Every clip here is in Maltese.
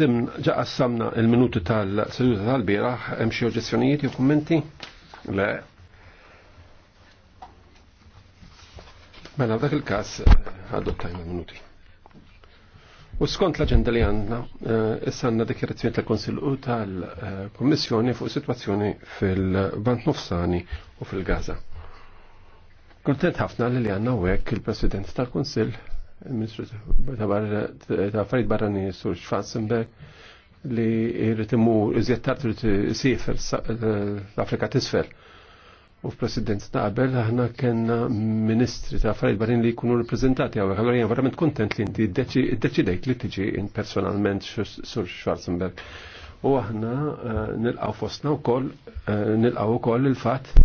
Dim ġaqassamna il-minuti tal-seduta tal-biraħ, hemm xi oġġezzjonijiet jew kummenti? Le. Mela dak il-każ eh, adottajna minuti. U skont l-aġenda li għandna, eh, issa għandna dikjerazzjoni tal-Konsil u tal-Kommissjoni fuq situazzjoni fil-Bant Nofsani u fil-Gaza. Kontent ħafna li għandna hekk il-President tal-Konsil il-Ministru ta' Farid Barrani Sur Schwarzenberg li jirritimu imur iżjed sifer l-Afrika tisfer. U f-president ta' qabel aħna kellna ministri ta' Farid Barrani li jkunu reprezentati hawnhekk, Għallu jgħan verament kontent li inti id-deċidejt li tiġi personalment Sur Schwarzenberg. U aħna eh, nilqgħu fostna wkoll eh, u koll il-fatt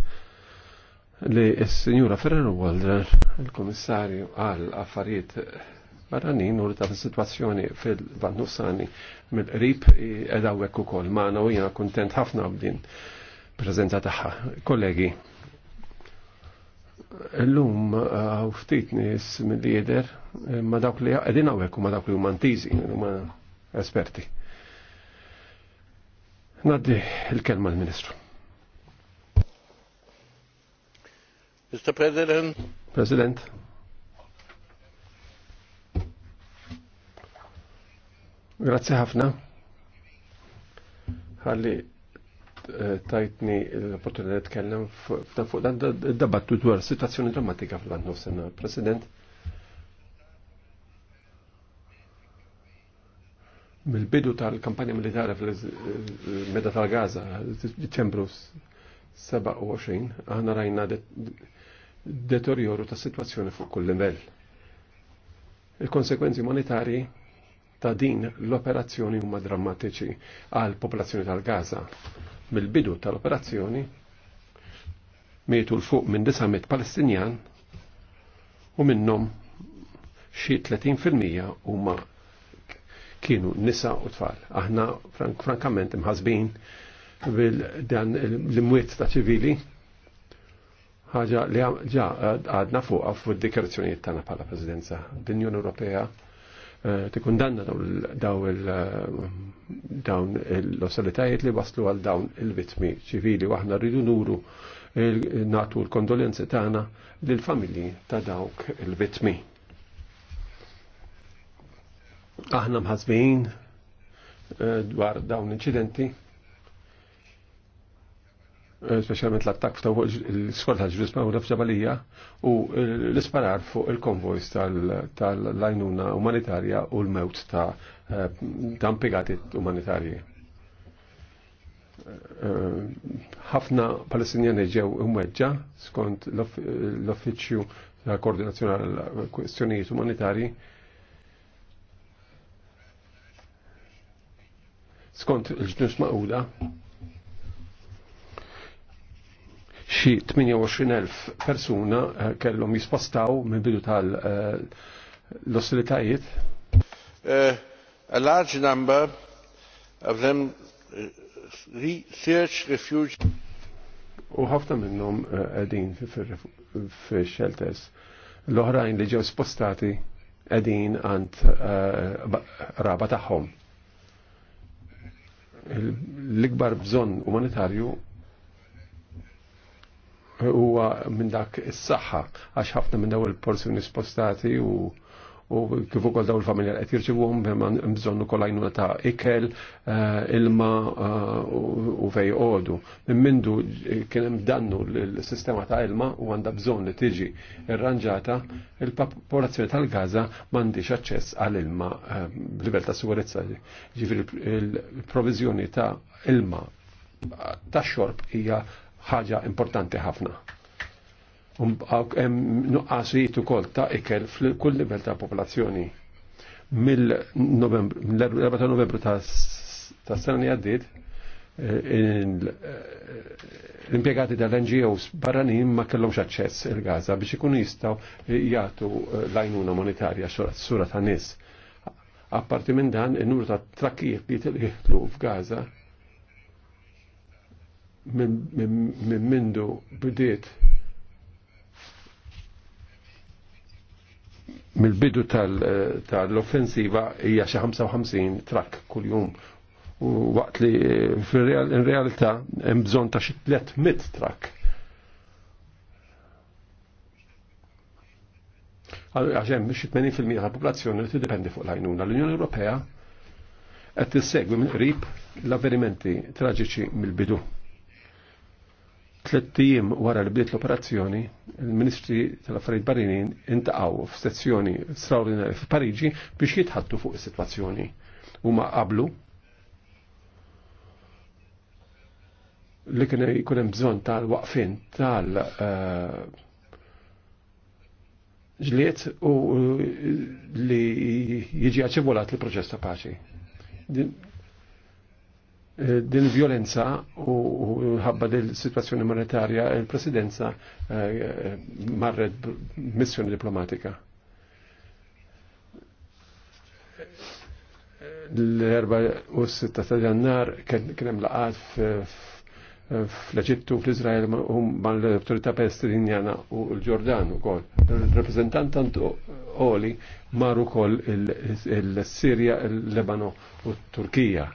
li s-Sinjura Ferrero Waldner, il-Komissarju għal affarijiet barranin u li ta' situazzjoni fil vannusani mill-qrib edha u kol maħna u jena kontent ħafna b'din prezenza taħħa. Kollegi, l-lum għaw uh, ftit mill-lider eh, ma dawk li għedin u u ma dawk li mantizi, ma esperti. Naddi il-kelma l-Ministru. Mr. President. President. Grazie ħafna. Ħalli tajtni l-opportunità tkellem fuq dan id-dabattu dwar situazzjoni drammatika fl-għand nofsen, President. Mill-bidu tal-kampanja militari fil-meda tal-Gaza, ċembru 27, għana rajna deterioru ta' situazzjoni fuq kull livell. Il-konsekwenzi monetari ta' din l-operazzjoni huma drammatiċi għal popolazzjoni tal-Gaza. Mill-bidu tal-operazzjoni mietu l-fuq minn 900 Palestinjan u minnhom xi 30% huma kienu nisa u tfal. Aħna frankament imħasbin bil-dan l-imwiet ta' ċivili ħaġa li għadna fuq fuq id-dikarazzjonijiet tagħna bħala Presidenza. L-Unjoni Ewropea eh, tikkundanna daw dawn l-ossalitajiet li waslu għal dawn il-vitmi ċivili u aħna rridu nuru natu l-kondolenzi tagħna lill-familji ta' dawk il-vitmi. Aħna mħazbin eh, dwar dawn inċidenti specialment l-attak fuq l-skorta ġurisma u l-fġabalija u l-isparar fuq il konvoj tal-lajnuna umanitarja u l-mewt ta' eh, impegati umanitarji. Eh, ħafna palestinjani ġew imweġġa skont l-Offiċju ta' Koordinazzjoni għal Kwestjonijiet Umanitarji skont il-ġnus ma' xi 28,000 persuna eh, kellhom jispostaw minn bidu tal eh, l-ostilitajiet. Eh, a large number of them research refuge. U ħafna minnhom qegħdin fi shelters L-oħrajn li ġew spostati qegħdin għand raba tagħhom l-ikbar bżonn umanitarju huwa minn dak is-saħħa għax ħafna minn daw il-porzjoni spostati u u kif ukoll daw il-familja qed jirċivuhom hemm bżonn ukoll għajnuna ta' ikel, eh, ilma eh, u fej għodu. Minn mindu eh, kien hemm dannu l-sistema ta' ilma u għandha bżonn li tiġi irranġata, il-popolazzjoni tal-Gaza m'għandix aċċess għall ilma b'livell ta' sigurezza. Ġifieri il-proviżjoni ta' ilma ta' xorb hija ħaġa importanti ħafna. Um, nuqqasijiet kol ta' ikel fil-kull livell ta' popolazzjoni. Mill-4 ta' novembru ta' s-sena li għaddit, eh, eh, l-impiegati tal-NGOs barranin ma kellhomx aċċess il-Gaza biex ikun jistgħu jagħtu eh, lajnuna monetarja sura ta' nies. Apparti minn dan, il-numru ta' trakkijiet li jitilqu f'Gaza minn mindu bidiet mill-bidu tal-offensiva hija xi 55 trakk kuljum u waqt li in realtà hemm bżonn ta' xi 300 trakk. Għax hemm xi 80% tal-popolazzjoni li tiddependi fuq l ħajnuna L-Unjoni Ewropea qed tissegwi minn qrib l-avvenimenti traġiċi mill-bidu. Tlet jiem wara li bdiet l-operazzjoni, il-Ministri tal-Affarijiet Barinin intaqgħu f'sezzjoni straordinarja f'Pariġi biex jitħattu fuq is-sitwazzjoni. Huma qablu li kien jkun hemm bżonn tal-waqfin tal eh, ġliet u li jiġi aċevolat li proċess ta' paċi din violenza u ħabba din situazzjoni monetarja il-presidenza eh, marret missjoni diplomatika. L-erba u s ta' jannar kienem laqat fl-Eġittu, fl-Izrael, mal l-autorità palestinjana u l-Ġordan u kol. Rappresentantant oli maru kol il-Sirja, il-Lebano u turkija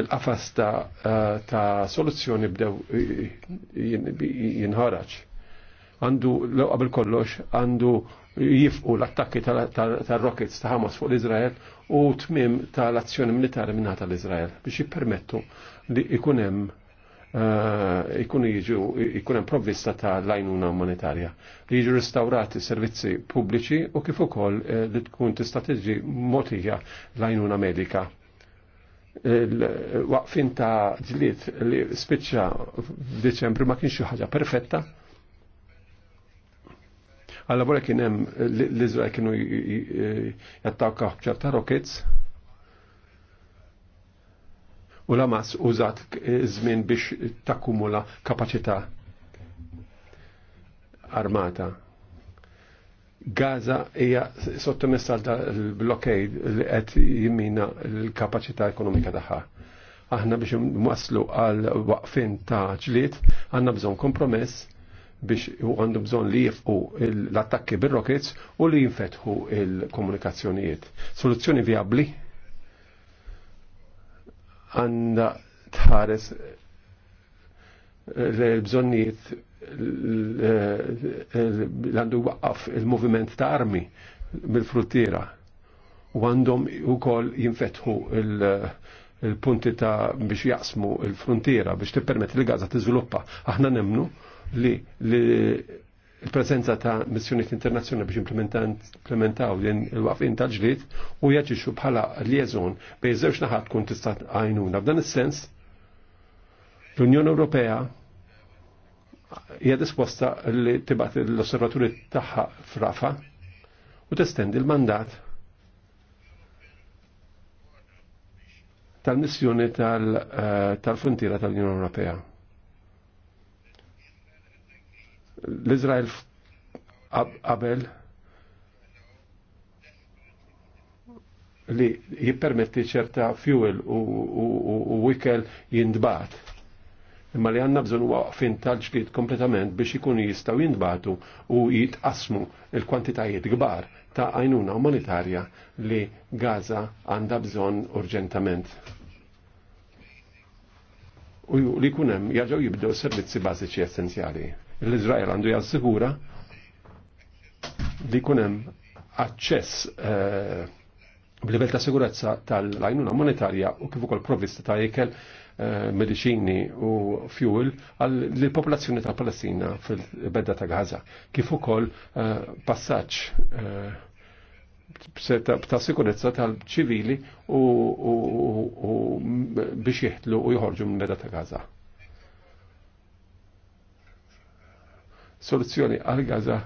il-qafas ta' eh, ta' soluzzjoni bdew jinħarax. Għandu, l qabel kollox, għandu jifqu l-attakki tal-rockets ta' Hamas fuq l-Izrael u tmim tal-azzjoni militari minna tal-Izrael biex jippermettu li ikunem eh, ikunu jiġu, ikunem provvista ta' lajnuna umanitarja li jiġu restaurati servizzi pubbliċi u kif ukoll eh, li tkun tista' tiġi motija lajnuna medika waqfin ta' ġlied li spiċċa f'Diċembru ma kienx xi ħaġa perfetta. Allora kien hemm l-Iżrael kienu jattawka ċerta rockets u l-Hamas użat żmien biex takkumula kapaċità armata Gaza hija sottomessa għal blockade li qed jimmina l-kapaċità ekonomika tagħha. Aħna biex waslu għal waqfin ta' ġlied għandna bżonn kompromess biex u għandu bżonn li jifqu l-attakki bir rockets u li jinfetħu il-komunikazzjonijiet. Soluzzjoni viabli għandna tħares l-bżonnijiet l-għandu waqqaf il-moviment ta' armi mill fruttira u għandhom u kol jinfetħu il-punti ta' biex jaqsmu il fruttira biex tippermet li Gaza tiżviluppa. Aħna nemnu li il-prezenza ta' missjoniet internazzjonali biex implementaw din il-waqfin tal-ġlid u jaġixxu bħala liezon bej naħat kun tista' għajnuna. F'dan is-sens l-Unjoni Ewropea hija disposta li tibat l-osservaturi tagħha f'Rafa u testendi l-mandat tal-missjoni eh, tal-frontiera tal-Unjoni Ewropea. L-Izrael qabel li jippermetti ċerta fuel u wikel jindbat imma li għanna bżon waqfin tal-ġdid kompletament biex ikun jistaw jindbatu u jitqasmu il-kwantitajiet gbar ta' għajnuna umanitarja li Gaza għanda bżon urġentament. U li kunem jaġaw jibdew servizzi bażiċi essenzjali. L-Izrael għandu jassigura li kunem aċċess eh, b'livell ta' sigurezza tal-għajnuna monetarja u kif ukoll provvista ta' ikel Eh, medicini u fuel għall popolazzjoni ta' Palestina fil-bedda ta' Gaza. Kif ukoll eh, passaġġ eh, ta' sikurezza tal-ċivili u biex jieħdlu u jħorġu minn bedda ta' Gaza. Soluzzjoni għal Gaza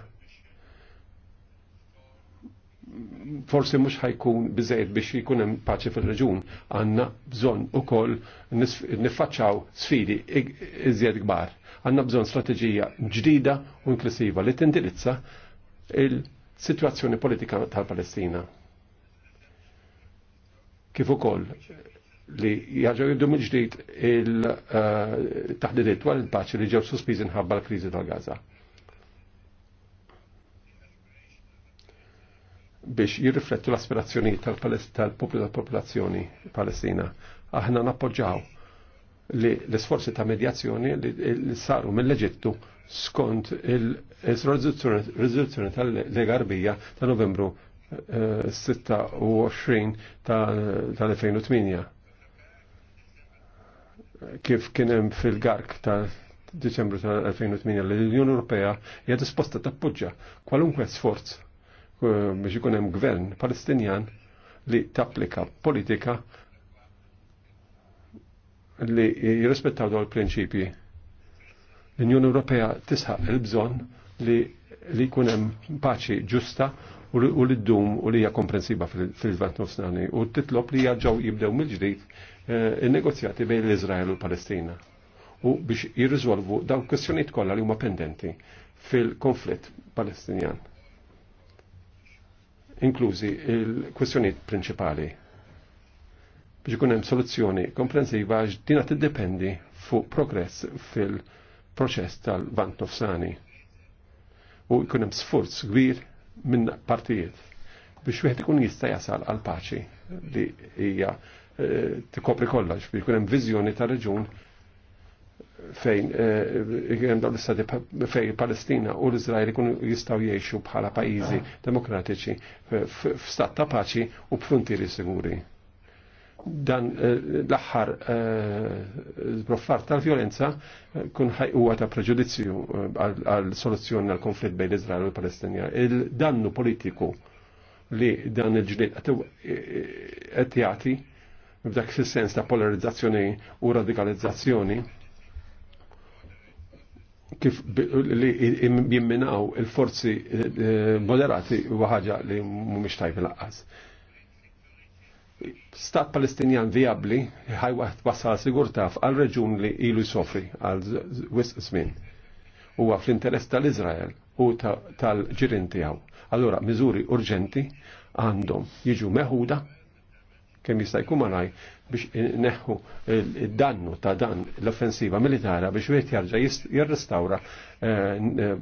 forsi mhux ħajkun biżejjed biex jkun hemm paċi fil reġun għandna bżonn ukoll niffaċċaw sfidi iżjed kbar. Għandna bżonn strateġija ġdida u inklusiva li tindirizza il-sitwazzjoni politika tal-Palestina. Kif ukoll li jaġaw jiddu mill-ġdid il-taħdidiet eh, dwar il-paċi li ġew sospiżi nħabba l-kriżi tal-Gaza. biex jirriflettu l-aspirazzjoni tal-popolazzjoni palestina. Aħna nappoġġaw li l-isforzi ta' medjazzjoni li saru mill-Eġittu skont il-rizoluzzjoni tal-legarbija ta' novembru 26 eh, tal-2008 kif kienem fil-gark ta' Deċembru tal-2008 l-Unjoni Ewropea hija disposta tappoġġa kwalunkwe sforz Eh, biex ikun hemm gvern Palestinjan li tapplika politika li jirrispettaw dawn il-prinċipji. L-Unjoni Ewropea tisħaq il-bżonn li li jkun hemm paċi ġusta u li ddum u li hija komprensiba fil-vant nofsnani u titlob li jaġġaw jibdew mill-ġdid eh, il-negozjati bejn l-Izrael u l-Palestina u biex jirriżolvu dawn kwestjonijiet kollha li huma pendenti fil-konflitt Palestinjan inklużi il-kwestjoniet prinċipali. Biex ikun hemm soluzzjoni komprensiva għax dina tiddependi fuq progress fil-proċess tal-vant nofsani. U jkun hemm sforz kbir minn partijiet biex wieħed ikun jista' jasal għal paċi li hija eh, tikopri kollox biex ikun hemm viżjoni tar reġun fejn hemm eh, dawn l-istati fejn Palestina u l-Iżrael ikunu jistgħu jgħixu bħala pajjiżi demokratiċi f'stat ta' paċi u b'frontieri siguri. Dan eh, l-aħħar eh, broffar tal-vjolenza kun huwa ta' preġudizzju għal soluzzjoni għal konflitt bejn Izrael u l palestina Il-dannu politiku li dan il-ġdid qed jagħti b'dak fis-sens ta' polarizzazzjoni u radikalizzazzjoni kif li jimminaw il-forzi eh, moderati u ħaġa li mhumiex tajb laqqas. Stat palestinjan viabli ħaj waħt wasal sigurtaf għal reġun li ilu jsofri għal wisq żmien. Huwa fl-interess tal-Iżrael u tal-ġirin tiegħu. Allura miżuri urġenti għandhom jiġu meħuda kemm jista' jkun malaj biex neħu eh, id-dannu ta' dan l-offensiva militara biex wieħed jarġa' jirrestawra eh, eh,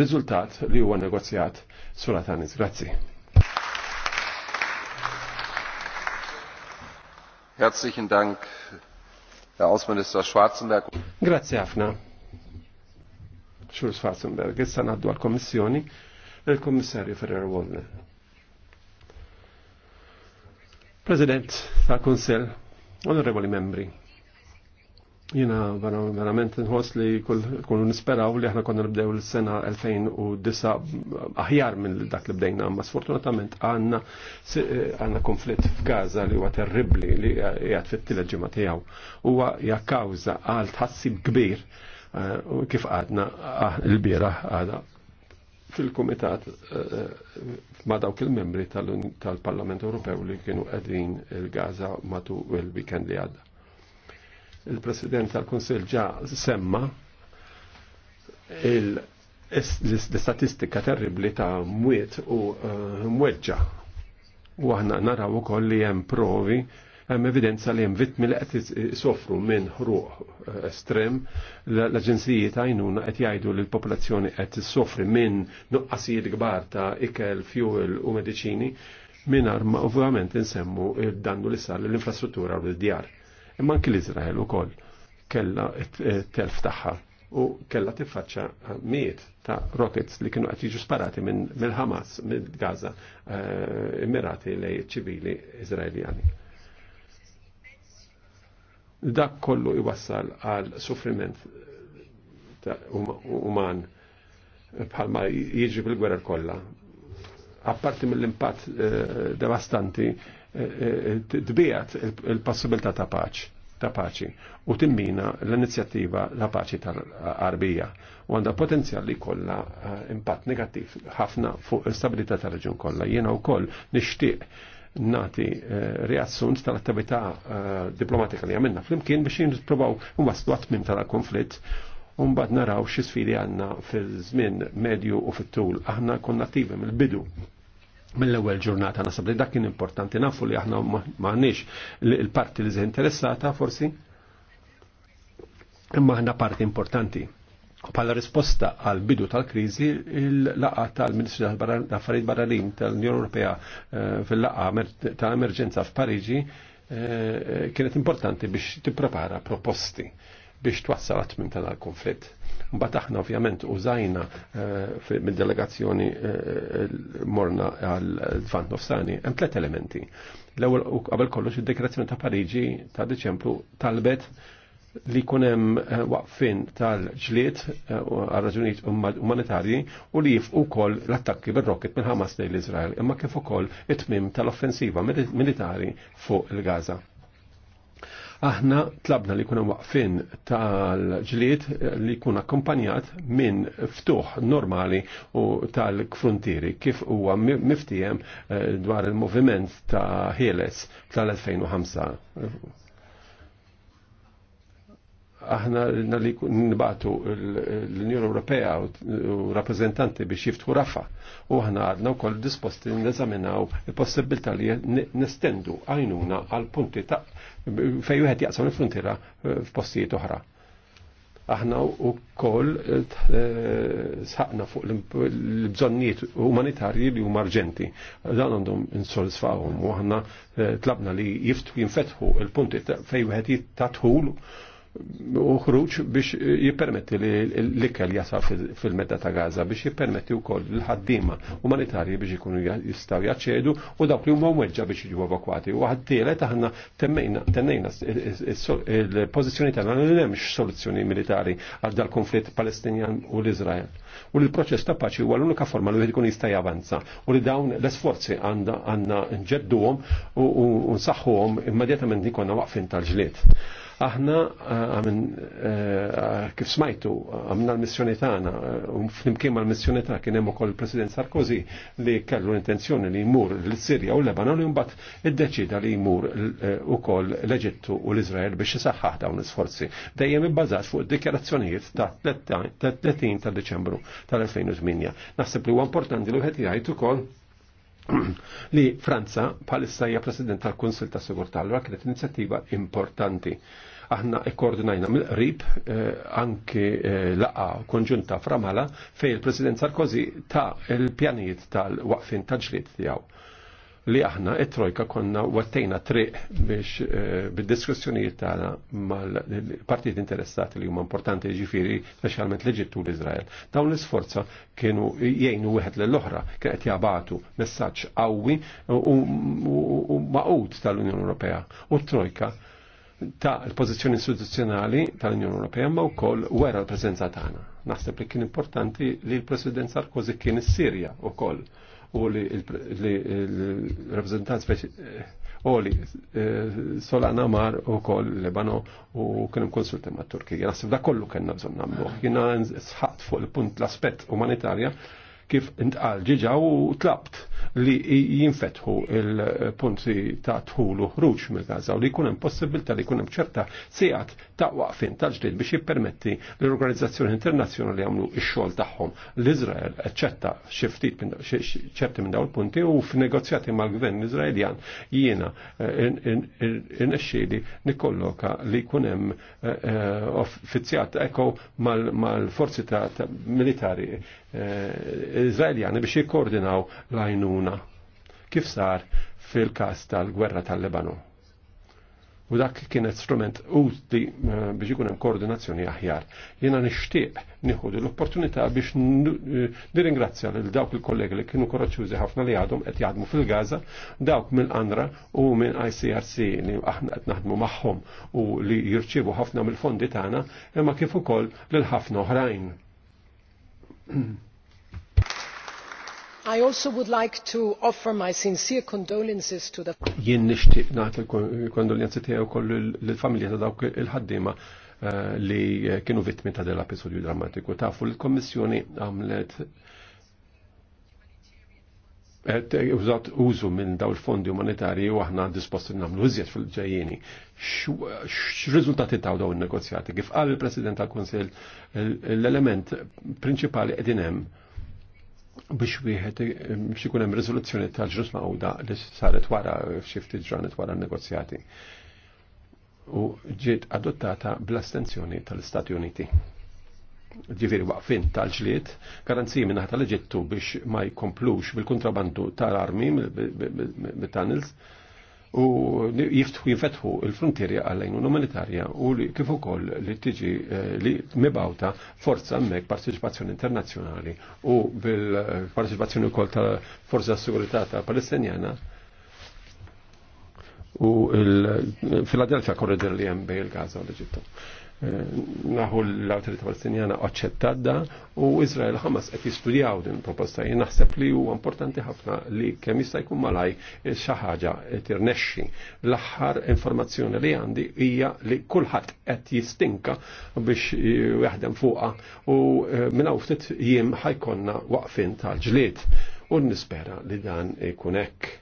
riżultat li huwa negozjat suratanis. Grazzi. Herzlichen Dank, Herr Außenminister Schwarzenberg. Grazie Afna. Schulz Schwarzenberg, issa naddu għal-Kommissjoni, il-Kommissarju Ferrer Wollner. President ta' Kunsel, onorevoli membri, jina verament nħos li kullu nisperaw li aħna konna nibdew l-sena 2009 aħjar minn dak li bdejna, ma sfortunatament għanna għanna konflitt f'Gaza li huwa terribli li jgħat fit-tielet ġimgħa tiegħu. Huwa hija kawża għal tħassib kbir eh, kif għadna ah, l bira għadha fil-Kumitat eh, ma dawk il-membri tal-Parlament Ewropew li kienu għedin il-Gaza matu il-weekend li għadda. Il-President tal-Kunsill ġa semma l-istatistika terribli ta' mwiet u eh, mweġġa. U aħna naraw ukoll li hemm provi hemm evidenza li hemm vittmi li qed isofru minn ħruq eh, estrem, l aġenzijiet ta' għajnuna qed jgħidu li l-popolazzjoni qed issofri minn nuqqasijiet kbar ta' ikel, fuel u mediċini mingħajr ma ovvjament insemmu dannu li sar l-infrastruttura u l-djar. Imma anki l-Iżrael ukoll kellha eh, telf tagħha u kella tiffaċċa miet ta' rockets li kienu qed jiġu sparati minn mill-Hamas mill-Gaza immirati eh, lej ċivili Izraeljani. Dak kollu iwassal għal suffriment uman bħalma jieġi bil gwerra kollha. Apparti mill-impatt eh, devastanti eh, eh, tbijat il-possibilità ta' paċ ta' paċi u timmina l-inizjattiva la paċi tal-arbija u għanda potenzjal li kolla impatt negattiv ħafna fuq il-stabilità tal-reġun kolla. Jena u koll nishtiq nati eh, reazzjon tal-attività eh, diplomatika li għamilna flimkien biex un nwaslu għatmim tal-konflitt bad naraw xi sfidi għandna fil-żmien medju u fit-tul. Aħna konna mill-bidu mill-ewwel ġurnata nasab li dak kien importanti nafu li aħna m'għandniex il-parti li interessata forsi imma aħna parti importanti. Pala risposta għal bidu tal-krizi, il-laqa tal-Ministri tal-Affarijiet Barranin tal-Unjoni Ewropea eh, fil-laqa tal-emerġenza f'Pariġi eh, kienet importanti biex tipprepara proposti biex twassal għatmin tal-konflitt. Mbagħad aħna ovvjament użajna eh, mid-delegazzjoni morna għal fant Nofsani hemm tliet elementi. L-ewwel qabel kollox id-Dekrazzjoni ta' Pariġi ta' Deċembru talbet li kunem eh, waqfin tal-ġliet eh, għal-raġunijiet umanitarji u li u kol l-attakki bil-rocket minn Hamas lejn l-Izrael, imma kif ukoll it-tmim tal-offensiva militari fuq il-Gaza. Aħna tlabna li kunem waqfin tal-ġliet eh, li kun akkompanjat minn ftuħ normali u tal-frontieri kif huwa miftijem dwar il-moviment ta' Heles tal-2005 aħna li nibatu l-Unjoni Ewropea u rappresentanti biex jiftħu raffa u aħna għadna wkoll disposti neżaminaw il-possibilità li nestendu għajnuna għal punti ta' fejn wieħed jaqsam il-frontiera eh, f'postijiet oħra. Aħna u koll eh, saqna fuq l-bżonniet umanitarji li huma arġenti. Dan għandhom insolisfawhom u aħna eh, tlabna li jiftu jinfetħu il-punti fej wieħed jitatħulu uħruċ biex jippermetti li l-ikkel jasal fil-medda ta' Gaza biex jippermetti u koll l-ħaddima umanitarji biex jikunu jistaw jaċċedu u dawk li huma weġġa biex jiġu evakwati. U t-tielet aħna temmejna il-pozizjoni tagħna li nemx soluzzjoni militari għal dal-konflitt Palestinjan u l-Iżrael. U li l-proċess ta' paċi huwa l-unika forma li wieħed ikun jista' javanza u li dawn l-esforzi għandna nġedduhom u nsaħħuhom immedjatament ikonna waqfin tal-ġlied Aħna eh, eh, kif smajtu għamna l-missjoni tagħna, eh, u flimkien mal-missjoni ta' kien hemm ukoll il-President Sarkozy li kellu l-intenzjoni li jmur l-Sirja u l-Lebanon li mbagħad iddeċida li jmur ukoll l-Eġittu u l-Iżrael biex isaħħaħ dawn l-isforzi. Dejjem ibbażat fuq dikjarazzjonijiet ta' 30 ta' Deċembru tal-2008. Naħseb li huwa importanti li wieħed jgħid ukoll li Franza palissa hija President tal-Kunsil ta' Sigurtà l kienet inizjattiva importanti Aħna ikkoordinajna mill-qrib eh, anki eh, laqa konġunta framala fej il-President Sarkozy ta' il-pjanijiet tal-waqfin ta' ġlied tiegħu li aħna it-trojka konna wattejna triq biex eh, bid-diskussjonijiet tagħna mal-partijiet interessati li huma importanti jiġifieri speċjalment l-Eġittu u l-Iżrael. Dawn l-isforza kienu jgħinu wieħed lill oħra kien qed jabatu messaġġ qawwi u maqud tal-Unjoni Ewropea. U t-trojka ta' l-pozizjoni istituzzjonali tal-Unjoni Ewropea ma' wkoll wera l-preżenza tagħna. Naħseb li kien importanti li l-President Sarkozy kien is-Sirja wkoll u li l u li Solana Mar u kol Lebano u kien konsulti ma' Turkija. Naħseb da kollu kena bżon namlu. Jina sħat fuq il-punt l-aspet umanitarja kif intqal ġiġa u tlabt li jinfetħu il-punti ta' tħulu ħruġ mill-Gaza u li jkun hemm possibilità li jkun hemm ċerta sigħat ta' waqfin tal-ġdid biex jippermetti l-organizzazzjoni internazzjonali għamlu x-xogħol tagħhom. L-Iżrael eċċetta xi ftit ċerti minn dawn il-punti u f'negozjati mal-gvern Iżraeljan jiena eh, irnexxieli nikkolloka li jkun hemm eh, eh, offizzjat eko mal-forzi ta' militari Iżraeljani biex jikkoordinaw l-għajnuna kif sar fil-kas tal-gwerra tal-Lebanon. U dak kienet strument utli eh, biex ikun hemm koordinazzjoni aħjar. Jiena nixtieq nieħu l-opportunità biex eh, nirringrazzja lil dawk il-kollegi li kienu koraċjużi ħafna li għadhom qed jaħdmu fil-Gaza, dawk mill-Anra u minn ICRC li aħna qed naħdmu magħhom u li jirċievu ħafna mill-fondi tagħna, imma kif ukoll lil ħafna oħrajn. I also would like to offer my sincere condolences to the Jien nixtieq nagħti l-kondoljenzi tiegħu kollu lill-familja ta' dawk il-ħaddiema eh, li eh, kienu vittmi ta' dell episodju drammatiku. Tafu l-Kommissjoni għamlet eh, użat użu minn daw il-fondi umanitarji u aħna disposti namlu iżjed fil-ġajjeni. X-rizultati taw daw il-negozjati? Kif qal il-President tal-Konsil, l-element prinċipali edinem biex wieħed eh, biex ikun hemm riżoluzzjoni tal ġrus mawda li saret wara f'xi eh, ftit ġranet wara n-negozjati u ġiet adottata bl-astenzjoni tal-Istati Uniti. Ġifieri waqfin tal-ġlied, garanziji minn tal-Eġittu biex ma jkomplux bil-kontrabandu tal-armi mit-tunnels, bil kontrabandu tal armi mit tunnels u jiftħu jifetħu il-frontieri għall un umanitarja u li kif ukoll li tiġi eh, li mibawta forza mmek parteċipazzjoni internazzjonali u bil-parteċipazzjoni kol tal-Forza Sigurità Palestinjana u il-Filadelfia korridor li jem bej il-Gaza u l-Eġittu. Eh, naħu l autorita palestinjana oċċettadda u Izrael ħamas qed jistudjaw din proposta. Jien naħseb li huwa importanti ħafna li kemm jista' jkun malaj eh, xi ħaġa tirnexxi. L-aħħar informazzjoni li għandi hija li kulħadd qed jistinka biex eh, jaħdem fuqha u minn ftit jiem ħajkonna waqfin tal-ġlied u nispera li dan ikun hekk.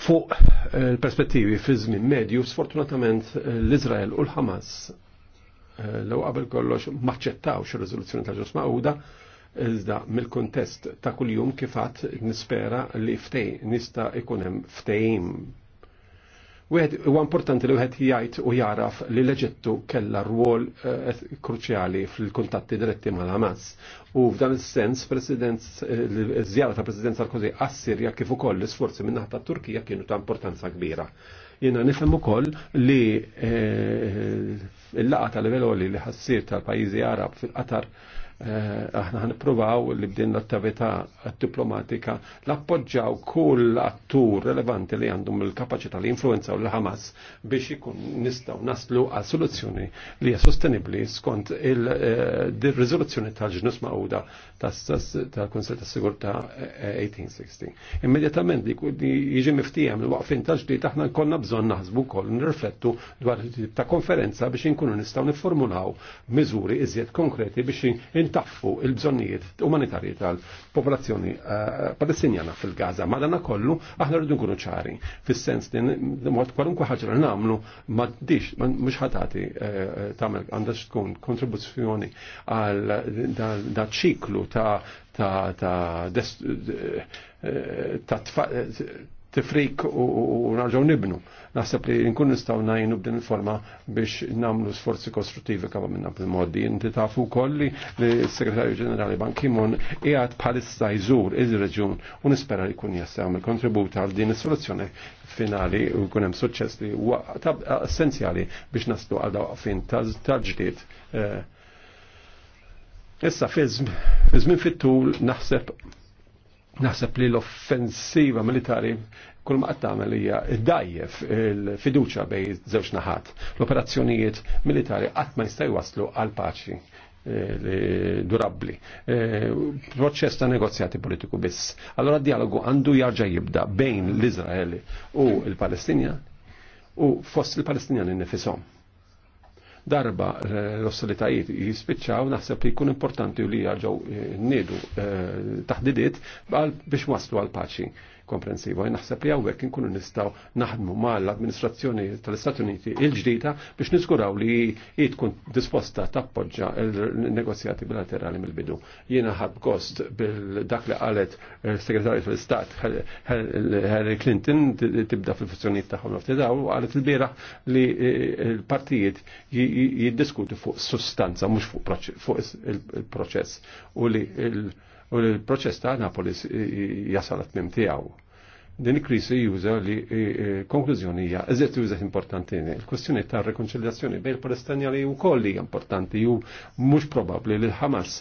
fuq l eh, perspettivi fi żmien medju, sfortunatament eh, l-Izrael u l-Hamas eh, l qabel kollox maċċettawx ir-riżoluzzjoni ta' ġus Mawda, iżda mill kuntest ta' kuljum kifat nispera li ftej nista' ikun hemm ftejim Huwa importanti li wieħed jgħid u jaraf li l-Eġittu kellha rwol eh, kruċjali fil-kuntatti diretti mal Hamas. U f'dan is-sens eh, żjara ta' President Sarkozy għas-Sirja kif ukoll l-isforzi min ta' tat-Turkija kienu ta' importanza kbira. Jiena nifhem ukoll li eh, l-laqa tal-livell li ħassir tal-pajjiżi Arab fil-Qatar Eh, aħna ħanipruvaw li bdin l-attività diplomatika l-appoġġaw kull attur relevanti li għandhom il-kapacità li influenzaw l-Hamas biex ikun nistaw naslu għal soluzzjoni li hija sostenibbli skont il-riżoluzzjoni eh, tal-ġnus ma'uda tal-Konsell ta' Sigurtà 1860. Immedjatament li jiġi miftijem l-waqfin tal-ġdid aħna konna bżonn naħsbu wkoll nirriflettu dwar ta' konferenza biex inkunu nistgħu niformulaw miżuri iżjed konkreti biex intaffu il-bżonnijiet umanitarji tal-popolazzjoni eh, palestinjana fil-Gaza. Ma dan kollu aħna rridu nkunu ċari, fis-sens li mod kwalunkwe ħaġa li nagħmlu m'għaddix mhux ħatati eh, tagħmel għandax tkun kontribuzzjoni għal da ċiklu ta' ta' ta' eh, tifrik u raġaw nibnu. Naħseb li nkun nistaw najnu b'din forma biex namlu sforzi kostruttivi kama minna b'l-moddi. Inti tafu kolli li s-Segretarju Ġenerali Ban Kimon qiegħed palissa jżur iż-reġun u nispera li kun jassam il-kontributa għal din is-soluzzjoni finali u kun hemm suċċess li huwa essenzjali biex naslu għal dawqfin tal-ġdid. Eh, issa fizm, fizmin fit-tul naħseb Naħseb li l-offensiva militari kull ma għattamel hija dajjef il-fiduċa bej żewġ naħat. L-operazzjonijiet militari qatt ma jista' waslu għal paċi eh, durabli. Eh, proċess ta' negozjati politiku biss. Allora dialogu għandu jarġa' jibda bejn l-Izraeli u l-Palestinja u fost il-Palestinjani nifisom Darba eh, l-ossolitajiet jispiċċaw naħseb li jkun importanti u li jarġaw eh, nidu eh, taħdidiet biex waslu għal paċi komprensiva. Naħseb li hawnhekk inkunu nistgħu naħdmu mal-Administrazzjoni tal-Istati Uniti il-ġdida biex niskuraw li hi tkun disposta tappoġġa il-negozjati bilaterali mill-bidu. Jiena ħab gost bil-dak li qalet segretarju tal-Istat Harry Clinton tibda fil-funzjonijiet tagħhom naftidaw u qalet il-bieraħ li e, l-partijiet jiddiskutu fuq sustanza mhux fuq il-proċess u li il- u l-proċess ta' Napolis jasal għatmim tijaw. Din il-krisi juża li konklużjoni hija eżett juża importanti. Il-kwestjoni ta' rekonċiljazzjoni bejn palestinjani u kolli hija importanti u mhux probabbli li l-Ħamas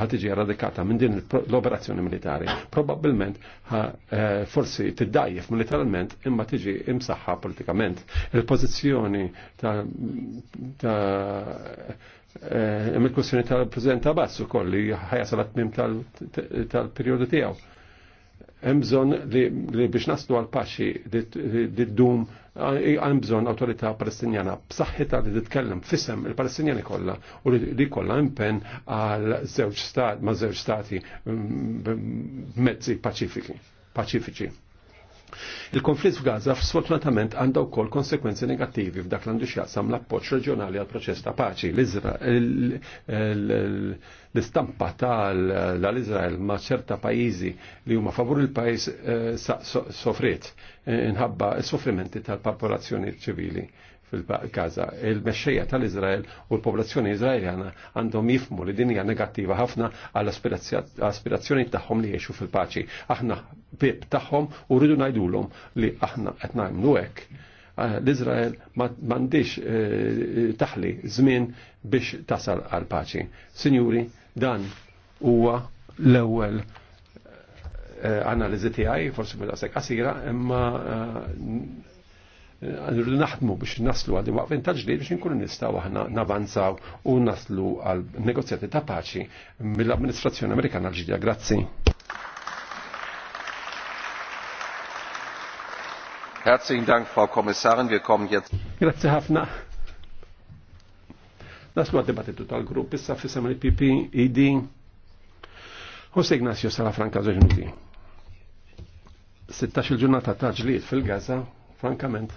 ħatiġi radikata minn din l-operazzjoni militari. Probabbilment eh, forsi tiddajjef militarment imma tiġi imsaħħa politikament. Il-pożizzjoni ta' Eh, hemm il kussjoni tal-President Abbas u koll li ħajasal tmim tal periodu tijaw. Hemm bżonn li biex naslu għal paċi li ddum eh, hemm bżonn autorita Palestinjana b-saxħita li d-tkellem fissem il-Palestinjani kolla u li kolla impen għal żewġ stati ma' żewġ stati mm, mm, mezzi paċifiki. Paċifiċi. Il-konflitt f'Gaza sfortunatament għandha wkoll konsekwenzi negattivi f'dak l-għandu xjaqsam l-appoġġ reġjonali għal proċess ta' paċi. L-istampa tal-Izrael ma' ċerta pajjiżi li huma favur il-pajjiż eh, sofriet eh, inħabba s-soffrimenti tal-popolazzjoni ċivili fil-Gaza. Il-mexxejja tal-Izrael u l-popolazzjoni Izraeljana għandhom jifmu li dinja negattiva ħafna għall-aspirazzjoni tagħhom li jgħixu fil-paċi. Aħna bib tagħhom u rridu ngħidulhom li aħna qed nagħmlu hekk ah, l-Izrael m'għandix eh, taħli żmien biex tasal għal paċi. Sinjuri, dan huwa l-ewwel eh, analiżi tiegħi, forsi mela sekk qasira, imma eh, rridu naħdmu biex naslu għaddi waqfin ta' biex nkunu nistaw għahna navanzaw u naslu għal negozjati ta' paċi mill-amministrazzjoni Amerikana l ġidja Grazzi. Herzlichen Dank, Frau Kommissarin. Wir kommen jetzt. Grazie Hafna. Naslu għad debattitu tal-grupp issa fissam il-PP, ID. E Jose Ignacio Salafranca Ġenuti. 16 il-ġurnata ta' fil-Gaza frankament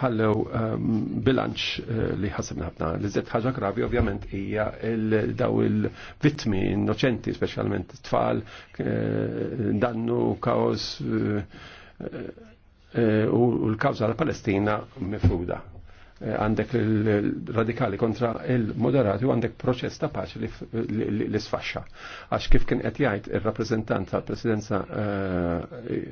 ħallew ehm, bilanċ eh, li ħasibna ħafna. Li zed ħaġa gravi ovvjament hija daw il-vittmi innoċenti, speċjalment tfal, eh, dannu, kaos eh, u l-kawza l palestina mifruda għandek il-radikali kontra il-moderati u għandek proċess ta' paċi li sfaxxa. Għax kif kien qed jgħid ir-rappreżentant tal-Presidenza eh,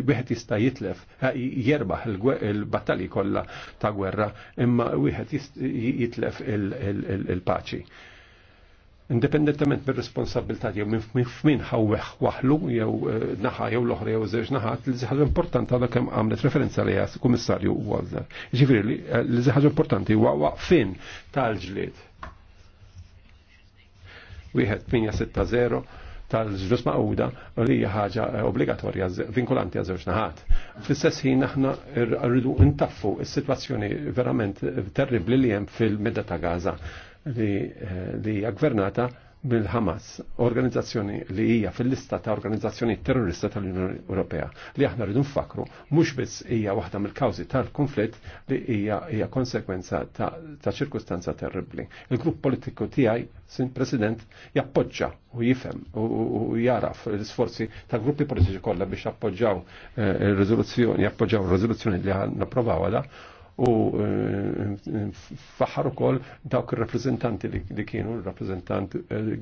wieħed jista' jitlef eh, jerbaħ il-battalji kollha ta' gwerra imma wieħed jitlef il-paċi. Indipendentament mir responsabilità jew minn f'min ħawweħ waħlu jew eh, naħa jew l-oħra jew żewġ naħat li ħaġa importanti għadha kemm għamlet referenza li għas kummissarju Walzer. Ġifieri li eh, ħaġa importanti huwa waqfin tal-ġlied. Wieħed 860 tal-ġlus maqda li hija ħaġa eh, obbligatorja vinkulanti għal żewġ naħat. Fl-istess ħin aħna rridu ntaffu s-sitwazzjoni verament terribli li hemm fil-medda ta' Gaza. Eh, li hija gvernata mill-Hamas, organizzazzjoni li hija fil-lista ta' organizzazzjoni terrorista tal-Unjoni Ewropea, li aħna rridu nfakru, mhux biss hija waħda mill-kawżi tal-konflitt li hija hija konsekwenza ta', ta ċirkustanza terribbli. Il-grupp politiku tiegħi, sin President, jappoġġa u jifhem u, jaraf l-isforzi ta' gruppi politiċi kollha biex eh, jappoġġaw ir-riżoluzzjoni, jappoġġaw ir-riżoluzzjoni li ħan napprovaw u eh, faħar ukoll dawk ir-rappreżentanti li kienu rappreżentant eh,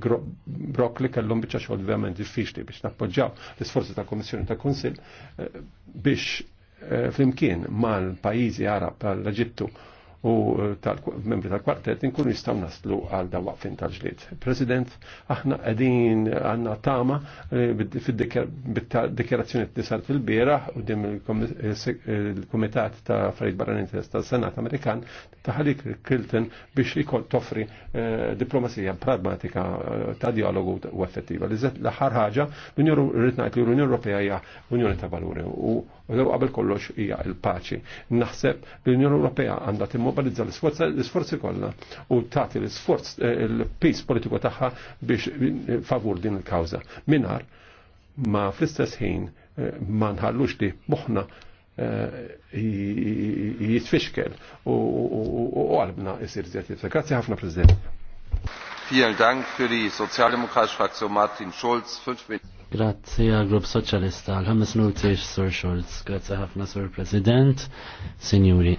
Brock li kellhom biċċa xoħd verament diffiċli biex nappoġġaw l-isforzi ta' Kommissjoni ta' Konsil eh, biex flimkien mal-pajjiżi Arab l eġittu u membri tal-kwartet inkunu jistaw naslu għal da waqfin tal-ġlied. President, aħna qegħdin għanna tama fid-dikjerazzjoni t tisar fil-bieraħ u dim il-Kumitat ta' Affarijiet Barranin tas-Senat Amerikan taħalik Clinton biex ikol toffri diplomasija pragmatika ta' dialogu u effettiva. L-aħħar ħaġa, l-Unjoni Europea hija Unjoni ta' Valuri u U l qabel kollox hija il-paċi. Naħseb l-Unjoni Ewropea għandha timmobilizza l-isforzi kollha u tagħti l-isforz eh, il-peace politiku tagħha biex eh, favur din il-kawża. Minar ma fl-istess ħin eh, ma nħallux li moħħna jitfixkel u għalbna jisir zjattif. Grazie ħafna, Prezident. Vielen Dank für die Sozialdemokratische Fraktion Martin Schulz. Fünf Minuten. Grazzi għal grupp soċjalista għal ħames minuti Sur Schulz. Grazzi ħafna Sur President, Signori.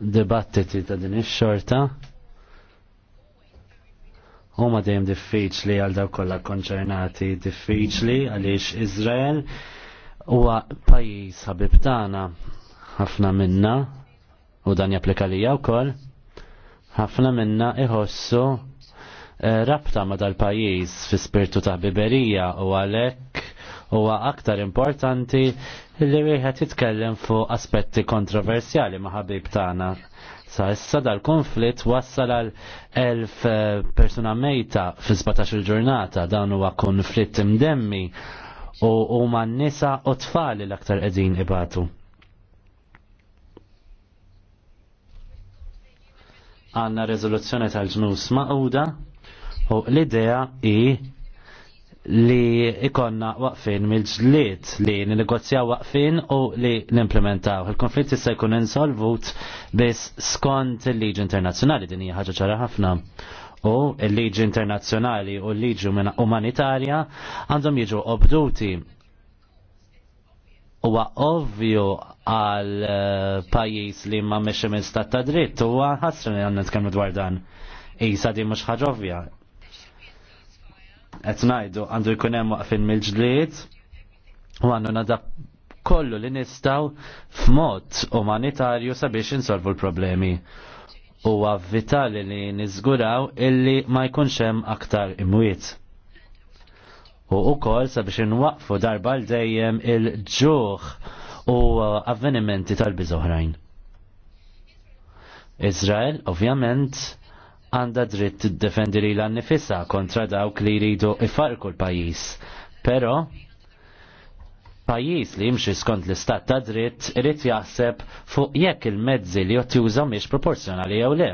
Debattiti ta' din ix-xorta huma dejjem diffiċli għal dawk kollha konċernati, diffiċli għaliex Iżrael huwa pajjiż ħabib tagħna ħafna minna u dan japplika lija wkoll ħafna minna iħossu Eh, rabta ma dal-pajis fi spirtu ta' biberija u għalek huwa aktar importanti li wieħed jitkellem fuq aspetti kontroversjali ma' ħabib tagħna. Sa issa dal-konflitt wassal għal elf eh, persuna mejta fi 17 il-ġurnata dan huwa konflitt imdemmi u huma nisa u tfal l-aktar qegħdin ibatu. Għanna rezoluzzjoni tal-ġnus maquda U l-idea i li ikonna waqfin mill-ġliet li ninegozjaw waqfin u li nimplementaw. Il-konflitt issa jkun insolvut biss skont il-liġi internazzjonali din hija ħaġa ċara ħafna. U il-liġi internazzjonali u l-liġi umanitarja għandhom jiġu obduti. Huwa ovvju għal eh, pajjiż li ma mexxi minn stat ta' dritt huwa ħasra li għandna dwar dan. Isa di mhux ħaġa ovvja qed ngħidu għandu jkun hemm waqfin mill-ġlied u għandu nadab kollu li nistaw f'mod umanitarju sabiex insolvu l-problemi. U vitali li niżguraw illi ma jkunx hemm aktar imwiet. U ukoll sabiex inwaqfu darba l dejjem il-ġuħ u avvenimenti tal oħrajn. Izrael, ovvjament, għanda dritt defendi li l-annifissa kontra dawk li jridu ifarku l-pajis. Pero, pajis li jimxi skont l-istat ta' dritt irrit jaħseb fuq jekk il-mezzi li jottuża miex proporzjonali jew le.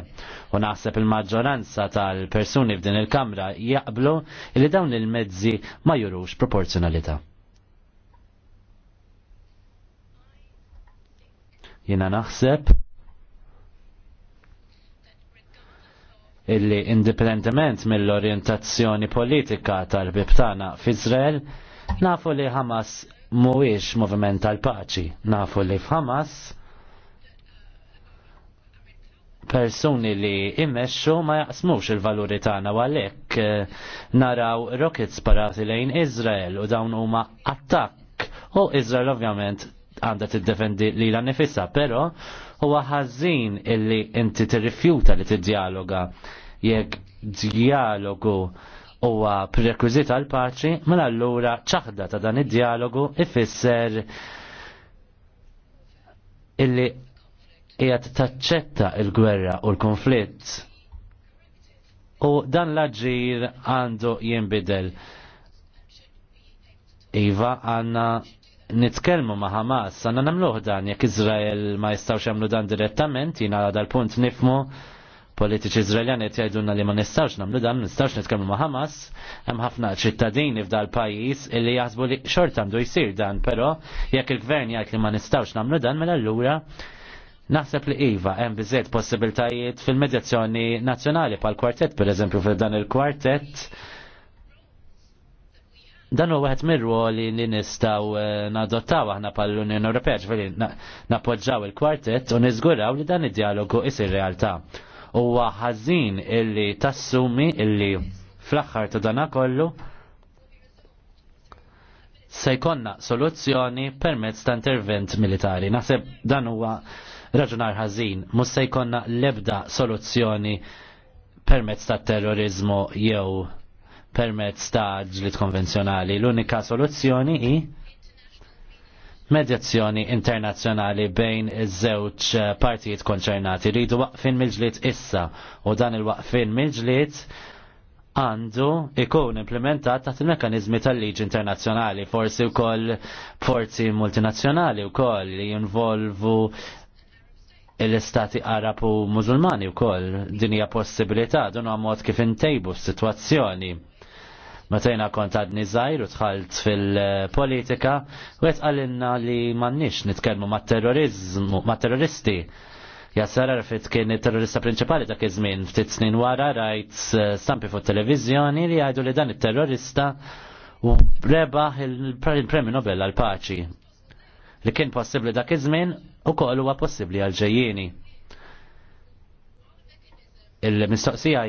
U naħseb il-maġġoranza tal-persuni f'din il-Kamra jaqblu li dawn il-mezzi ma jurux proporzjonalità. Jena naħseb illi indipendentement mill-orientazzjoni politika tal-bib tagħna f'Iżrael, nafu li Hamas mhuwiex moviment tal-paċi, nafu li f'Hamas persuni li immexxu ma jaqsmux il-valuri tagħna u għalhekk eh, naraw rockets sparati lejn Iżrael u dawn huma attakk u Iżrael ovvjament għandha tiddefendi lilha nifisha però Huwa ħażin illi inti tirrifjuta li tiddialoga jekk dialogu huwa prerequisit għal paċi, mela allura ċaħda ta' dan id-dialogu ifisser illi qiegħed taċċetta il-gwerra u l-konflitt. U dan l-aġir għandu jinbidel. Iva għanna nitkellmu ma' Hamas, għanna namluħ dan, jekk Izrael ma jistawx jagħmlu dan direttament, jina dal-punt nifmu politiċi Izraeljani jgħidulna li ma nistawx namlu dan, nistawx nitkellmu ma' Hamas, hemm ħafna ċittadini f'dal pajjiż illi jaħsbu li xort għandu jsir dan, però jekk il-gvern jgħid li ma nistawx namlu dan, mela allura Naħseb li Iva hemm biżejt possibiltajiet fil-medjazzjoni nazzjonali pal kwartett pereżempju fil dan il-kwartett Dan huwa wieħed mir li nistgħu eh, nadottaw aħna pal unjoni Ewropea ġveri napoġġaw il-kwartett u niżguraw li dan id-dialogu isir realtà. U għazin illi tassumi illi fl-aħħar ta' dana kollu se jkollna soluzzjoni permezz ta' intervent militari. Naseb dan huwa raġunar ħażin, mhux se jkollna l-ebda soluzzjoni permezz ta' terrorizmu jew permezz ta' ġlit konvenzjonali. L-unika soluzzjoni hi medjazzjoni internazzjonali bejn iż-żewġ partijiet konċernati rridu waqfin mill-ġlit issa u dan il-waqfin mill-ġlit għandu ikun implementat taħt il-mekanizmi tal-liġi internazzjonali, forsi wkoll forzi multinazzjonali wkoll li jinvolvu l-istati Arab u Mużulmani wkoll din hija possibilità dun mod kif intejbu s-sitwazzjoni. Matajna kont għadni zaħir u tħalt fil-politika, u għalinna li mannix nitkelmu ma' terrorizmu, ma' terroristi. Jassar Arfit kien il-terrorista prinċipali dak iż-żmien ftit snin wara rajt stampi fuq televizjoni li jgħidu li dan it-terrorista u rebaħ il-Premju Nobel għal paċi li kien possibbli dak iż-żmien ukoll huwa possibbli għal ġejjieni il-mistoqsija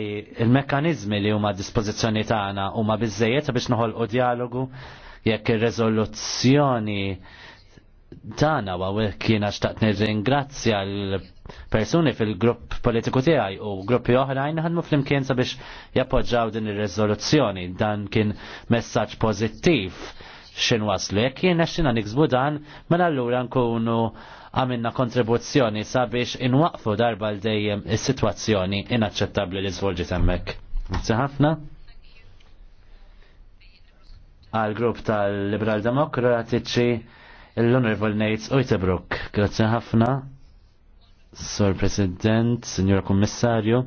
il-mekkanizmi li huma dispożizzjoni tagħna huma biżejjed biex noħolqu dialogu jekk ir-reżoluzzjoni tagħna wa kiena xtaqt nirringrazzja l-persuni fil-grupp politiku tiegħi u gruppi oħrajn ħadmu flimkien sabiex jappoġġaw din ir-reżoluzzjoni dan kien messaġġ pożittiv xin waslek, jien xina niksbu dan, mela allura nkunu għamilna kontribuzzjoni sabiex inwaqfu darba l-dejjem is-sitwazzjoni inaċċettabbli li svolġi temmek. Grazie ħafna. Għal grupp tal-Liberal Demokratiċi l-Honorable Nates Ujtebruk. Grazie ħafna. Sor President, Signora Kommissarju.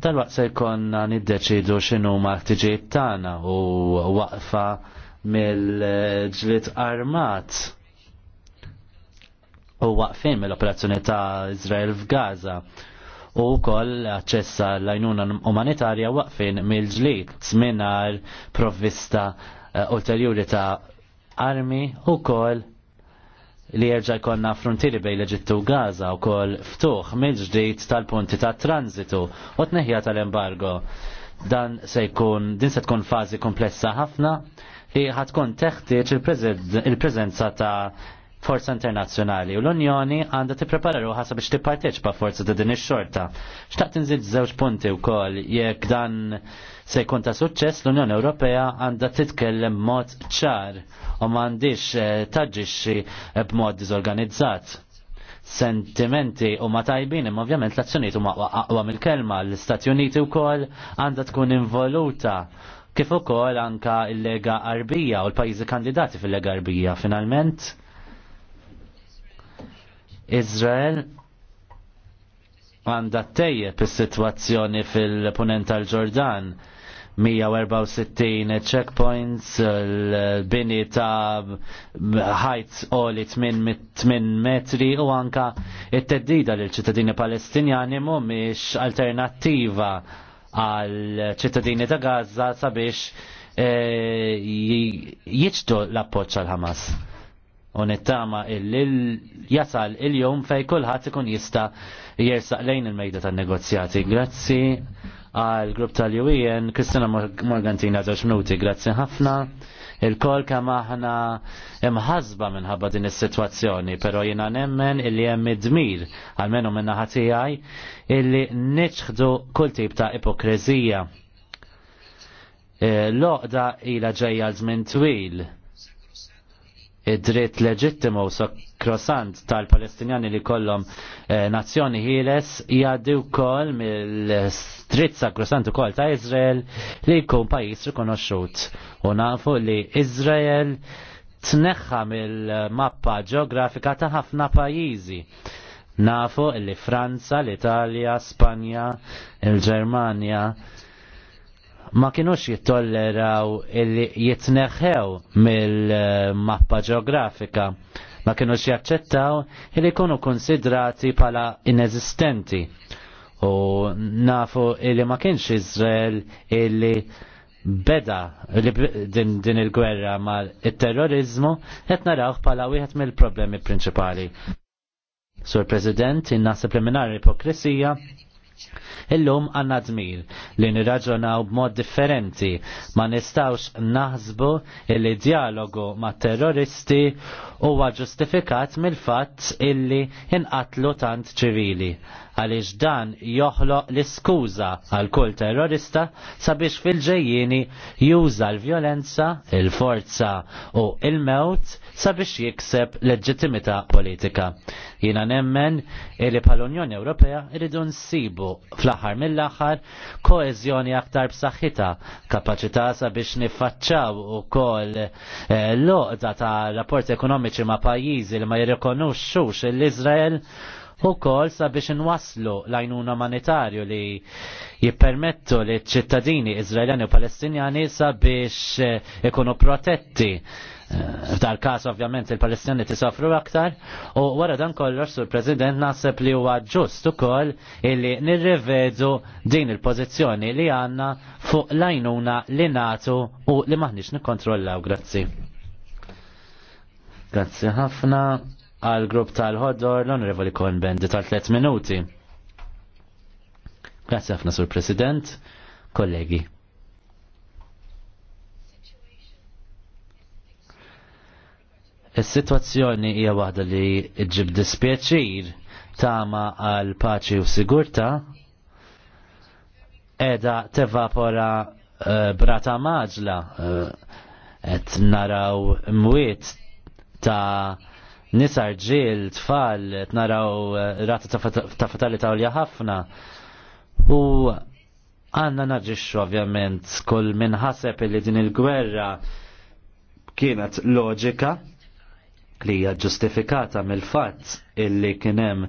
Tal-waqt se jkonna niddeċidu x'inhu ma ħtiġijiet tagħna u waqfa mill-ġlit armat u waqfin mill-operazzjoni ta' Izrael f'Gaza u wkoll aċċessa l-għajnuna umanitarja waqfin mill-ġlit minar provvista eh, ulterjuri ta' armi u koll li jerġa' jkollna frontieri bejn l-Eġittu u Gaza wkoll ftuħ mill-ġdid tal-punti tat transitu u tneħħija tal-embargo. Dan se jkun din se tkun fażi komplessa ħafna li ħatkun teħtieġ il-preżenza ta' forza internazzjonali u l-Unjoni għandha tipprepara ruħa sabiex tipparteċipa forza ta' din ix-xorta. Xtaqt tinżid żewġ punti wkoll jekk dan se jkun ta' suċċess l-Unjoni Ewropea għandha titkellem mod ċar u m'għandix eh, taġġixxi b'mod diżorganizzat sentimenti u ma tajbin imma ovvjament l-azzjoniet huma aqwa mill-kelma l-Istati Uniti wkoll għandha tkun involuta kif ukoll anka l-Lega Arbija u l-pajjiżi kandidati fil-Lega Arbija finalment Izrael għanda tejjeb is-sitwazzjoni fil-punent tal-Ġordan. 164 checkpoints, l-bini ta' ħajt oli 8 metri u anka it-teddida l ċittadini palestinjani miex alternativa għal ċittadini ta' Gaza sabiex eh, jieċdu jiġdu l-appoċ għal-Hamas u nittama jasal il-jum fej kullħat ikun jista jersaq lejn il-mejda tan negozjati Grazzi għal grupp tal-UN, e Kristina Morgantina żewġ minuti, grazzi ħafna. Il-kol kemm aħna imħazba minħabba din is-sitwazzjoni, pero jiena nemmen illi hemm id-dmir għalmenu minna ħatijaj, tiegħi illi neċħdu kull tip ta' ipokrizija eh, L-oqda ila ġejja żmien twil id-dritt leġittimu sakrosant tal-Palestinjani li kollom eh, nazzjoni ħiles jaddu kol mill-dritt sakrosant ukoll ta' Izrael li jkun pajjiż rikonoxxut. U nafu li Izrael tneħħa mill-mappa ġeografika ta' ħafna pajjiżi. Nafu li Franza, l-Italja, Spanja, il-Ġermanja, ma kienux jittolleraw illi jitneħħew mill-mappa ġeografika. Ma kienux jaċċettaw illi jkunu konsidrati pala inesistenti. U nafu illi ma kienx Izrael illi beda din, din il-gwerra mal il-terrorizmu qed narawh bħala wieħed mill-problemi prinċipali. Sur President, inna subliminari ipokrisija Illum għanna dmir li nirraġunaw b'mod differenti ma nistawx naħsbu illi dialogu ma terroristi huwa ġustifikat mill-fatt illi inqatlu tant ċivili għaliex dan joħloq l-iskuża għal kull terrorista sabiex fil ġejjini juża l-vjolenza, il-forza u il-mewt sabiex jikseb leġittimità politika. Jiena nemmen li pal-Unjoni Ewropea irridu nsibu fl-aħħar mill-aħħar koeżjoni aktar b'saħħitha, kapaċità sabiex niffaċċaw ukoll eh, l-loqda ta' rapport ekonomiċi ma' pajjiżi li ma jirrikonuxxux l-Iżrael u kol sabiex nwaslu lajnuna umanitarju li jippermettu li ċittadini Izraeljani u Palestinjani sabiex eh, ikunu protetti. Eh, F'dar kas ovvjament il-Palestinjani tisofru aktar u wara dan kollox sur President naseb li huwa ġust ukoll illi nirrivedu din il-pożizzjoni li għandna fuq lajnuna li natu u li maħniex nikkontrollaw. Grazzi. Grazzi ħafna għal grupp tal-ħoddor l-Onorevoli Konbendi tal tliet minuti. Grazie ħafna sur President, kollegi. Is-sitwazzjoni hija waħda li ġib dispjaċir tama għal paċi u sigurta edha tevapora uh, brata maġla uh, et naraw mwiet ta' nisa ġil, tfal, naraw eh, rata ta' fatalità għolja ħafna. U għanna naġiċu ovvjament kull minħaseb li din il-gwerra kienet loġika li hija ġustifikata mill-fatt illi kienem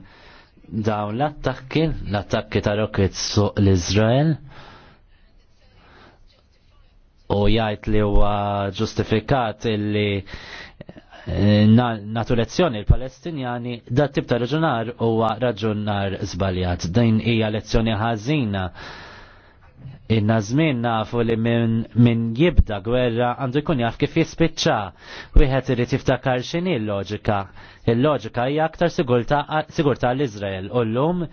dawn l-attakki, l-attakki ta' rocket suq l-Izrael u jgħid li huwa ġustifikat illi Eh, natu lezzjoni l-Palestinjani da tip ta' raġunar huwa raġunar żbaljat. Din hija lezzjoni ħażina. Inna żmien nafu li minn min jibda gwerra għandu jkun jaf kif jispiċċa. Wieħed irid jiftakar x'inhi l-loġika. Il-loġika hija aktar sigurtà l-Iżrael u llum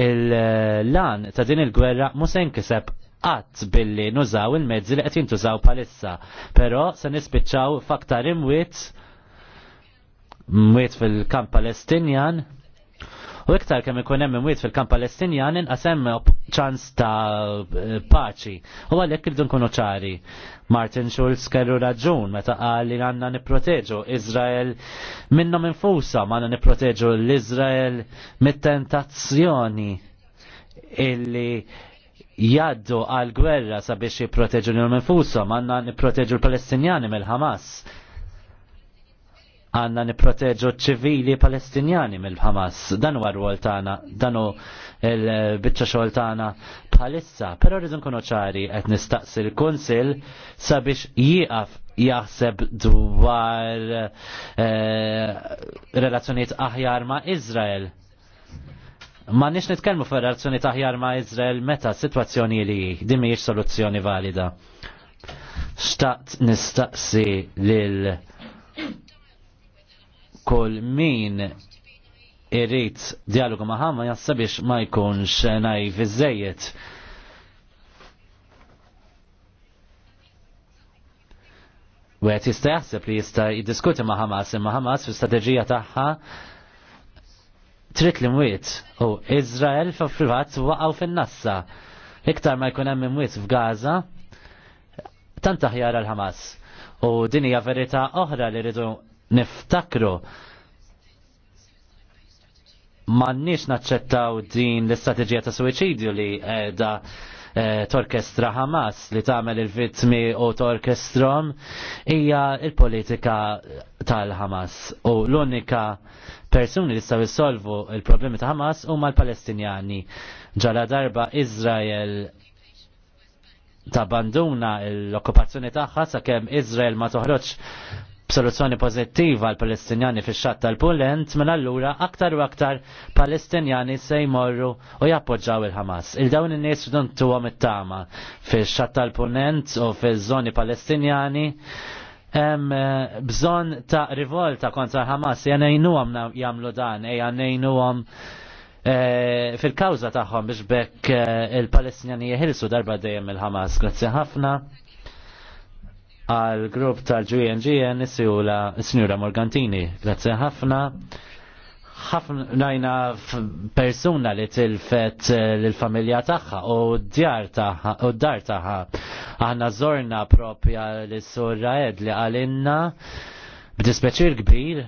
il-lan ta' din il-gwerra musen se nkiseb qatt billi nużaw il-mezzi li qed jintużaw palissa. Però se nispiċċaw faktar imwiet mwiet fil-kamp palestinjan u iktar kemm ikun hemm mwiet fil-kamp palestinjan inqas hemm ċans ta' eh, paċi. U għalhekk irdu nkunu ċari. Martin Schulz kellu raġun meta qal li għandna nipproteġu Izrael minnhom infusa ma għandna nipproteġu l-Iżrael mit-tentazzjoni illi jaddu għal gwerra sabiex jipproteġu l-nfusom, għanna niproteġu l-Palestinjani mill-Hamas għanna niproteġu ċivili palestinjani mill-Hamas. Dan huwa rwol tagħna, dan hu l-biċċa xogħol tagħna bħalissa, però rridu nkunu ċari qed nistaqsi l-Kunsill sabiex jieqaf jaħseb dwar eh, relazzjonijiet aħjar ma' Izrael. Ma nix nitkellmu fer relazzjonijiet aħjar ma' Izrael meta situazzjoni li din mhijiex soluzzjoni valida. Xtaqt nistaqsi lil kull min irrit dialogu maħam ma jassabiex ma jkunx naiv iżejjed. U għet jista jaħseb li jista jiddiskuti ma' Hamas, imma Hamas fi strategija taħħa trit li mwiet u Izrael fa' privat waqaw fin-nassa. Iktar ma' jkun hemm mwiet f'Gaza, tant aħjar għal Hamas. U din hija verità oħra li rridu niftakru mannix naċċettaw din l-istrateġija ta' suicidju li da eh, torkestra Hamas li tagħmel il-vittmi u torkestrom hija il-politika tal-Hamas u l-unika persuni li staw jissolvu il-problemi ta' Hamas huma l-Palestinjani. Ġala darba Izrael banduna l-okkupazzjoni tagħha sakemm Izrael ma toħroġ b'soluzzjoni pożittiva għal palestinjani fix xatt tal-Pulent, minn mela allura aktar u aktar palestinjani se jmorru u jappoġġaw il-Hamas. Il-dawn in-nies duntu tuhom it-tama fix xatt tal-Pulent u fiż-żoni palestinjani hemm eh, bżonn ta' rivolta kontra Hamas, jenajnu għom jagħmlu dan, eh, jenajnu għom E, eh, fil-kawza tagħhom biex bekk il-Palestinjani jeħilsu darba dejjem il-Hamas. Grazzi ħafna għal grupp tal-GNGN is-sjula Snura Morgantini. Grazie ħafna. ħafna najna persuna li tilfet eh, l-familja tagħha u d-djar tagħha u d-dar tagħha. Aħna żorna propja l surra Ed li għalinna b'dispeċir kbir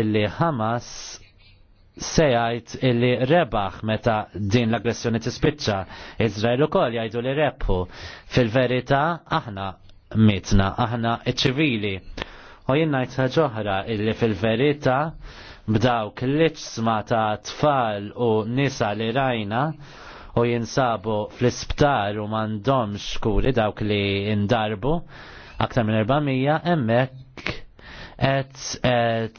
illi Hamas sejajt illi rebaħ meta din l-aggressjoni tispiċċa. Izrael ukoll jgħidu li rebħu. Fil-verità aħna mitna, aħna ċivili. U jinnajt ħagħoħra illi fil-verita b'dawk l ta' tfal u nisa li rajna u jinsabu fl-isptar u mandomx kuri dawk li indarbu aktar minn 400 emmek et, et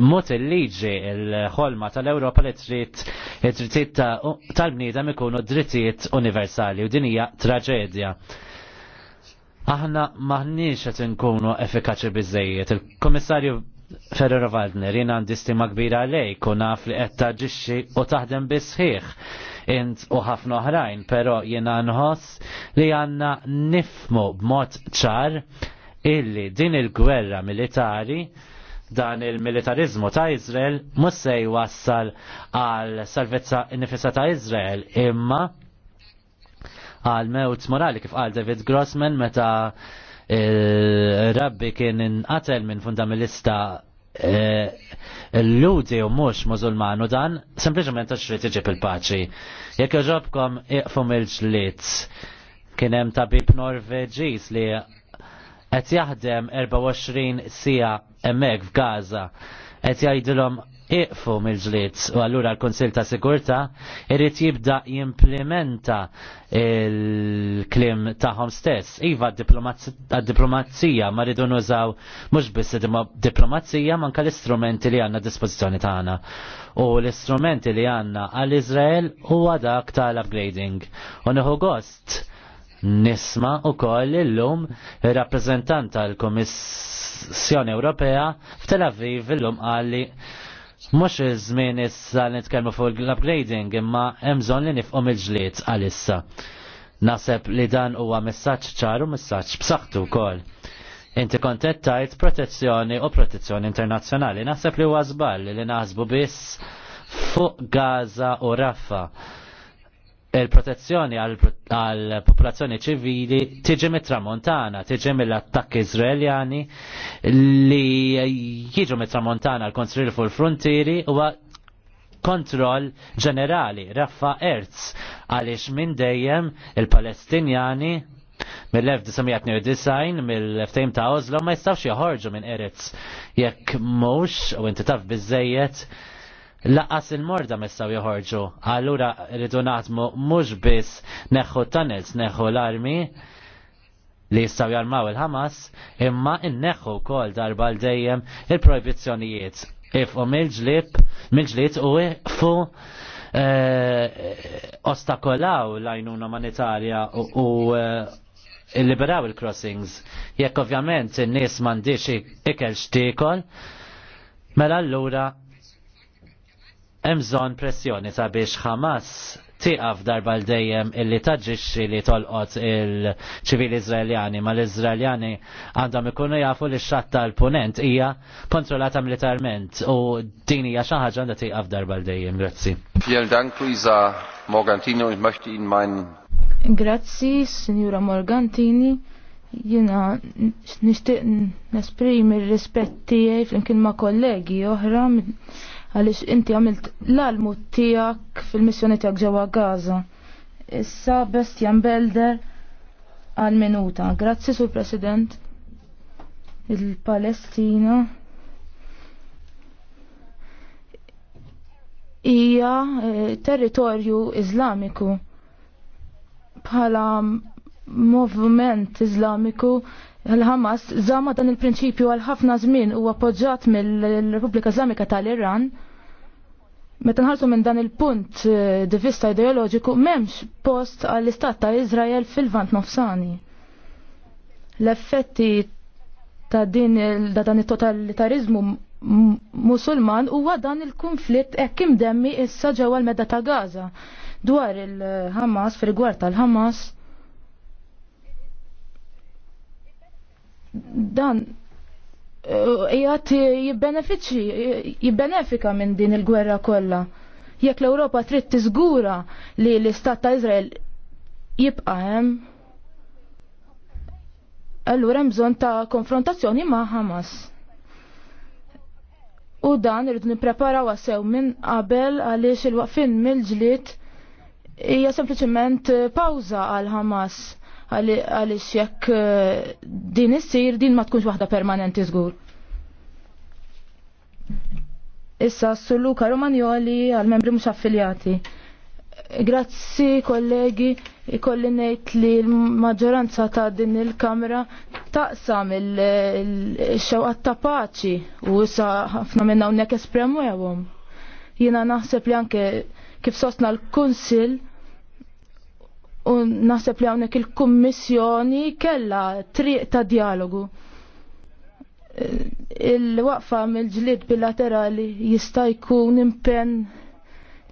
mut il-liġi il-ħolma tal-Europa li trid id-drittijiet tal-bniedem ikunu drittijiet universali u dinija traġedja Aħna maħniex qed inkunu effikaċi bizzejiet. Il-Komissarju Ferrero Waldner jien għandi stima kbira għalej, kuna naf li qed taġixxi u taħdem bisħiħ int u ħafna oħrajn, però jiena nħoss li għandna nifmu b'mod ċar illi din il-gwerra militari dan il-militarizmu ta' Izrael mhux se jwassal għal salvezza nifisa ta' Izrael imma għal mewt morali kif qal David Grossman meta eh, rabbi kien inqatel minn fundamentalista eh, l-ludi u mux mużulmanu dan, sempliciment għax xrit iġib il-paċi. Jekk joġobkom iqfum il-ġlit, kienem tabib Norveġiż li qed jaħdem 24 sija emmek f'Gaza, qed jgħidilhom iqfu mill ġliet u allura l-Konsil ta' Sigurta irrid jibda jimplementa il-klim tagħhom stess. Iva għad-diplomazija ma rridu nużaw mhux biss diplomazija manka l-istrumenti li għandna dispożizzjoni tagħna. U l-istrumenti li għandna għall-Iżrael huwa dak tal-upgrading. U nieħu gost nisma u koll illum rappresentant tal-Komissjoni Ewropea f'Tel Aviv illum għalli Mux iż-żmien issa li nitkellmu fuq l-upgrading imma hemm bżonn li nifqhom il-ġlied għalissa. Naseb li dan huwa messaġġ ċaru messaġġ b'saħħtu wkoll. Inti kontett tajt protezzjoni u protezzjoni internazzjonali. Naħseb li huwa żball li naħsbu biss fuq Gaza u Raffa il-protezzjoni għal popolazzjoni ċivili tiġi mit-tramontana, tiġi mill-attakki izraeljani li jiġu mit-tramontana għal kontroll fuq il-frontieri u kontroll ġenerali, raffa erz, għaliex minn dejjem il-Palestinjani mill-1992 mill-ftejm ta' Oslo ma jistawx joħorġu minn erz jekk mhux u inti taf biżejjed laqas il-morda messaw joħorġu. Allura rridu naħdmu mhux biss neħħu tunnels, neħħu l-armi li jistaw jarmaw il-Hamas, imma inneħħu kol darba l-dejjem il-proibizzjonijiet. Ifqu mill-ġlib, mill-ġlib u fu e, ostakolaw l-għajnuna umanitarja u e, liberaw il-crossings. Jekk ovvjament in-nies m'għandix ikel xtikol, mela allura Emżon pressjoni sabiex Hamas tiqaf darba l-dejjem illi taġġixxi li tolqot il-ċivili Izraeljani ma l-Izraeljani għandhom ikunu jafu li x xatta l punent hija kontrollata militarment u din hija xi ħaġa għandha tiqaf darba l-dejjem. Grazzi. Vielen Dank Luisa Morgantino, ich möchte Ihnen Grazzi, Signora Morgantini. jina nishtiq nesprimi r-rispett tiegħi flimkien ma' kollegi oħra għaliex inti għamilt l-almu tiegħek fil-missjoni tiegħek ġewwa Gaza. Issa Bestjan Belder għal minuta. Grazzi sur President. Il-Palestina hija eh, territorju Iżlamiku bħala moviment Iżlamiku il hamas żama dan il-prinċipju għal ħafna żmien u appoġġjat mill-Repubblika Zamika tal-Iran. Meta nħarsu minn dan il-punt eh, di vista ideoloġiku m'hemmx post għall-Istat ta' Izrael fil-Vant Nofsani. L-effetti ta' din da' dan it-totalitarizmu musulman huwa dan il-konflitt hekk imdemmi issa ġewwa l-medda ta' Gaza dwar il-Hamas fil-gwar tal-Hamas dan eh, jgħat jibbenefiċi, jibbenefika minn din il-gwerra kollha. Jekk l-Ewropa trid tiżgura li l-Istat ta' Izrael jibqa' hemm, allura hemm bżonn ta' konfrontazzjoni ma' Hamas. U dan irridu nippreparaw għasew minn qabel għaliex il-waqfin mill-ġlied hija sempliċement eh, pawża għal Hamas għaliex jekk eh, din issir din ma tkunx waħda permanenti żgur. Issa s luka Romanjoli għal-membri mhux affiljati. Grazzi kollegi, ikolli ngħid li l-maġġoranza ta' din il-Kamra taqsam il-xewqat ta' paċi u issa ħafna minna hawnhekk espremu jawhom. Jiena naħseb li anke kif sostna l-Kunsill naħseb li hawnhekk il-kummissjoni kellha triq ta' dialogu. Il-waqfa mill-ġlied bilaterali jista' jkun impenn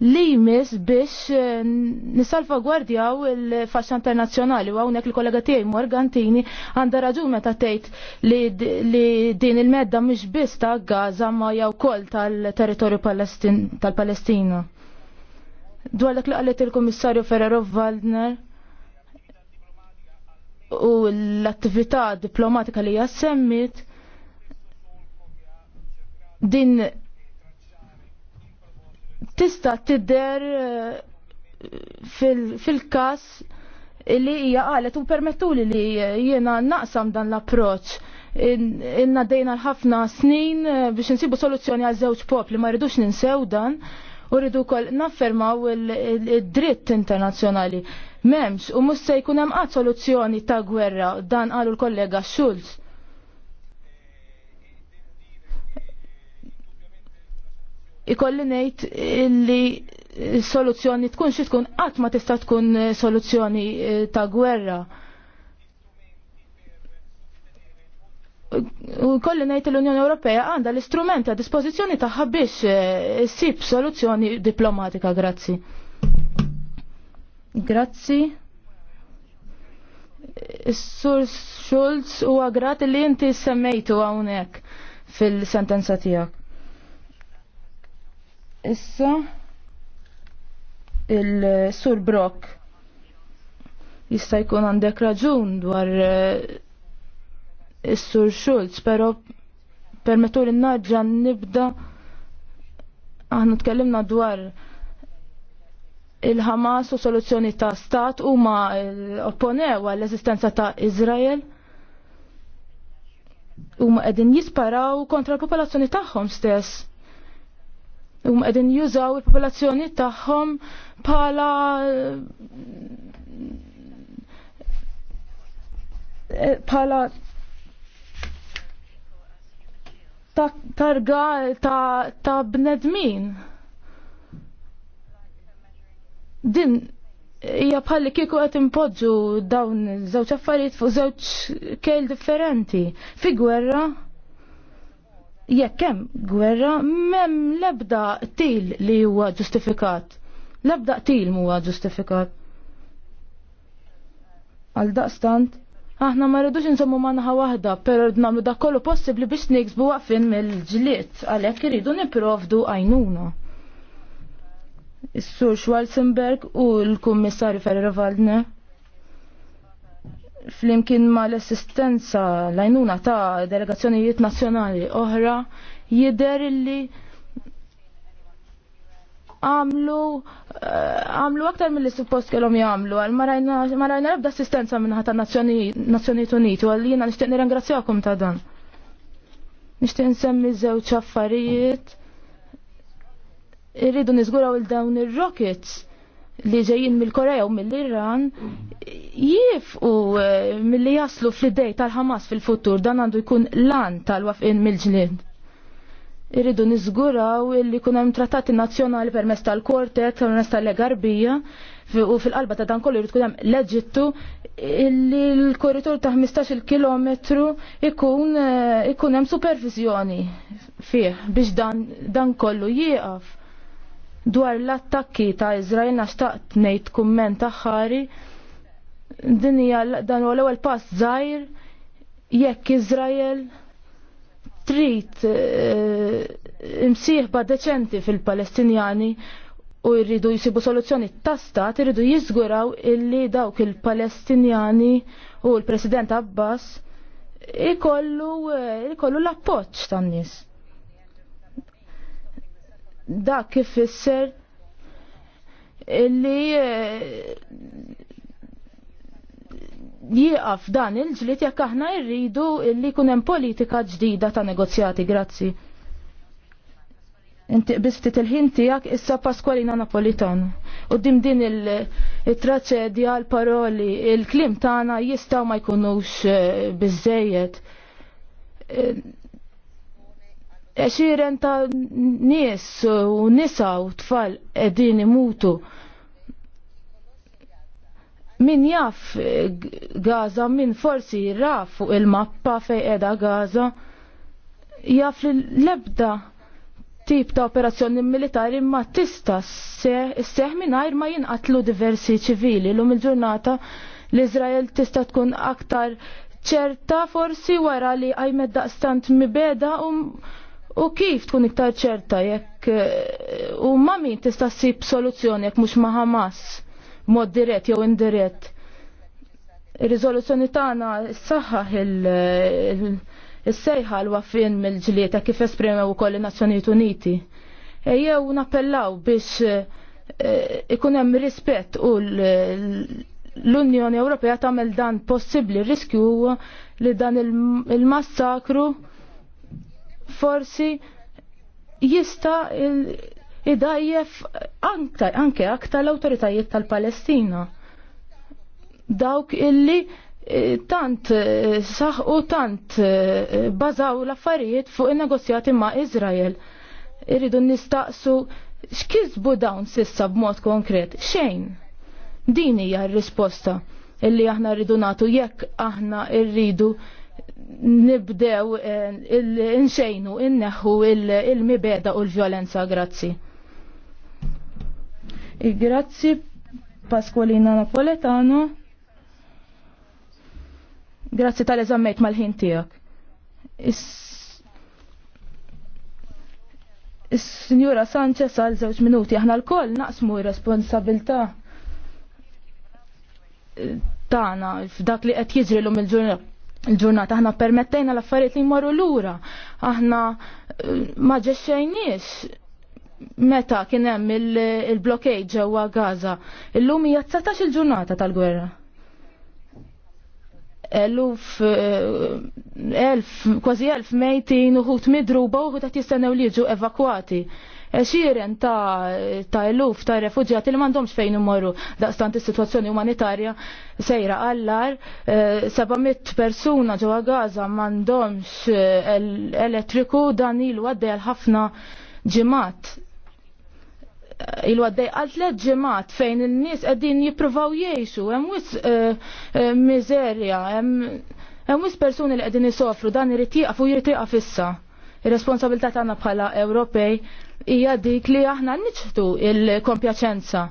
li jmiss biex eh, gwardjaw il-fasċa internazzjonali u hawnhekk il-kollega tiegħi Morgantini għandha raġun meta tgħid li, din il-medda mhix biss ta' Gaza ma jew ukoll tal-territorju tal-Palestina. Dwar dak li qalet il-Kummissarju Ferrero Waldner u l-attività diplomatika li jassemmit din tista tidder eh, fil-kas fil li hija qalet u permettu li li jiena naqsam dan l-approċ. Inna dejna l-ħafna snin eh, biex nsibu soluzzjoni għal żewġ popli ma rridux ninsew dan Uridu kol naffermaw il-dritt internazzjonali. Memx, u mus se jkun hemm qatt soluzzjoni ta' gwerra, dan qalu l-kollega Schulz. Ikolli ngħid illi soluzzjoni tkun xi tkun qatt ma tista' tkun soluzzjoni eh, ta' gwerra. kolli ngħid l-Unjoni Ewropea għandha l-istrumenti għad dispożizzjoni taħħa biex eh, ssib soluzzjoni diplomatika, grazzi. Grazzi. Is-Sur Schulz huwa għagrat li inti semmejtu hawnhekk fil-sentenza tiegħek. Issa il-Sur Brock jista' jkun għandek raġun dwar eh, is-Sur Schulz, pero permettu li naġġa nibda aħna tkellimna dwar il-Hamas u soluzzjoni ta' stat u ma opponew għall-eżistenza ta' Izrael u ma qegħdin jisparaw kontra l-popolazzjoni tagħhom stess. U ma qegħdin jużaw il-popolazzjoni tagħhom pala bħala eh, ta' targa ta', ta bnedmin. Din hija bħalli kieku qed impoġġu dawn żewġ affarijiet fuq żewġ kejl differenti. Fi gwerra jekk hemm gwerra m'hemm l-ebda qtil li huwa ġustifikat. L-ebda qtil huwa ġustifikat. Għal daqstant Aħna ma rridux insommu manħa waħda, pero namlu dak kollu possibli biex niksbu waqfin mill ġlied għalhekk iridu nipprovdu għajnuna. Is-Sur Schwarzenberg u l-Kummissarju Ferrero Valdne flimkien ma l-assistenza l-għajnuna ta' delegazzjonijiet nazzjonali oħra jider li għamlu eh, għamlu aktar mill-li suppost kellhom jagħmlu għal ma rajna ebda assistenza minn ħata Nazzjonijiet Uniti u għal jiena nixtieq nirringrazzjakom ta' dan. Nixtieq nsemmi żewġ affarijiet irridu niżguraw il-dawn ir-rockets li ġejjin mill-Korea u mill-Iran jifqu eh, mill-li jaslu fl-idej tal-Hamas fil-futur dan għandu jkun lan tal-wafqin mill-ġlid irridu niżguraw li kun hemm trattati nazzjonali permezz tal-kortet, permezz tal-legarbija, u fil-qalba ta' dan kollu jrid tkun hemm leġittu li l-korritur ta' 15 km ikun eh, ikun hemm supervizjoni fih biex dan, dan kollu jieqaf. Dwar l-attakki ta' Izrael naxtaqt ngħid kumment aħħari din hija dan huwa l-ewwel pass żgħir jekk Izrael trid eh, imsieħba deċenti fil-Palestinjani u jridu jisibu soluzzjoni tastat irridu jizguraw illi dawk il-Palestinjani u l-President Abbas ikollu eh, ikollu l-appoċ tan-nies. Dak kif isser illi eh, jieqaf dan il-ġlit jekk aħna rridu li jkun hemm politika ġdida ta' negozjati, grazzi. Inti bisti il-ħin tiegħek issa Pasqualina Napolitan. U dim din il-traċedja, l-paroli, il-klim tagħna jistgħu ma jkunux eh, biżejjed. Eh, eċiren ta' nies u nisa u tfal qegħdin imutu. mutu min jaf eh, Gaza, min forsi jirraf fuq il-mappa fej edha Gaza, jaf li lebda tip ta' operazzjoni militari ma tista seħ minnajr ma jinqatlu diversi ċivili l-lum il-ġurnata l-Izrael tista tkun aktar ċerta forsi wara li għajmed daqstant mibeda um, u kif tkun iktar ċerta jekk eh, u ma min tista ssib soluzzjoni jekk mhux ma Hamas mod dirett jew indirett. Ir-riżoluzzjoni tagħna saħħaħ il-sejħa l waffin mill-ġlieta kif esprimew ukoll in-Nazzjonijiet Uniti. Ejjew nappellaw biex eh, ikun hemm rispett u l-Unjoni Ewropea tagħmel dan possibbli riskju li dan il-massakru forsi jista' idajjef anke aktar l-autoritajiet tal-Palestina. Dawk illi eh, tant eh, u tant eh, bazaw l-affarijiet fuq il-negozjati ma' Izrael. Irridu nistaqsu x'kisbu dawn sissa b'mod konkret? Xejn. Din hija r-risposta illi aħna rridu nagħtu jekk aħna rridu nibdew inxejnu inneħħu il-mibeda u l-vjolenza grazzi. Grazzi Pasqualina Napoletano. Grazzi tal-eżammejt mal-ħin tiegħek. Is-Sinjura Sanchez għal żewġ minuti aħna lkoll naqsmu r-responsabilità tagħna f'dak li qed jiġri il-ġurnata aħna permettejna l-affarijiet li jmorru lura. Aħna eh, ma ġexxejniex meta kien hemm il-blockade ġewwa Gaza. Illum hija 19 il-ġurnata tal-gwerra. Eluf, eh, elf, kważi elf mejtin uħut midruba uħut qed jistennew li jiġu evakwati. Xiren ta', ta eluf ta' refugjati li m'għandhomx fejn imorru daqstant is-sitwazzjoni umanitarja sejra għallar, 700 eh, persuna ġewwa Gaza m'għandhomx eh, elettriku dan ilu għaddejja ħafna ġimat ilu għaddej għal tliet ġimgħat fejn in-nies qegħdin jippruvaw jgħixu hemm wis eh, eh, miżerja, hemm wis persuni li qegħdin isofru dan irid jieqaf u jrid jieqaf issa. Ir-responsabilità tagħna bħala Ewropej hija dik li aħna niċtu il-kompjaċenza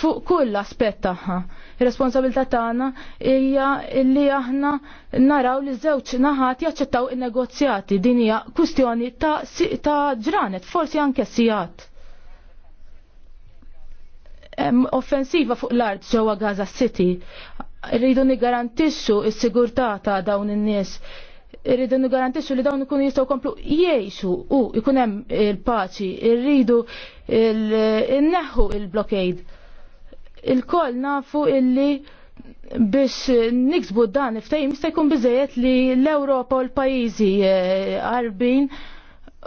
fuq kull aspett tagħha. Ir-responsabilità tagħna hija li aħna naraw li żewġ naħat jaċċettaw in-negozjati din hija kwistjoni ta' ġranet, forsi anke sijat offensiva fuq l-art ġewwa Gaza City. Rridu nigarantixxu s-sigurtà ta' dawn in-nies. Irridu nigarantixxu li dawn ikunu jistgħu komplu jgħixu u jkun hemm il-paċi, irridu inneħħu il-blockade. Il-koll nafu illi biex niksbu dan iftejm jista' jkun biżejjed li l-Ewropa u l-pajjiżi qarbin Eh,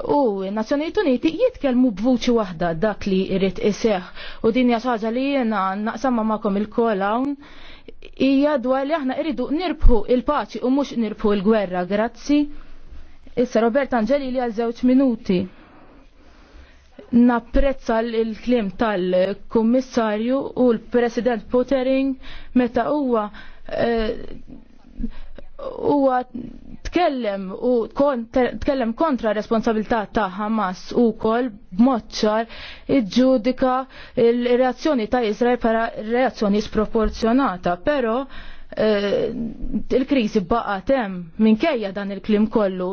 U Nazzjonijiet Uniti jitkellmu b'vuċi waħda dak li jrid iseħħ u din hija ħaġa li jiena naqsamma magħkom il kolawn hawn hija dwar li aħna iridu nirbħu il-paċi u mhux nirbħu l-gwerra. Grazzi. Issa Robert Angeli li għal żewġ minuti. Napprezza l-klim tal-Kummissarju u l-President Pottering meta huwa eh, huwa tkellem u tkellem kontra responsabilità ta' Hamas u kol b'moċċar iġġudika il-reazzjoni ta' Israel para reazzjoni sproporzjonata, pero E, eh, il-krisi baqat hemm minkejja dan il-klim kollu.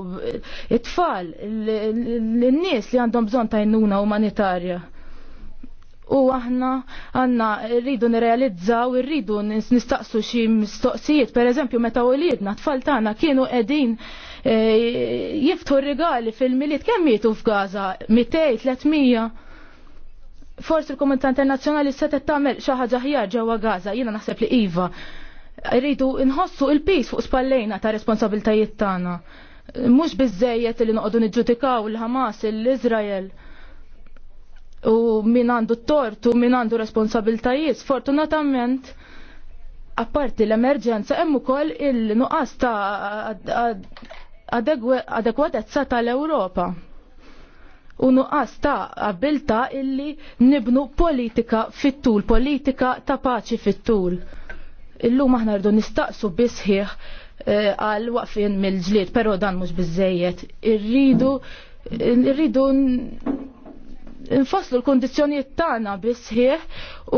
It-tfal, l-nies li għandhom bżonn ta' innuna umanitarja u aħna għanna rridu nirrealizzaw, rridu nistaqsu xi mistoqsijiet, per eżempju meta u tfal tagħna kienu qegħdin e, jiftu r-rigali fil-miliet kemm jietu f'Gaza? 200, 300? Forsi l-Komunità Internazzjonali setet tagħmel xi ħaġa ħjar ġewwa Gaza, jiena naħseb li iva. Rridu nħossu il-pis fuq spallejna ta' responsabiltajiet tagħna. Mhux biżejjed li noqogħdu niġġudikaw il-Ħamas, l-Iżrael. il ħamas l iżrael u min għandu t-tort u min għandu responsabiltajiet. fortunatament apparti l-emerġenza, hemm ukoll il nuqas ta' adekwatezza tal-Ewropa. U nuqqas ta' abilta illi nibnu politika fit-tul, politika ta' paċi fit-tul. Illum aħna rridu nistaqsu bisħiħ eh, għal waqfin mill-ġlied, pero dan mhux bizzejiet. Irridu irridu nfasslu l-kondizjoniet tagħna biss bisħieħ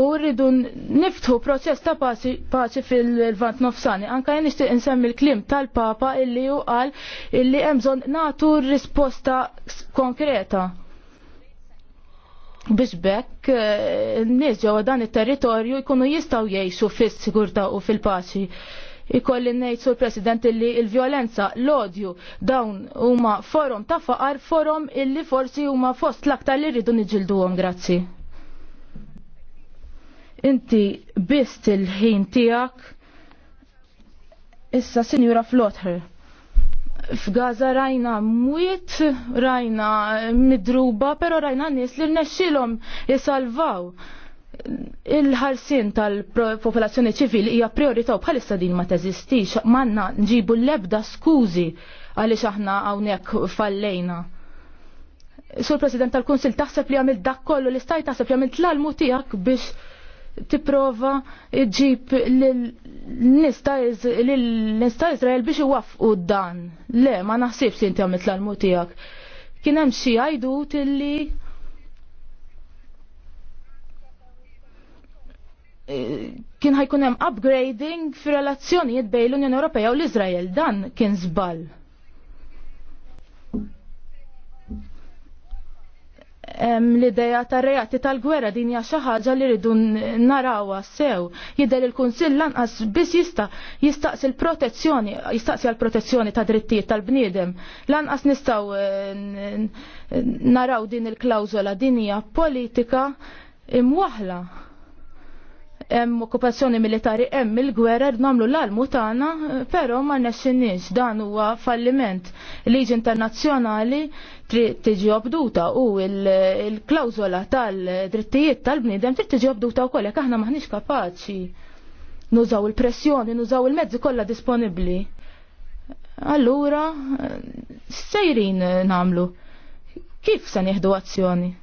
u rridu niftħu proċess ta' paċi fil-vant nofsani. Anka jien nixtieq insemmi l-klim tal-Papa illi hu qal illi hemm bżonn nagħtu risposta konkreta. Biex bekk eh, n-nies ġewwa dan it-territorju jkunu jistgħu jgħixu fis-sigurtà u fil-paċi. fil paċi ikolli ngħid sur President illi il-vjolenza, l-odju dawn huma forum ta' faqar, forum illi forsi huma fost l-aktar li rridu niġilduhom grazzi. Inti bist il-ħin tiegħek issa Sinjura Flother. F'Gaza rajna mwiet, rajna midruba, pero rajna nis li rnexxilhom jisalvaw il-ħarsin tal-popolazzjoni ċivili hija priorità u bħalissa din ma teżistix, manna nġibu l-ebda skużi għaliex aħna hawnhekk fallejna. Sur President tal-Kunsil taħseb li għamilt dak kollu li stajt taħseb li għamilt l-almu tiegħek biex tipprova ġib l-nista Izrael biex iwafqu dan. Le, ma naħsibx inti għamilt l-almu tiegħek. Kien hemm xi għajdu tilli kien ħajkun hemm upgrading fir relazzjonijiet bejn l-Unjoni Ewropea u l-Iżrael dan kien żball. L-ideja tar reati tal-gwerra din hija xi ħaġa li rridu narawha sew. Jidher il-Kunsill lanqas biss jista' jistaqsi l-protezzjoni, jistaqsi għall-protezzjoni ta' drittijiet tal-bniedem. Lanqas nistgħu eh, naraw din il-klawżola din hija politika imwaħla hemm okkupazzjoni militari hemm il gwerer nagħmlu l-almu tagħna, però ma nexxinniex dan huwa falliment. Liġi internazzjonali trid tiġi obduta u l-klawżola tal-drittijiet tal-bniedem trid tiġi obduta wkoll jekk aħna maħniex kapaċi nużaw il-pressjoni, nużaw il-mezzi kollha disponibbli. Allura sejrin nagħmlu. Kif se nieħdu azzjoni?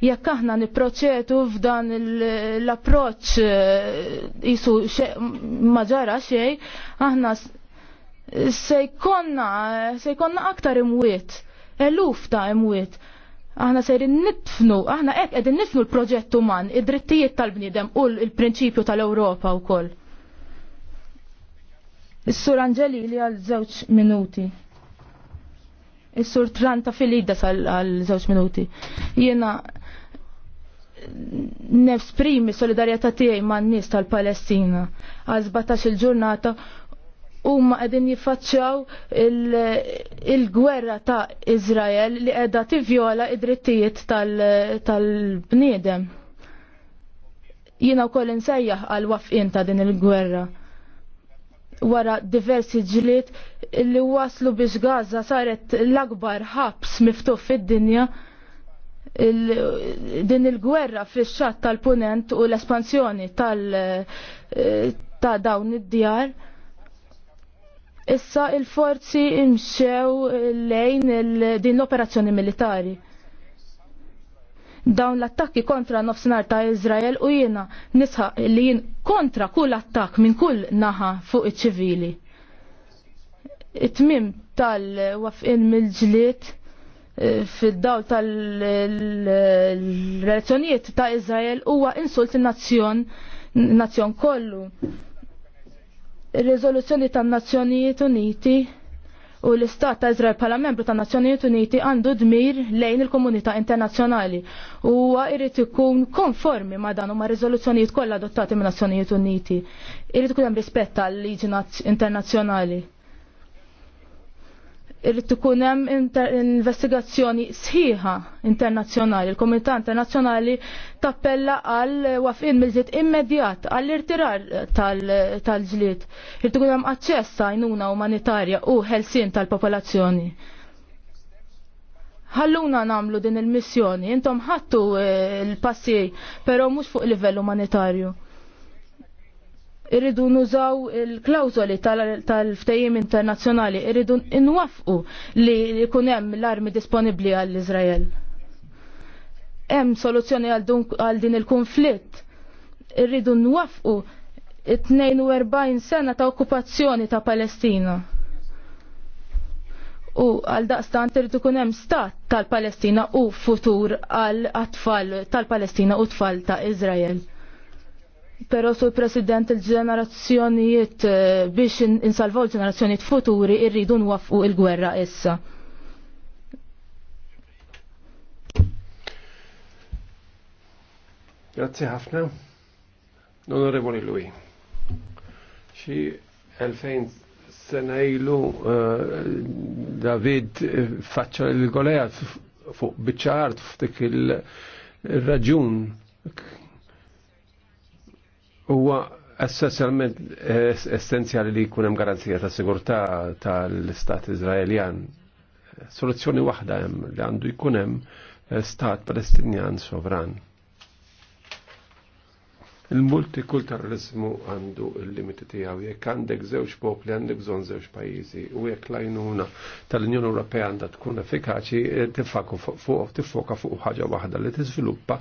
jekk aħna nipproċedu f'dan l-approċ eh, jisu ma ġara xej, aħna sejkonna, sejkonna aktar imwiet, eluf ta' imwiet. Aħna se nitfnu, aħna ek edin nitfnu l-proġett uman, id-drittijiet tal-bnidem u l-prinċipju tal-Europa u koll. Is-sur Anġeli li għal żewġ minuti. Is-sur Tranta Filida għal żewġ minuti. Jena nesprimi solidarjetà tiegħi man-nies tal-Palestina għal 17 il-ġurnata huma qegħdin jiffaċċjaw il-gwerra il ta' Iżrael li qiegħda tivjola id-drittijiet tal-bniedem. Tal Jiena wkoll insejjaħ għal wafqin ta' din il-gwerra. Wara diversi ġlied li waslu biex Gaza saret l-akbar ħabs miftuħ fid-dinja il din il-gwerra fix-xatt tal-punent u l-espansjoni tal- eh, ta' dawn id-djar. Issa il-forzi imxew lejn din l-operazzjoni militari. Dawn l-attakki kontra nofsinhar ta' Izrael u jiena nisħaq li jien kontra kull attakk minn kull naħa fuq iċ-ċivili. It-tmim tal-wafqin mill-ġlied fid-dawl tal-relazzjonijiet ta' Izrael huwa insult in-nazzjon nazzjon kollu. Ir-riżoluzzjoni tan-Nazzjonijiet Uniti u l-Istat ta' Izrael bħala membru ta' Nazzjonijiet Uniti għandu dmir lejn il-komunità internazzjonali u jrid ikun konformi ma' dan u ma' riżoluzzjonijiet kollha adottati minn Nazzjonijiet Uniti. Irid ikun hemm rispett tal liġi internazzjonali irrid tkun hemm investigazzjoni sħiħa internazzjonali. Il-Komunità Internazzjonali tappella għal wafqin mill-ġiet immedjat għall irtirar tal-ġlied. Irrid tkun hemm aċċess għajnuna umanitarja u ħelsien tal-popolazzjoni. Ħalluna namlu din il-missjoni, intom ħattu eh, l-passi, però mhux fuq livell umanitarju irridu nużaw il klawzoli tal-ftejim internazzjonali, irridu nwafqu li jkun hemm l-armi disponibbli għall izrael Hemm soluzzjoni għal din il-konflitt. Irridu nwafqu 42 sena ta' okkupazzjoni ta' Palestina. U għal daqstant irridu kun hemm stat tal-Palestina u futur għal atfal tal-Palestina u tfal ta' Izrael. Pero sur President il-ġenerazzjonijiet eh, biex insalvaw il-ġenerazzjonijiet futuri irridu nwafqu il-gwerra issa. Grazie ħafna. Onorevoli Lui. Xi 2000 sena ilu eh, David eh, faċċa il-golea fuq biċċart f'dik il-raġun huwa essenzjalment essenzjali li jkun hemm garanzija ta' sigurtà tal-Istat Iżraeljan. Soluzzjoni waħda hemm li għandu jkun hemm eh, stat Palestinjan sovran. Il-multikulturalizmu għandu il-limiti tiegħu jekk għandek żewġ popli għandek zon żewġ pajjiżi u jekk lajnuna tal-Unjoni Ewropea għandha tkun effikaċi eh, tifoka fuq ħaġa waħda li tiżviluppa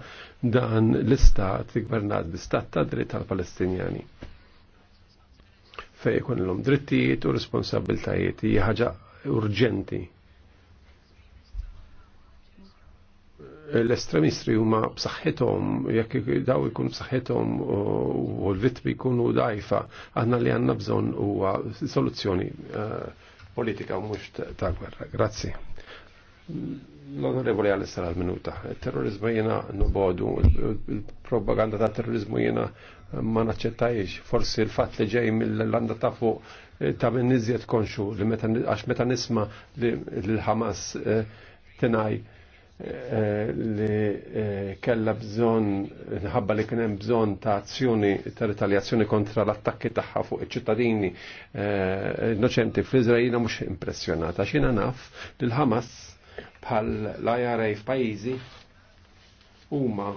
dan l-istat gvernat bi-stat ta' dritt tal-Palestinjani fej ikun l om drittijiet u responsabiltajiet hija urġenti l-estremistri huma b'saħħithom jekk daw ikun b'saħħithom u l-vittmi jkunu dajfa, aħna li għandna bżonn huwa soluzzjoni eh, politika u mhux ta' gwerra. Grazzi. L-onorevoli għal-issar minuta Il-terrorizmu jena nubodu, il-propaganda ta' terrorizmu jena ma naċċettajx. Forsi l-fat li ġej mill-landa ta' fuq eh, ta' minn konxu, għax meta nisma li l-Hamas eh, tinaj li eh, kella bżon, nħabba li kienem bżon ta' azzjoni, ta' retaljazzjoni kontra l-attakki tagħha fuq iċ-ċittadini eh, innoċenti fl-Izraelina mhux impressjonata. Xina naf li l-Ħamas bħal l-IRA f'pajjiżi huma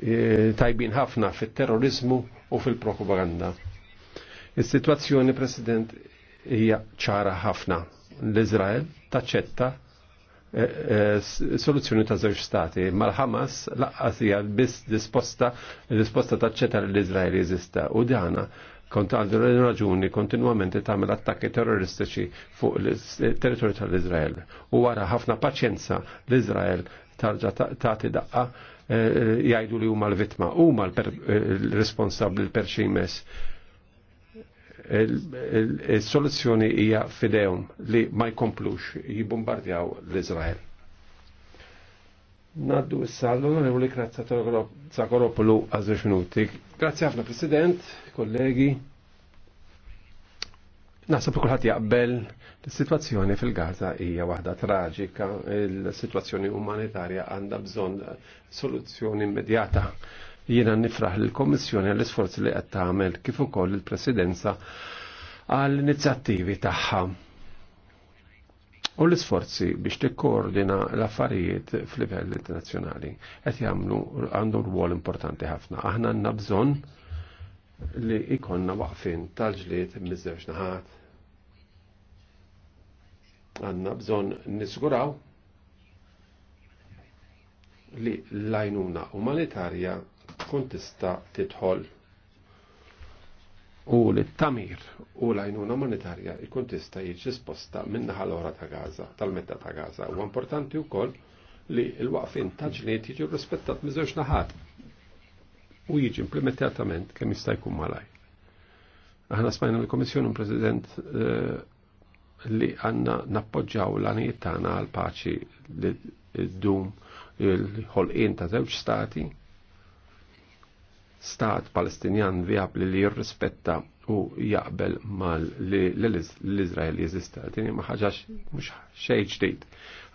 eh, tajbin ħafna fit-terrorizmu u fil-propaganda. Is-sitwazzjoni, President, hija ċara ħafna. L-Izrael taċċetta Eh, eh, soluzzjoni ta' żewġ stati. Mal-Hamas laqqas hija biss disposta disposta taċċetta l-Iżrael jeżista u dana kont għandu raġuni kontinwament tagħmel attakki terroristiċi fuq il-territorju tal-Iżrael. U wara ħafna paċenza l-Iżrael tarġa tagħti daqqa eh, jgħidu li huma l-vittma, huma l-responsabbli l-perximes il-soluzzjoni hija fidejhom li ma jkomplux jibombardjaw l-Izrael. Naddu issa l-onorevoli Grazza Zagoropolu għazrex minuti. Grazzi ħafna President, kollegi. Nasab kulħadd jaqbel l-sitwazzjoni fil-Gaza hija waħda traġika, l-sitwazzjoni umanitarja għandha bżonn soluzzjoni immedjata Jiena nifraħ lill kommissjoni għall isforzi li qed tagħmel kif ukoll il-Presidenza għall inizjattivi tagħha. U l-isforzi biex tikkoordina l-affarijiet f'livell internazzjonali qed jagħmlu għandu rwol importanti ħafna. Aħna għandna bżonn li ikonna waqfin tal-ġlied miż-żewġ naħat. Għandna bżonn nisguraw li l-lajnuna umanitarja tkun tista' tidħol u t tamir u l-għajnuna monetarja ikun tista' jiġi sposta minnaħa l-ora ta' Gaza, tal-medda ta' Gaza. U importanti wkoll li l-waqfin ta' ġlied jiġi rispettat miżewġ naħat u jiġi implementatament kemm jista' jkun malaj. Aħna smajna l un President eh, li għanna nappoġġaw l-għanijiet tagħna għal paċi li d-dum il-ħolqien ta' żewġ stati stat palestinjan viabli li jirrispetta u jaqbel mal li l-Izrael jeżista. Tini maħħaġax mux xej ġdid.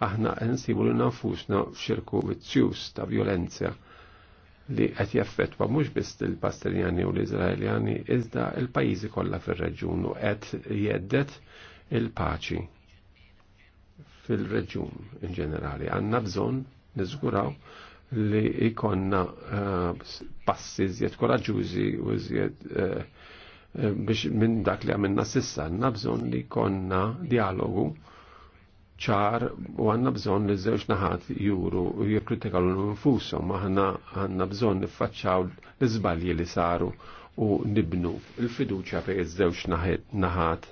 Aħna nsibu li nafusna f'xirku vizzjus ta' violenza li qed jaffettwa mhux biss il pastinjani u l-Iżraeljani iżda l-pajjiżi kollha fir-reġjun u qed jeddet il-paċi fil-reġjun in ġenerali. Għandna bżonn niżguraw li ikonna eh, passi zjed koraġużi u zjed eh, eh, biex minn dak li għamilna sissa għanna bżon li konna dialogu ċar u għanna bżon li zewx naħat juru u jikritikalu l-infusom, aħna għanna bżon faċċaw l zbalji li saru u nibnu il-fiduċa fej zewx naħat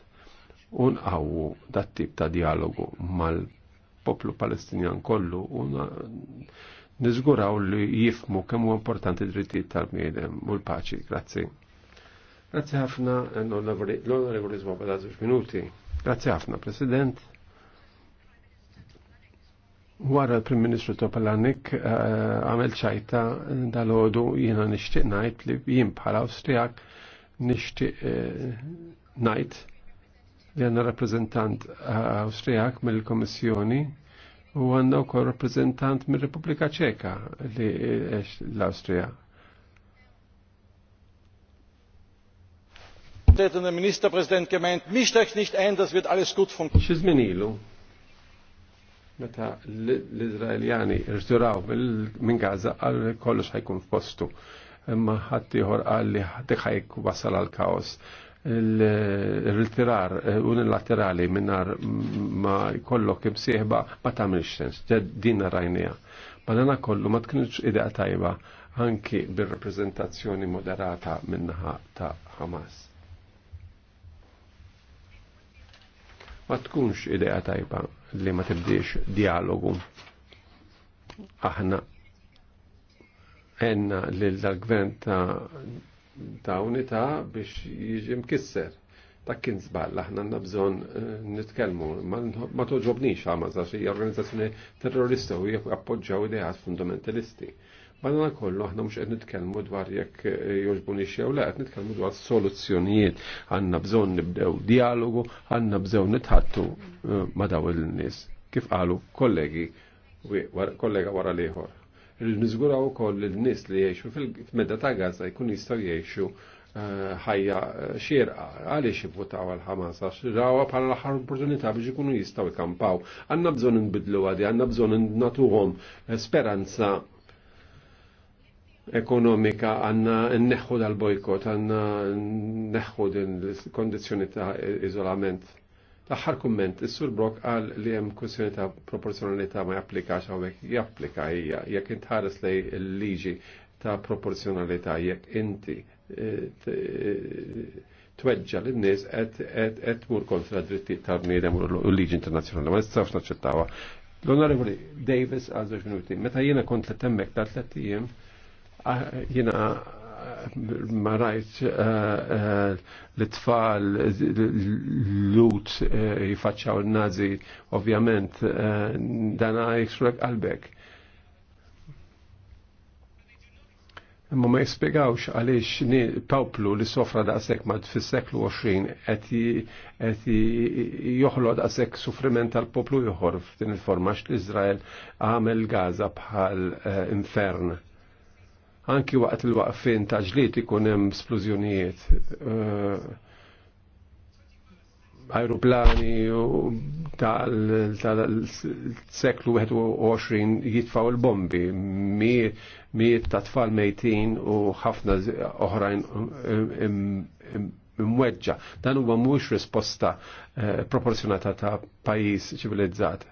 u nqawwu dat-tip ta' dialogu mal-poplu palestinjan kollu u niżguraw li jifmu kemm huwa importanti drittijiet tal-bniedem u l-paċi. Grazzi. Grazzi ħafna l-onorevoli Zwoboda minuti. Grazzi ħafna, President. Wara l-Prim Ministru Topalanik eh, għamel ċajta dal-ħodu jena nishtiq najt li jien bħala Awstrijak nishtiq eh, najt li għanna rappresentant eh, Awstrijak mill-Komissjoni u għanna u kol rappresentant mir Republika Ċeka li eh, l-Austria. Der Ministerpräsident gemeint, mich steckt nicht ein, das wird alles gut funktionieren. Meta l-Izraeljani rġuraw minn Gaza kollu kollox f-postu. Imma ħatti ħor għalli ħatti ħajk wasal għal kaos il-ritirar eh, unilaterali minnar ma kollok imsieħba ma tamilx sens, din rajnija. Ma dana kollu ma tkunx idea tajba anki bir-reprezentazzjoni moderata minnaħa ta' Hamas. ma tkunx idea tajba li ma tibdiex dialogu. Aħna enna li l-gvern ta' ta' unità biex jiġi mkisser. Ta' kien zbal, aħna għandna bżonn eh, nitkellmu, ma toġobnix Hamas za' xie organizzazzjoni terrorista u appoġġaw idejat fundamentalisti. Madonna kollu aħna mhux qed nitkellmu dwar jekk eh, joġbuni xie le, qed nitkellmu dwar soluzzjonijiet, għandna bżonn nibdew dialogu, għandna bżonn nitħattu eh, ma' daw il-nies. Kif qalu kollegi kollega wara liħor. Rridu niżguraw ukoll li n-nies li jgħixu fil-medda ta' Gaza jkun jistgħu jgħixu eh, ħajja eh, xierqa għaliex jivvotaw għal ħamas għax rawa bħala l-aħħar opportunità biex ikunu jistgħu jkampaw. Għandna bżonn nbidlu għadi, għandna bżonn natuhom speranza ekonomika għanna neħħu dal-bojkot, għanna neħħu din l-kondizjoni ta' izolament. Taħħar kumment, is-sur Brok għal li hemm kwestjoni ta' proporzjonalità ma japplikax hawnhekk japplika hija jekk intħares lej il-liġi ta' proporzjonalità jekk inti eh, eh, tweġġa lin nies qed tmur kontra dritti tal-bniedem u l-liġi internazzjonali ma nistgħux naċċettawha. L-Onorevoli Davis għal żewġ minuti, meta jiena kont li temmek ta' tliet jiem ah, jiena ma rajt eh, eh, l-tfal l-lut eh, jifacċaw l nazi ovvjament, dana jiksrek qalbek. Imma ma jispiegawx għaliex poplu li sofra daqshekk ma fis-seklu 20 qed joħloq daqshekk suffriment tal-poplu joħor f'din il-forma x'l-Iżrael għamel Gaza bħal infern anki waqt il-waqfin ta' ġlit ikun hemm splużjonijiet eh, aeroplani tal-seklu 21 jitfaw il-bombi, miet ta' tfal mejtin u ħafna oħrajn eh, imweġġa. Dan huwa mhux risposta eh, proporzjonata ta' pajjiż ċivilizzat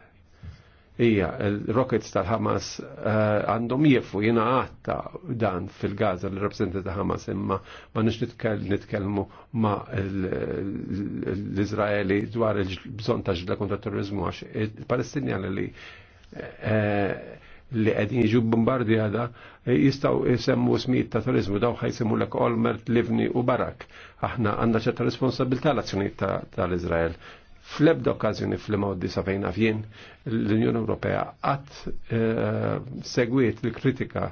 hija il-rockets tal-Hamas eh, għandhom jiefu jina għatta dan fil-Gaza l rappresenta ta' Hamas imma ma nix nitkellmu ma l-Izraeli dwar il-bżon ta' ġidla kontra terrorizmu għax il-Palestinjani li eh, li għedin jiġu bombardi għada jistaw jisemmu smit ta' terrorizmu daw ħajsemmu l Olmert, Livni u Barak. Aħna għandna ċerta responsabilta l-azzjoniet tal-Izrael. Fl-ebda okkazjoni fl sa sabajna fjen, l-Unjoni Ewropea għat eh, segwiet l-kritika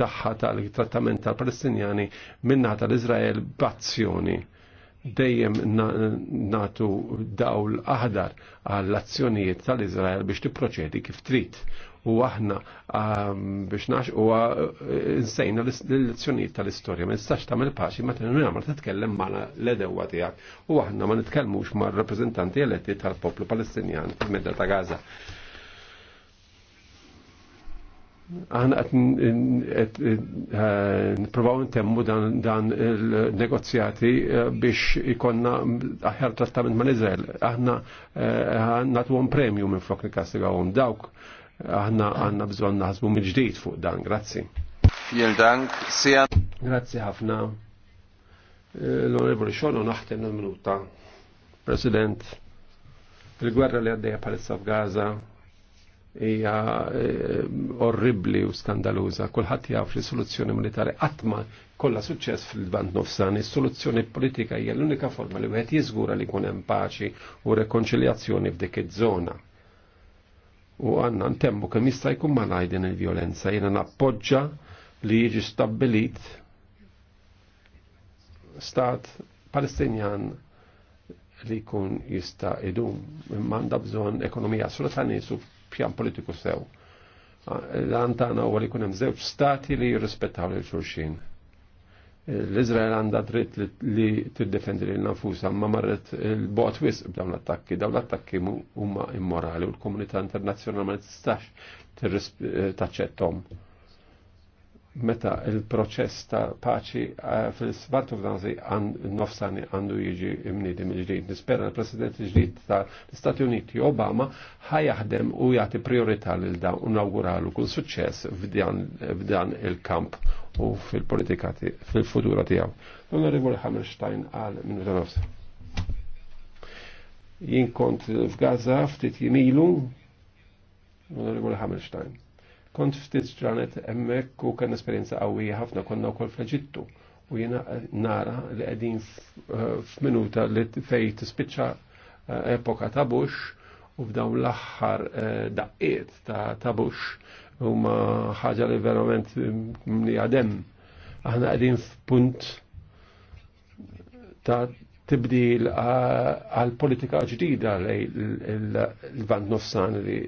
tagħha tal-trattament tal-Palestinjani minna tal-Izrael b'azzjoni dejjem natu dawl aħdar għall azzjonijiet tal-Izrael biex tipproċedi kif trid u aħna um, biex nax u uh, insejna l-lezzjoniet tal-istorja. Ma nistax tagħmel paċi ma tinamar tkellem mala l-edewa tiegħek u aħna ma nitkellmux mar rappresentanti eletti tal-poplu Palestinjan fil-Medda ta' Gaza. Aħna qed uh, n-temmu dan il-negozjati uh, biex ikonna aħjar trattament ma' Iżrael. Aħna nagħtuhom premju minn flok għom dawk aħna għanna bżon naħsbu mill-ġdid fuq dan, grazzi. Jien dank, sija. Grazzi ħafna. Eh, L-Onorevoli Xorno naħten minuta President, il-gwerra li għaddeja palissa f'Gaza hija eh, orribli u skandaluza. Kulħadd jaf li soluzzjoni militari għatma kollha suċċess fil-Lvant nofsan, is-soluzzjoni politika hija l-unika forma li wieħed jiżgura li jkun hemm paċi u rekonċiljazzjoni f'dik iż-żona u għanna ntemmu kemm jista' jkun ma ngħidin il-vjolenza jiena nappoġġa li jiġi stabbilit stat Palestinjan li kun jista' idum imma għandha bżonn ekonomija ta' nies u pjan politiku sew. l antana u li jkun hemm stati li jirrispettaw lil xulxin l-Izrael għandha dritt li tiddefendi lil nafusa ma marret il-bot wisq b'dawn l-attakki, dawn l-attakki huma immorali u l-komunità internazzjonali ma tistax eh, taċċettom meta il-proċess ta' paċi eh, fil-sbartu f'danzi għan nofsani għandu jiġi imnidim il ġdijt Nispera l-President ġdijt ta' l-Stati Uniti Obama ħajaħdem u jati priorità l dawn u nawguralu kull suċċess f'dan il-kamp u fil-politika fil-futura tiegħu. Onorevole Hammerstein għal minuta nofs. Jien kont f'Gaza ftit jimilu, Onorevole Hammerstein. Kont ftit ġranet emmek u kan esperienza qawwija ħafna konna wkoll fl-Eġittu u jiena nara li qegħdin eh, f'minuta li fej tispiċċa eh, epoka ta' u f'dawn l-aħħar eh, daqqiet ta' Bush huma ħaġa li verament mm, li għadem. Aħna qegħdin f'punt ta' tibdil għal politika ġdida lej l-Vant Nofsan li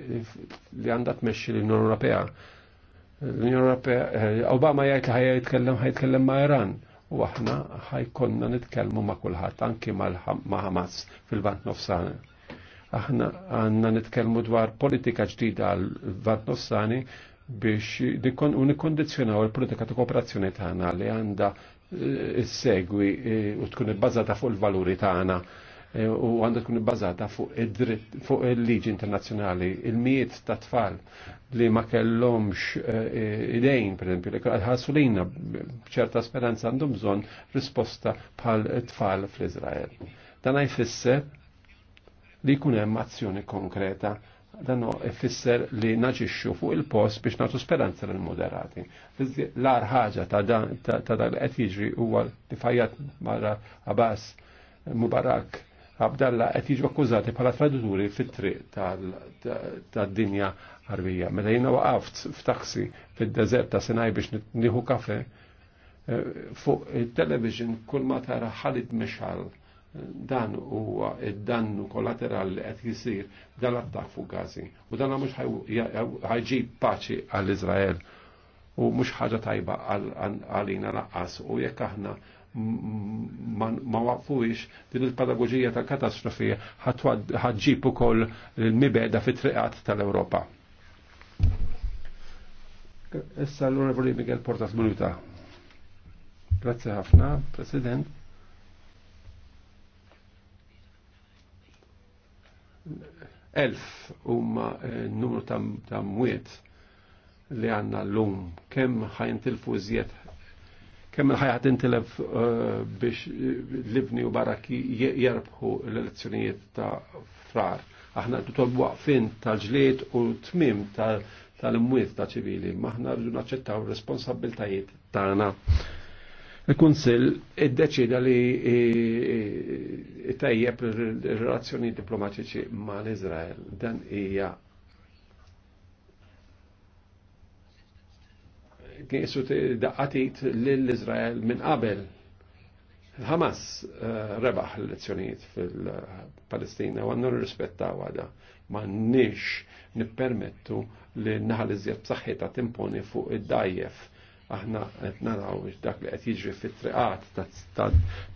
għandha tmexxi l-Unjoni Ewropea. L-Unjoni Ewropea, eh, Obama jgħid li ħajja jitkellem ħajtkellem ma' Iran u aħna ħajkonna nitkellmu ma' kulħadd anki ma' Hamas fil-Vant Nofsan. Aħna għandna nitkellmu dwar politika ġdida għal Vant Nossani biex unikondizjonaw il-politika ta' kooperazzjoni tagħna li għandha segwi e, u tkun ibbażata fuq il-valuri tagħna e, u għandha tkun ibbażata fuq fuq il-liġi internazzjonali, il-miet ta' tfal li ma kellhomx e, idejn, pereżempju, li ħassu lejna b'ċerta speranza għandhom bżonn risposta bħal tfal fl-Iżrael. Dan jfisser li jkun hemm azzjoni konkreta dan ifisser li naġixxu fuq il-post biex nagħtu speranza lil moderati. L-ar ħaġa ta' dan li qed jiġri huwa li fajjat mara Abbas Mubarak Abdalla qed jiġu akkużati bħala traduturi fit-triq tad-dinja ħarbija. Meta jiena waqaft f'taxi fid-deżert ta' Sinaj biex nieħu kafe eh, fuq il-television kull ma tara Ħalid Mexal dan huwa id-dannu kollaterali li qed jisir dal-attakk fuq Gazi. U dan mhux ħajġib paċi għall iżrael u mhux ħaġa tajba għalina laqqas u jekk aħna ma waqfuix din il-pedagogija tal-katastrofi ħadġib ukoll il-mibeda fit-triqat tal-Ewropa. Issa l-Onorevoli Miguel Portas Bruta. Grazie ħafna, President. elf huma eh, n-numru ta' mwiet li għanna l-lum, kemm ħajn tilfużiet, kemm il-ħajja intilef eh, biex eh, libni u baraki jerbħu l-elezzjonijiet ta' frar. Aħna t-tolbu għafin tal-ġliet u tmim tal mwiet ta' ċivili, maħna rridu naċċettaw responsabiltajiet tagħna. Il-Kunsill iddeċida li tajjeb relazzjoni diplomatiċi mal Izrael. Dan hija kisu daqqatit l-Izrael minn qabel. Hamas eh, rebaħ l-elezzjonijiet fil-Palestina u għannu rispettaw għada ma nix nippermettu li naħal iżjed b'saħħitha timponi fuq id-dajjef aħna qed naraw dak li qed jiġri fit-triqat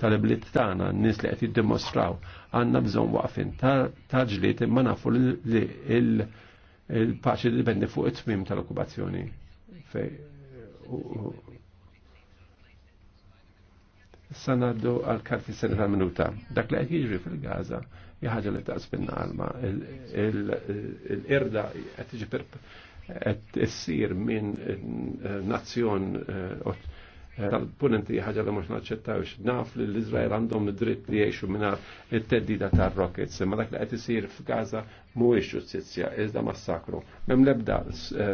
tal-ibliet tagħna, n-nies li qed jiddimostraw għandna bżonn waqfin ta' ġlied imma nafu li il-paċi dipendi fuq it-tmim tal-okkupazzjoni. Issa ngħaddu għal karti sena tal-minuta. Dak li qed jiġri fil-Gaza hija ħaġa li taqsbinna għalma. Il-irda qed tiġi qed issir minn eh, nazzjon eh, eh, tal-punenti ħaġa li mhux naċċettawx. Naf li l-Iżrael għandhom id-dritt li jgħixu mingħajr it-teddida tar-rockets, imma dak li qed isir f'Gaza mhuwiex ġustizzja, iżda massakru. Mem lebda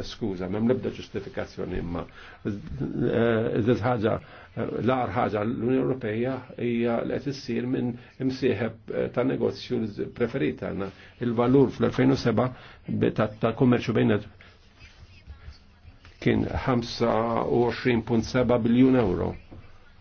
skuża, mem lebda ġustifikazzjoni imma. Iżda ħaġa l-ar ħaġa l-Unjoni Ewropea hija li qed issir minn imsieħeb ta' negozju preferita il-valur fl-2007 ta' kummerċu bejnet kien 25.7 biljun euro.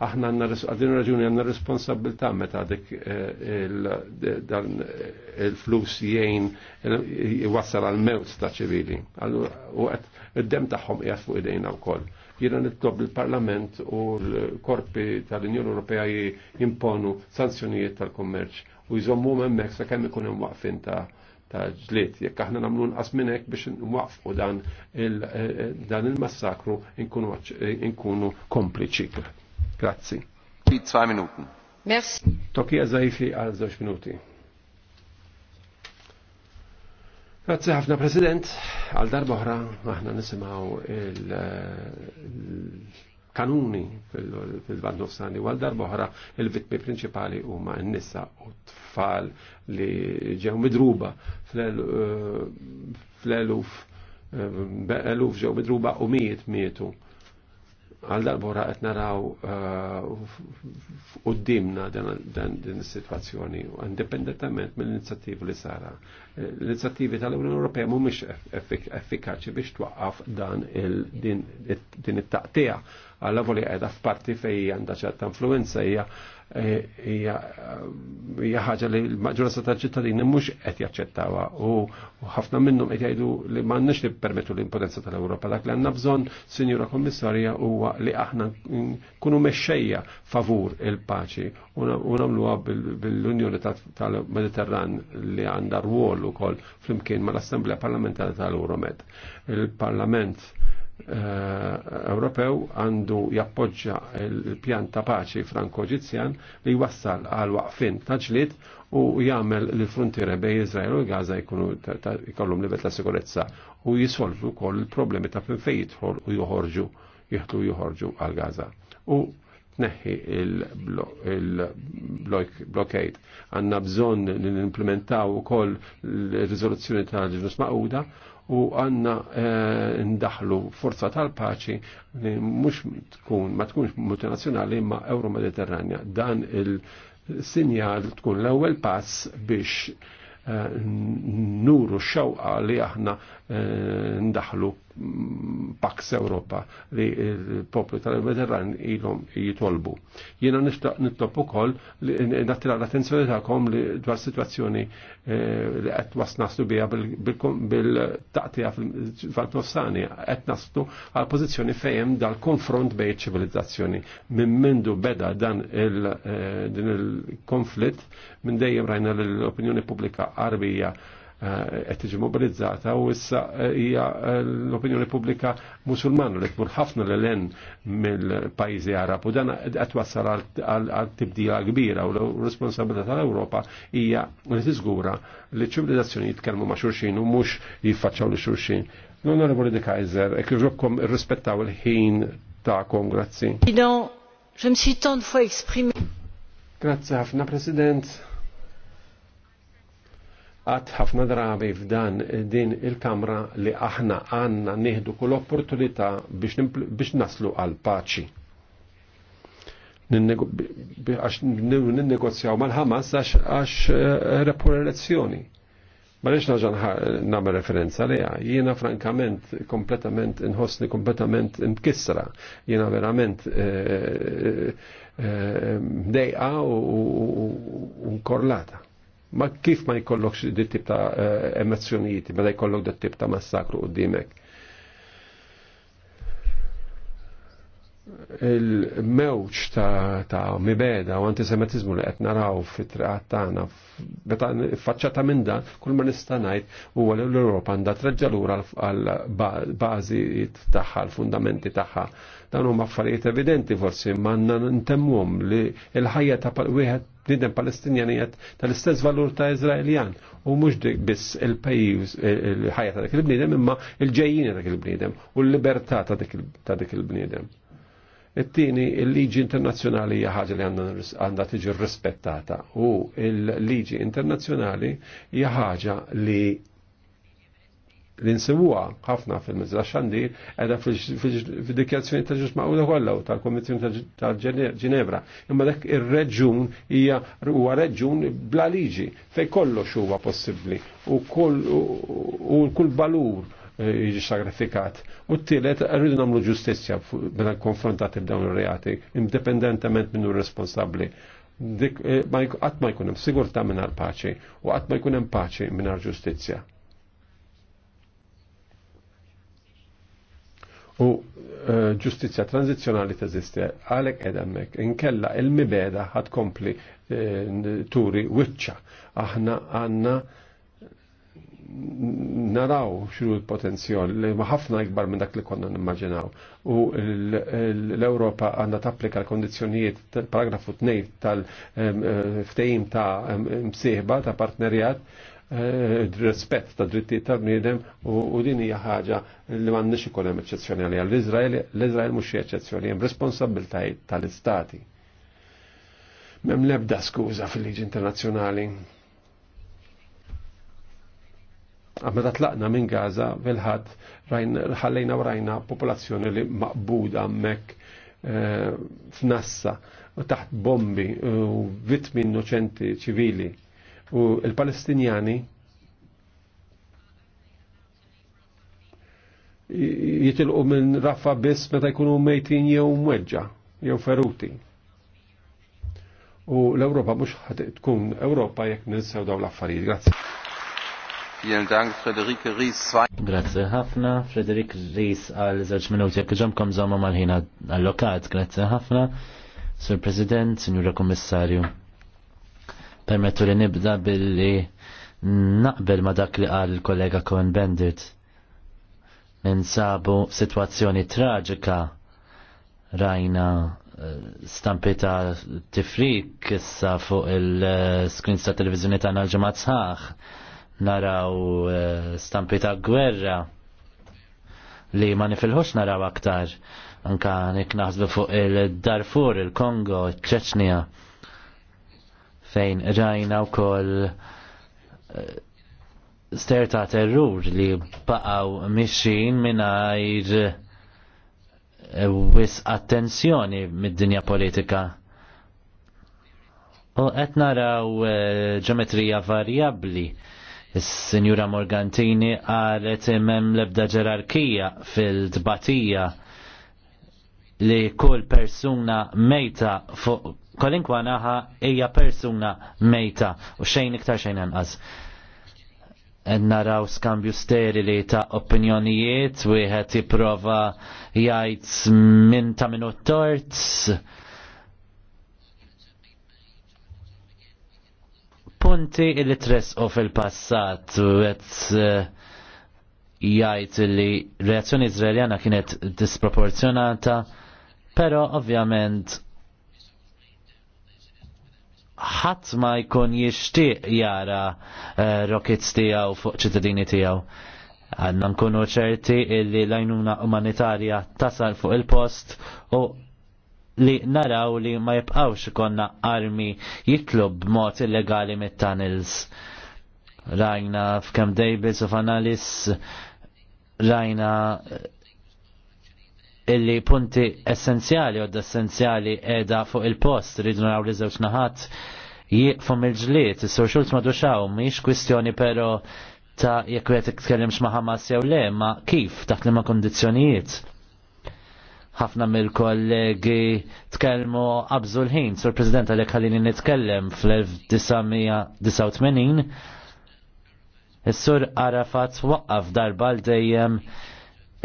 Aħna għadin raġuni għanna responsabilta meta dik eh, eh, il-flus jgħin eh, jwassal għal-mewt ta' ċivili. U għed id-dem taħħom jgħat fuq idejna u koll. Jena nittob il-Parlament u l-korpi tal-Unjoni Ewropea jimponu sanzjonijiet tal-kommerċ u jżommu memmek sa' kemm ikun hemm waqfin ta' ta' jekk aħna namlu nqas minn hekk biex nwaqfu dan eh, il-massakru nkunu eh, kompliċi. Grazzi. Zwei Merci. Tokija Zajfi għal żewġ minuti. Grazzi ħafna President, għal darba oħra aħna nisimgħu il kanuni fil-Vand Nofsani għal darboħra il-vittmi prinċipali huma n-nisa u t-tfal li ġew midruba eh, fl-eluf eh, ġew midruba u miet mietu għal darbora qed naraw d-dimna uh, din is-sitwazzjoni indipendentament mill-inizjattivi li sara. L-inizjattivi tal-Unjoni Ewropea mhumiex effikaċi biex twaqqaf dan din it-taqtija għal li qiegħda f'parti fejn għandha ċerta influenza hija E, hija ħaġa li l-maġġoranza tal-ċittadini mhux qed jaċċettawha u ħafna minnhom qed jgħidu li m'għandniex nippermettu l-impotenza tal-Ewropa dak li għandna bżonn, Sinjura Kommissarja, huwa li aħna nkunu mexxejja favur il-paċi u nagħmluha bil-Unjoni tal-Mediterran li għandha rwol ukoll flimkien mal-Assemblea Parlamentari tal-Euromed. Il-Parlament Eh, Ewropew għandu jappoġġa l-pjan ta' paċi franko ġizjan li wassal għal waqfin ta' ġlid u jagħmel li frontiere bej Izrael u Gaza jkunu jkollhom livell ta' sikurezza u jisolvu wkoll il-problemi ta' fin fejn jidħol u joħorġu jihtu joħorġu għal Gaza. U tneħħi il-blockade. Għanna bżonn li nimplementaw ukoll l-riżoluzzjoni tal-ġnus Mauda u għanna eh, ndaħlu forza tal-paċi li mux tkun, ma tkunx multinazzjonali imma euro-mediterranja. Dan il-sinjal tkun l-ewel pass biex eh, nuru xewqa li aħna Eh, ndaħlu Pax Europa li l-poplu tal-Mediterran ilhom jitolbu. Jiena nixtaq kol ukoll li nattira l-attenzjoni tagħkom li dwar situazzjoni eh, li qed wasnaslu biha bil-taqtija fil tossani qed naslu għal pożizzjoni fejn dal-konfront bejn ċivilizzazzjoni. Min mindu beda dan eh, il-konflitt minn dejjem rajna l-opinjoni pubblika arbija. Eh, qed tiġi mobilizzata u issa eh, hija eh, l-opinjoni pubblika musulmana li tmur ħafna l len mill-pajjiżi Arab u dan qed wassal għal tibdila kbira u l-responsabilità tal-Ewropa hija li tiżgura li ċivilizzazzjoni jitkellmu ma' xulxin u mhux jiffaċċaw li xulxin. L-Onorevoli De Kaiser, e jġobkom irrispettaw il-ħin ta' kongrazzi. Grazie ħafna, President għat ħafna drabi f'dan din il-kamra li aħna għanna nieħdu kull opportunità biex naslu għal paċi. Għax negozjaw mal-ħamas għax eh, repur elezzjoni. Ma nix naġan namme referenza li jiena frankament, kompletament, inħossni kompletament imkissra. Jiena verament eh, eh, dejqa u korlata Ma kif ma jkollokx dit tip ta' eh, emozjonijiet, meta jkollok dit tip ta' massakru dimek. il-mewċ ta', ta mibeda u antisemitizmu li qed naraw fit-triqat tagħna faċċata minn dan kull ma nista' ngħid għal li l europa għandha treġġa' lura għal bażi tagħha, l-fundamenti tagħha. Dan huma affarijiet evidenti forsi ma nintemmhom li l-ħajja ta' wieħed bnidem palestinjan jgħat tal-istess valur ta' Izraeljan u mux biss il-pajjiż il-ħajja ta' dik il-bnidem imma il-ġejjini ta' dik il-bnidem u l-libertà ta' dik il-bnidem. It-tieni il-liġi internazzjonali hija ħaġa li għandha tiġi rispettata u il-liġi internazzjonali hija ħaġa li li nsimuha ħafna fil-mizra xandir edha fil-dikjazzjoni ta' ġusma u kollha tal komissjoni ta' Ġenevra. Imma dak il reġun hija huwa reġun bla liġi fej kollox huwa possibbli u kull balur eh, jiġi sagrifikat. U t-tielet rridu nagħmlu ġustizja bina konfrontati b'dawn il reati indipendentement minnu responsabbli. Dik eh, qatt ma jkun hemm sigurtà mingħajr paċi u qatt ma jkun hemm paċi mingħajr ġustizzja. u eh, ġustizja tranzizjonali teżisti għalek edemmek inkella il-mibeda ħad kompli eh, turi wicċa aħna għanna naraw xru l-potenzjol li ħafna ikbar minn dak li konna nimmaġinaw u l-Europa għanna tapplika l-kondizjonijiet tal-paragrafu 2 tal-ftejim ta' eh, msieħba ta' partnerjat Eh, rispett ta' drittijiet tal-bniedem u din hija ħaġa li m'għandniex ikun hemm eċċezzjonali għall iżrael l-Iżrael mhux xi eċċezzjoni, hemm responsabbiltajiet tal-istati. M'hemm l-ebda skuża fil-liġi internazzjonali. Meta tlaqna minn Gaza fil ħallejna u rajna popolazzjoni li maqbuda hemmhekk eh, f'nassa taħt bombi u vittmi innoċenti ċivili u il-Palestinjani jitilqu minn raffa biss meta jkunu mejtin jew mweġġa jew feruti. U l-Ewropa mhux tkun Ewropa jekk ninsew dawn l-affarijiet. Grazzi. Vielen Dank, Frederik Ries. Grazie ħafna, Frederik Ries għal żewġ minuti jekk ġomkom żomma mal-ħin allokat. Grazie ħafna, Sur President, Signora Kommissarju. Permettu li nibda billi naqbel ma dak li qal il-kollega Cohen Bendit. Ninsabu situazzjoni traġika rajna eh, stampita tifrik issa fuq il screen ta' televizjoni tagħna l-ġimgħat sħaħ naraw eh, stampita gwerra li ma nifilħux naraw aktar anka nik naħsbu fuq il-Darfur, il-Kongo, il-Ċeċnija. il darfur il kongo il ċeċnija fejn rajna wkoll eh, ster sterta terrur li baqgħu mixin mingħajr eh, wis attenzjoni mid-dinja politika. U qed naraw eh, ġeometrija varjabbli. Is-Sinjura Morgantini qalet imem lebda ġerarkija fil-tbatija li kull persuna mejta fuq kolinkwa naħa hija persuna mejta u xejn iktar xejn anqas. Naraw skambju sterili ta' opinjonijiet, wieħed jipprova jgħid minn ta' minn tort. Punti li u fil-passat u qed eh, jgħid li reazzjoni Izraeljana kienet disproporzjonata, però ovvjament ħadd ma jkun jixtieq jara uh, rockets tiegħu fuq ċittadini tiegħu. Għanna nkunu ċerti illi lajnuna umanitarja tasal fuq il-post u li naraw li ma jibqawx konna armi jitlub b'mod illegali mit-tunnels. Rajna f'kem Davis u f'Analis rajna illi punti essenzjali għod essenzjali edha fuq il-post rridu naraw li żewġ naħat jiqfu il ġlied is-sur Schulz maduxaw, miex kwistjoni però ta' jekk qed titkellimx ma' Hamas jew le, ma' kif taħt ma' kondizjonijiet. Ħafna mill-kollegi tkellmu qabżu l-ħin, sur President għalhekk ħallini nitkellem fl-1989 Is-sur Arafat waqqaf darba l dejjem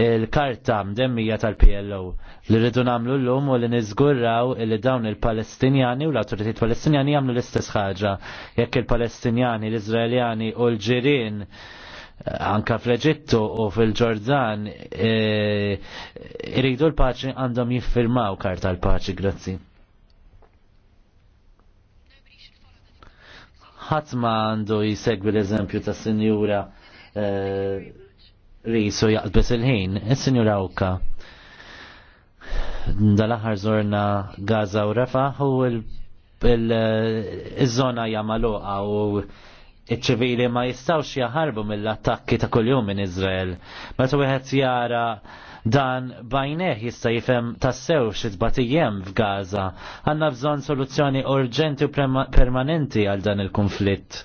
il-karta mdemmija tal-PLO li rridu namlu l-lum u li nizgurraw li dawn il-Palestinjani u l-autoritet Palestinjani jamlu l-istess ħaġa jekk il-Palestinjani, l-Izraeljani u l-ġirin anka fl-Eġittu u fil-Ġordan e, irridu l-paċi għandhom jiffirmaw karta l-paċi, grazzi. ħatma għandu jisegwi l-eżempju ta' sinjura e, risu jaqbis il-ħin, il-Sinjur Awka. Dal-aħħar zorna Gaza u Rafa, u il-żona jamaluqa u iċ-ċivili ma jistawx jaħarbu mill-attakki ta' kuljum minn Izrael. Meta wieħed jara dan bajneħ jista' jifhem tassew xi f'Gaza. Għandna bżonn soluzzjoni urġenti u permanenti għal dan il-konflitt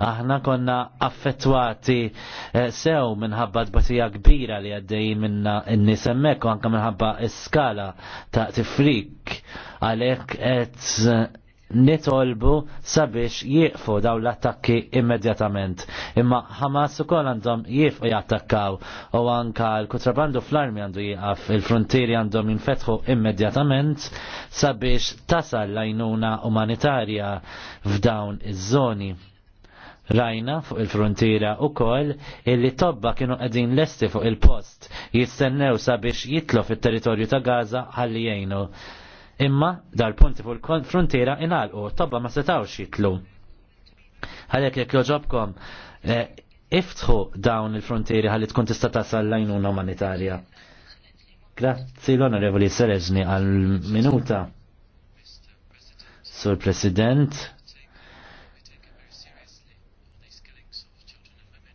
Aħna konna affettwati eh, sew minħabba tbatija kbira li għaddejjin minna n nisemmek hemmhekk u anke minħabba skala ta' tifrik għalhekk qed nitolbu sabiex jieqfu daw l-attakki immedjatament. Imma Hamas u kol għandhom jieqfu jattakkaw u anka l-kutrabandu fl-armi għandu jieqaf il-frontieri għandhom jinfetħu immedjatament sabiex tasal lajnuna umanitarja f'dawn iż-żoni. Rajna fuq il-frontiera u koll illi tobba kienu qegħdin lesti fuq il-post jistennew sabiex jitlu fit-territorju ta' Gaza ħalli jgħinu. Imma dal-punti fuq il-frontiera inalqu, tobba ma setawx jitlu. Għalhekk jekk joġobkom eh, iftħu dawn il-frontieri ħalli tkun tista' tasal lajnuna umanitarja. Grazzi l-Onorevoli Sereġni għal-minuta. Sur President,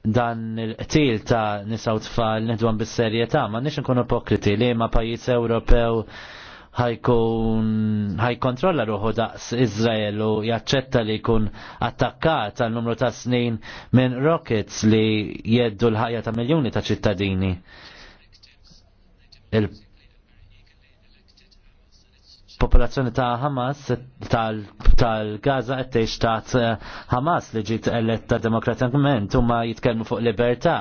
dan il-qtil ta' nisaw tfal nidwan bis-serjetà, ma nix nkun ipokriti li ma pajjiż Ewropew ħajkun ħajkontrolla ruħu daqs Izrael u jaċċetta li jkun attakkat għal numru ta' snin minn rockets li jeddu l-ħajja ta' miljoni ta' ċittadini il-popolazzjoni ta' Hamas tal-Gaza qed tgħix ta' eh, Hamas li ġiet eletta demokratikament huma jitkellmu fuq libertà.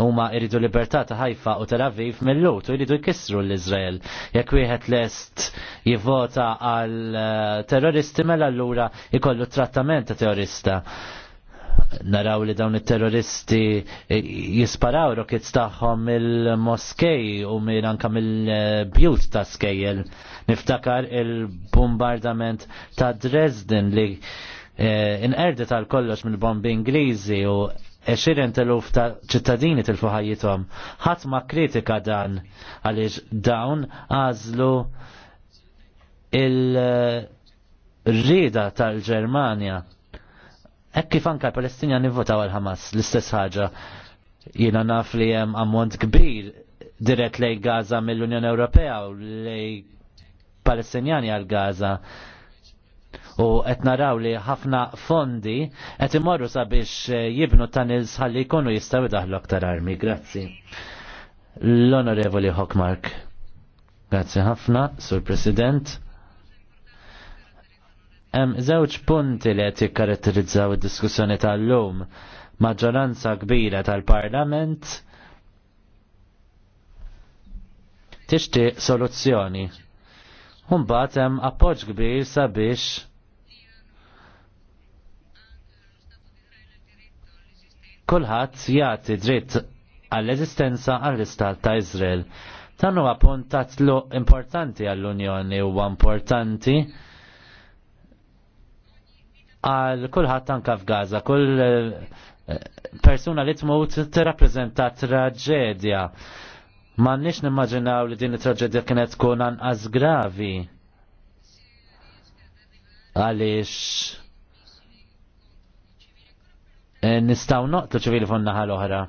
Huma jridu libertà ta' Ħajfa u Tel Aviv mill-lut u jridu jkissru l-Iżrael. Jekk wieħed lest jivvota għal eh, terroristi mela allura jkollu trattament ta' terrorista naraw li dawn it-terroristi eh, jisparaw rokets tagħhom mill-moskej u minn anka mill-bjut ta' skejjel. Niftakar il-bombardament ta' Dresden li eh, inqerdet tal kollox mill-bombi Ingliżi u teluf ta' ċittadini tal ħajjithom. Ħadd ma kritika dan għaliex dawn għażlu il-rida tal-Ġermanja Hekk kif anka l-Palestinjani votaw għal Hamas l-istess ħaġa. Jiena naf li hemm ammont kbir dirett lej Gaza mill-Unjoni Ewropea u lej Palestinjani għal Gaza. U qed naraw li ħafna fondi qed imorru sabiex eh, jibnu tan il-sħalli jkunu jistgħu daħlu aktar armi. Grazzi. L-Onorevoli Hockmark. Grazzi ħafna, Sur President. Hemm żewġ punti li qed jikkaratterizzaw id-diskussjoni tal-lum. Maġġoranza kbira tal-Parlament tixtieq soluzzjoni. Mbagħad hemm appoġġ kbir sabiex kulħadd jagħti dritt għall-eżistenza għall-Istat ta' Iżrael. Dan huwa punt ta' tluq importanti għall-Unjoni huwa importanti għal kulħadd anka f'Gaza, kull eh, persuna li tmut tirrappreżenta traġedja. Ma nix nimmaġinaw li din it-traġedja kienet tkun anqas gravi. Għaliex eh, nistaw noqtu ċivili fonna ħal oħra.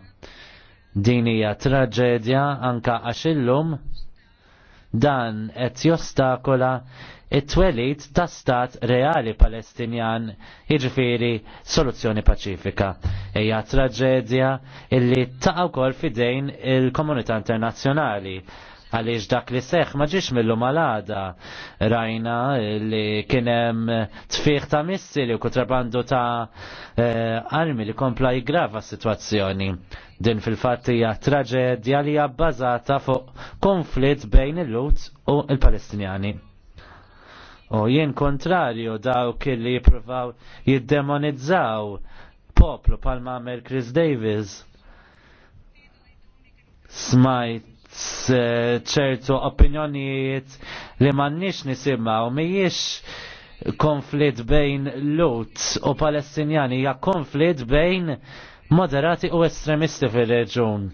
Din hija traġedja anka għax illum Dan qed jostakola it-twelid ta' stat reali palestinjan iġifiri soluzzjoni paċifika. Eja traġedja illi ta' wkoll fidejn il-komunità internazzjonali għaliex dak li seħ ma millu malada rajna li kienem tfiħ ta' missi u kutrabandu ta' eh, armi li kompla jigrava situazzjoni. Din fil-fatt hija traġedja li hija bbażata fuq konflitt bejn il-Lut u il-Palestinjani. U jien kontrarju dawk li jippruvaw jiddemonizzaw poplu palma għamel Chris Davis smajt ċertu opinjonijiet li mannix u mijiex konflitt bejn Lut u Palestinjani hija konflitt bejn moderati u estremisti fil-reġun.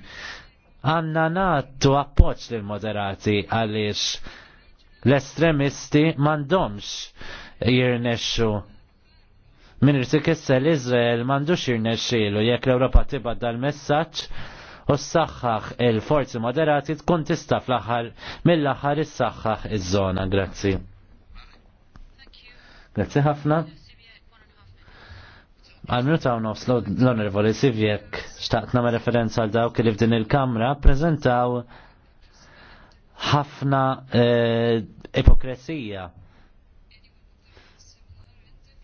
Għanna natu appoċ l moderati għaliex l-estremisti mandomx jirnexxu. Min irtikissa l-Izrael mandux jirnexxilu jekk l-Ewropa tibad dal-messaġġ u s-saxħax il-forzi moderati tkun tista fl-axar mill-axar s-saxħax iż-żona. Grazzi. Grazzi ħafna. Għal-minuta u nofs l-onorevoli Sivjek, xtaqtna ma' referenza għal dawk li f'din il-kamra, prezentaw ħafna eh, ipokresija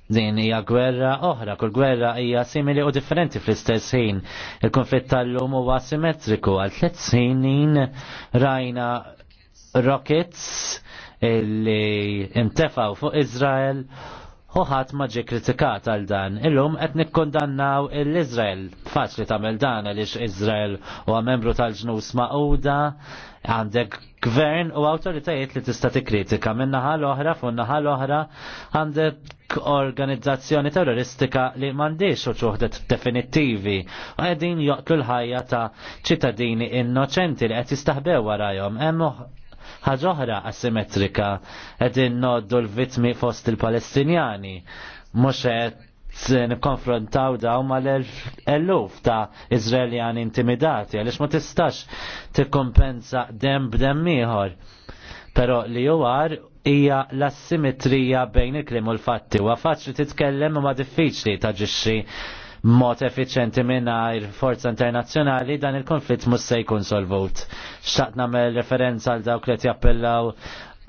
din hija gwerra oħra, kull gwerra hija simili u differenti fl-istess ħin. Il-konflitt tal-lum huwa simmetriku għal tliet snin rajna rockets li intefaw fuq Izrael u ħadd ma ġie kritikat għal dan. Illum qed nikkondannaw l iżrael Faċli tagħmel dan għaliex Iżrael huwa membru tal-ġnus Mauda Għandek gvern u autoritajiet li tista' tikkritika minn naħa l-oħra fuq naħa l-oħra għandek organizzazzjoni terroristika li m'għandix uċuħdet definittivi u qegħdin joqtlu l-ħajja ta' ċittadini innoċenti li qed jistaħbew warajhom. Hemm ħaġa oħra asimetrika qegħdin noddu l-vittmi fost il-Palestinjani mhux qed nikkonfrontaw daw mal-eluf ta' Izraeljan intimidati, għalix ma tistax tikkompensa dem b'dem ieħor. Pero li juwar hija l-assimetrija bejn il-klim u l-fatti, u faċli titkellem ma diffiċli taġixxi mod effiċenti mingħajr forza internazzjonali dan il-konflitt mhux se jkun solvut. Xtaqt nagħmel referenza għal dawk li jappellaw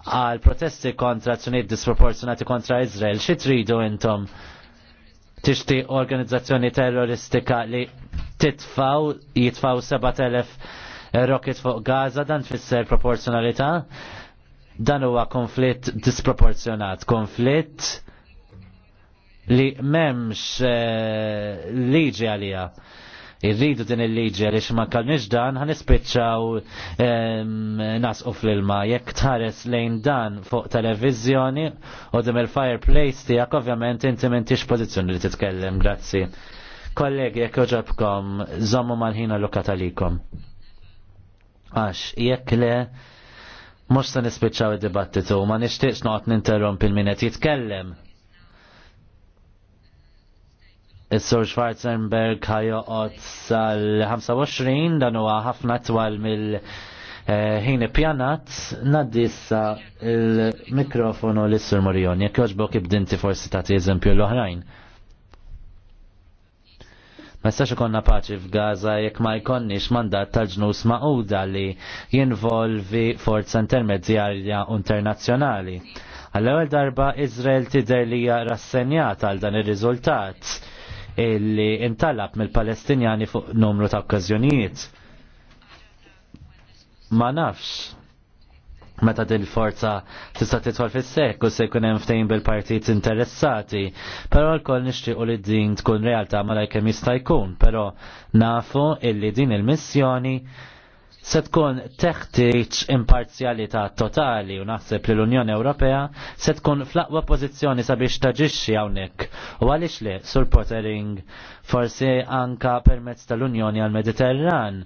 għal protesti kontra azzjonijiet disproporzjonati kontra Izrael. Xi tridu intom? tixti organizzazzjoni terroristika li titfaw, jitfaw 7000 eh, rocket fuq Gaza, dan fisser proporzjonalità, dan huwa konflitt disproporzjonat, konflitt li memx eh, liġi għalija irridu din il-liġi li ma kalniex dan ħan ispiċċaw nasqu fl-ilma jekk tħares lejn dan fuq televizjoni u dim il-fireplace tiegħek ovvjament inti m'intix pożizzjoni li titkellem, grazzi. Kollegi, jekk uġabkom, żommu mal l allokat għalikom. Għax, jekk le, mux se nispiċċaw id-dibattitu, ma nixtieqx noqgħod ninterrompi l-minet jitkellem. Is-Sur Schwarzenberg ħajoqgħod sal-25 dan huwa ħafna twal mill- ħin pjanat naddissa il-mikrofonu l-Sur Morion, jekk joġbok ibdinti forsi ta' eżempju l-oħrajn. Ma jistax ikonna paċi f'Gaza jekk ma jkonniex mandat tal-ġnus ma'uda li jinvolvi forza intermedjarja internazzjonali. Għall-ewwel darba Iżrael tidher li rassenjata għal dan ir-riżultat li intalab mill-Palestinjani fuq numru ta' okkażjonijiet. Ma nafx meta din forza tista' titwal fis-sekk u se jkun hemm ftehim bil-partit interessati. Però lkoll nixtiequ li din tkun realtà malajkemm jista' jkun, però nafu illi din il-missjoni se tkun teħtieġ imparzjalità totali u naħseb li l-Unjoni Ewropea se tkun fl-aqwa pożizzjoni sabiex taġixxi hawnhekk. U għaliex li sur Pottering forsi anka permezz tal-Unjoni għal-Mediterran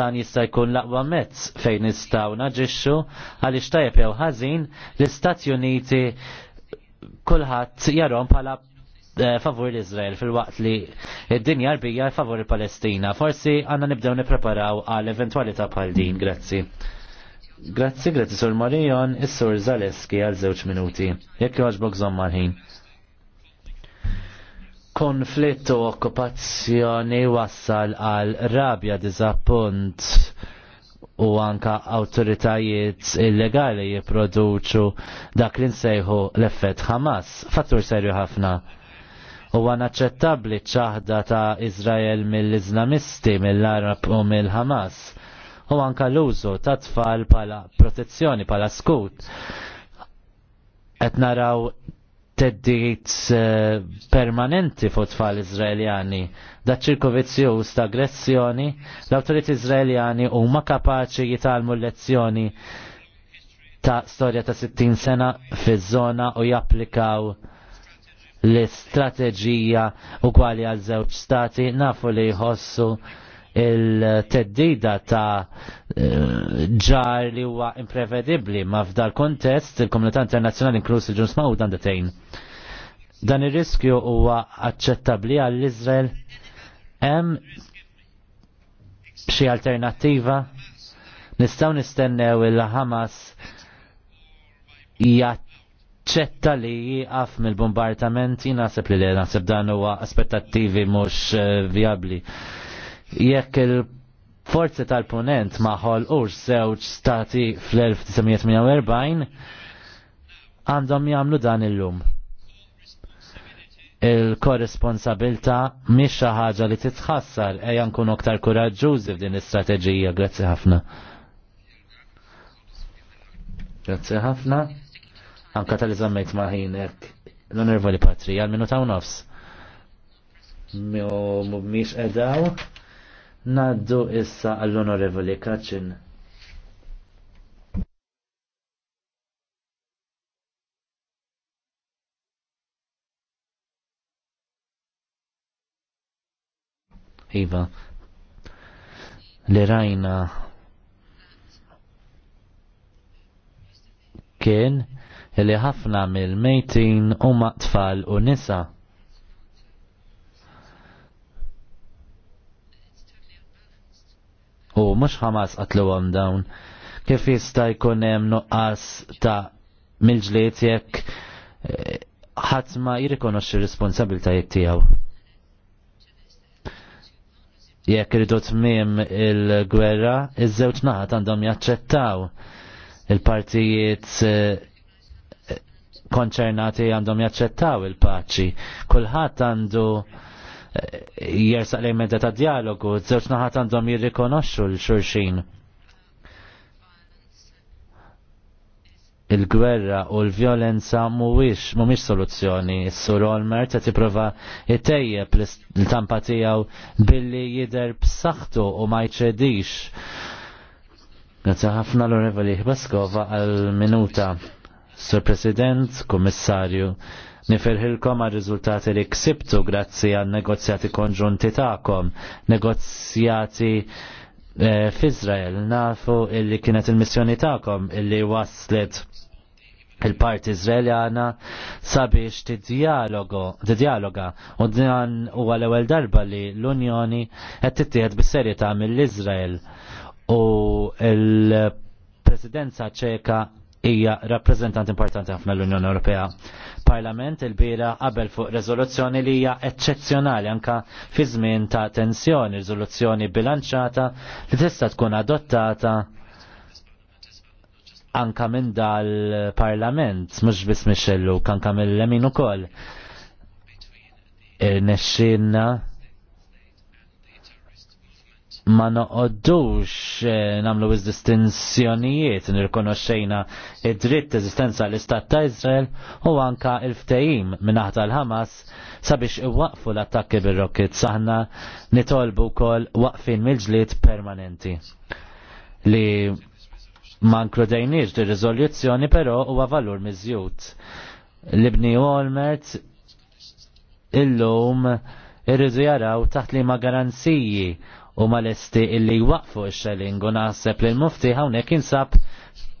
dan jista' jkun l-aqwa mezz fejn nistgħu naġixxu għaliex tajjeb jew ħażin l-Istati Uniti kulħadd jarhom bħala Eh, favur l-Izrael fil-waqt li id-dinja rbija favur il-Palestina. Forsi għanna nibdew nipreparaw għal eventualita bħal din, grazzi. Grazzi, grazzi, Sur Marion, is-Sur Zaleski għal żewġ minuti. Jekk joħġ bok ħin konflitt u okkupazzjoni wassal għal rabja dizappunt u anka autoritajiet illegali jiproduċu dak li nsejħu l-effett Hamas. Fattur serju ħafna huwa naċċettabbli ċaħda ta' Izrael mill-Iżlamisti, mill-Arab u mill-Hamas u anka l-użu ta' tfal pala protezzjoni, pala skut. Et naraw teddit eh, permanenti fuq tfal Izraeljani. Da ċirku u ta' aggressjoni, l-autorit Izraeljani huma kapaċi jitalmu lezzjoni ta' storja ta' 60 sena fi zona u japplikaw l-istrateġija u kwali għal żewġ stati nafu li jħossu il-teddida ta' eh, ġar li huwa imprevedibli ma' f'dal kontest il-komunità internazzjonali inkluż il-ġuns ma' u dan detejn. Dan ir-riskju huwa aċċettabbli għall iżrael hemm xi alternattiva nistgħu nistennew il-Ħamas jgħat ċetta li jiqaf mill-bombardamenti naħseb li naħseb dan huwa aspettattivi mhux eh, viabli. Jekk il forzi tal-ponent maħol ur żewġ stati fl-1948 għandhom jagħmlu dan illum. Il-korresponsabilta mhix xi ħaġa li titħassar ejja nkunu aktar kuraġġużi f'din l-istrateġija, grazzi ħafna. Grazzi ħafna. Anka tal-izammejt maħinek. L-onervoli patri, għal-minu ta' nofs. mix edaw. Naddu issa għall-onorevoli Kaċin. Iva, li rajna kien li ħafna mill-mejtin huma tfal u nisa. U mhux ħamas qatluhom dawn kif jista' jkun hemm nuqqas ta' mill-ġlied jekk eh, ħadd ma jirrikonoxxi r-responsabbiltajiet tiegħu jekk iridu tmiem il-gwerra, iż-żewġ naħat għandhom jaċċettaw il-partijiet eh, konċernati għandhom jaċċettaw il-paċi. Kulħadd għandu eh, jersaq lejn ta' dialogu, żewġ naħat għandhom jirrikonoxxu l-xurxin. il-gwerra u l-violenza mhuwiex mhumiex soluzzjoni. Is-Sur Olmer qed tipprova jtejjeb l-tampa tiegħu billi jidher b'saħħtu u ma jċedix. Grazie ħafna l-Onorevoli Ħbaskova għal-minuta. Sur President, Kummissarju, Nifirħilkom għal riżultati li ksibtu grazzi għal negozjati konġunti ta'kom, negozjati eh, f'Izrael, nafu illi kienet il-missjoni ta'kom illi waslet il-parti Izraeljana sabiex t-dialoga u dan u għal-ewel darba li l-Unjoni qed tittieħed bis-serjetà mill-Izrael u il presidenza ċeka hija rappreżentant importanti ħafna l-Unjoni Ewropea. Parlament il-bira qabel fuq rezoluzzjoni li hija eċċezzjonali anka fi żmien ta' tensjoni, riżoluzzjoni bilanċata li tista' tkun adottata anka minn dal-parlament, mhux biss Michellu, kanka mill-lemin ukoll. E, nexxinna ma noqoddux eh, namlu iż distinzjonijiet nirkonoxxejna id-dritt eżistenza l-Istat ta' Izrael u anka il-ftehim minn aħta l-Ħamas sabiex iwaqfu l-attakki bir-rokit saħna nitolbu wkoll waqfin mill-ġlied permanenti li ma nkludejniex di riżoluzzjoni però huwa valur miżjud. Libni Olmert illum irridu jaraw taħt li ma garanziji u mal-esti illi waqfu x-xelling naħseb li l-mufti hawnhekk insab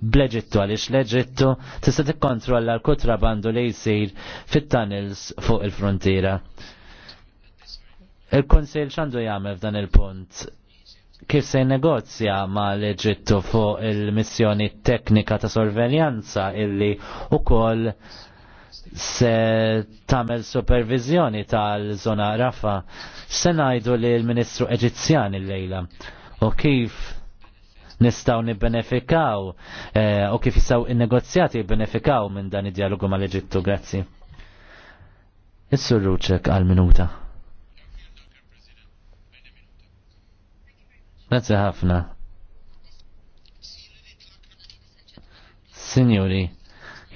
bl-Eġittu għaliex l-Eġittu tista' tikkontrolla l bandu li jsir fit-tunnels fuq il-frontiera. Il-Konsil x'għandu jagħmel f'dan il-punt? Kif se negozja ma l-Eġittu fuq il-missjoni teknika ta' sorveljanza illi ukoll se tamel supervizjoni tal-zona Rafa, se najdu li l-Ministru Eġizzjan il-lejla u kif nistaw nibbenefikaw eh, u kif jistaw il-negozjati jibbenefikaw minn dan id-dialogu mal-Eġittu, grazzi. Is-sur Ruċek għal-minuta. Grazzi ħafna. Signori,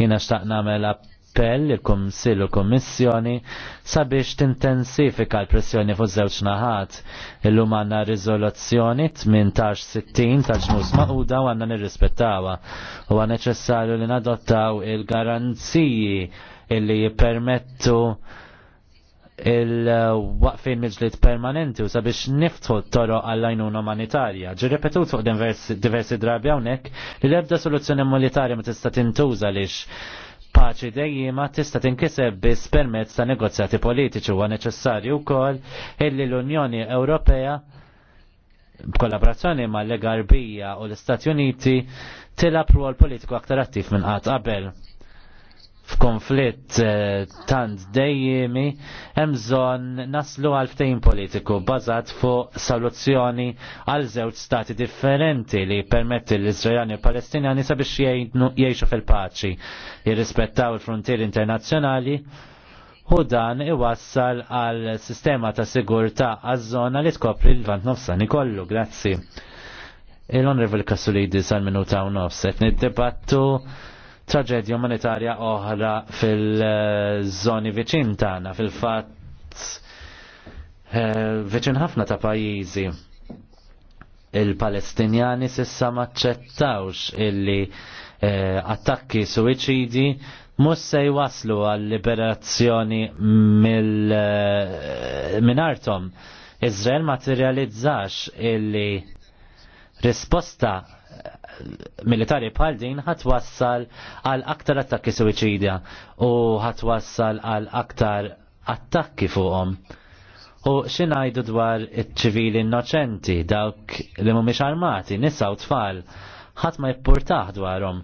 jina xtaq namel app appell il-Kumsil u Kommissjoni sabiex tintensifika l-pressjoni fuq żewġ naħat. Illum għandna riżoluzzjoni 18-60 tal-ġnus maħuda u għandna nirrispettawha. Huwa neċessarju li nadottaw il-garanziji illi jippermettu il-waqfin miġlit permanenti u sabiex niftħu t-toro għall-għajnuna umanitarja. Ġi repetut fuq diversi drabi għonek li l-ebda soluzzjoni umanitarja ma tista' tintuża lix paċi dejjima tista' tinkiseb biss permezz ta' negozjati politiċi huwa neċessarju wkoll illi l-Unjoni Ewropea b'kollaborazzjoni mal legarbija u l-Istati Uniti tilab rwol politiku aktar attiv minn qatt qabel f'konflitt eh, tant dejjemi hemm bżonn naslu għal ftehim politiku bażat fuq soluzzjoni għal żewġ stati differenti li permetti l-Iżraeljani u l-Palestinjani sabiex jgħixu fil-paċi, jirrispettaw il-frontieri internazzjonali u dan iwassal għal sistema ta' sigurta għaż-żona li tkopri l-vant nofsani kollu, grazzi. Il-Onrevel Kasulidis sal-minuta u nofset, nid-debattu traġedja umanitarja oħra fil-żoni viċin tagħna, fil-fatt eh, viċin ħafna ta' pajjiżi. Il-Palestinjani sissa maċċettawx illi eh, attakki suwiċidi mus se jwaslu għal liberazzjoni eh, minn artom Izrael ma illi risposta militari bħal din ħatwassal għal aktar attakki suicidja u ħatwassal għal aktar attakki fuqhom. U xinajdu dwar iċ-ċivili innoċenti, dawk li mhumiex armati, nisa u tfal, ħadd ma jippurtaħ dwarhom,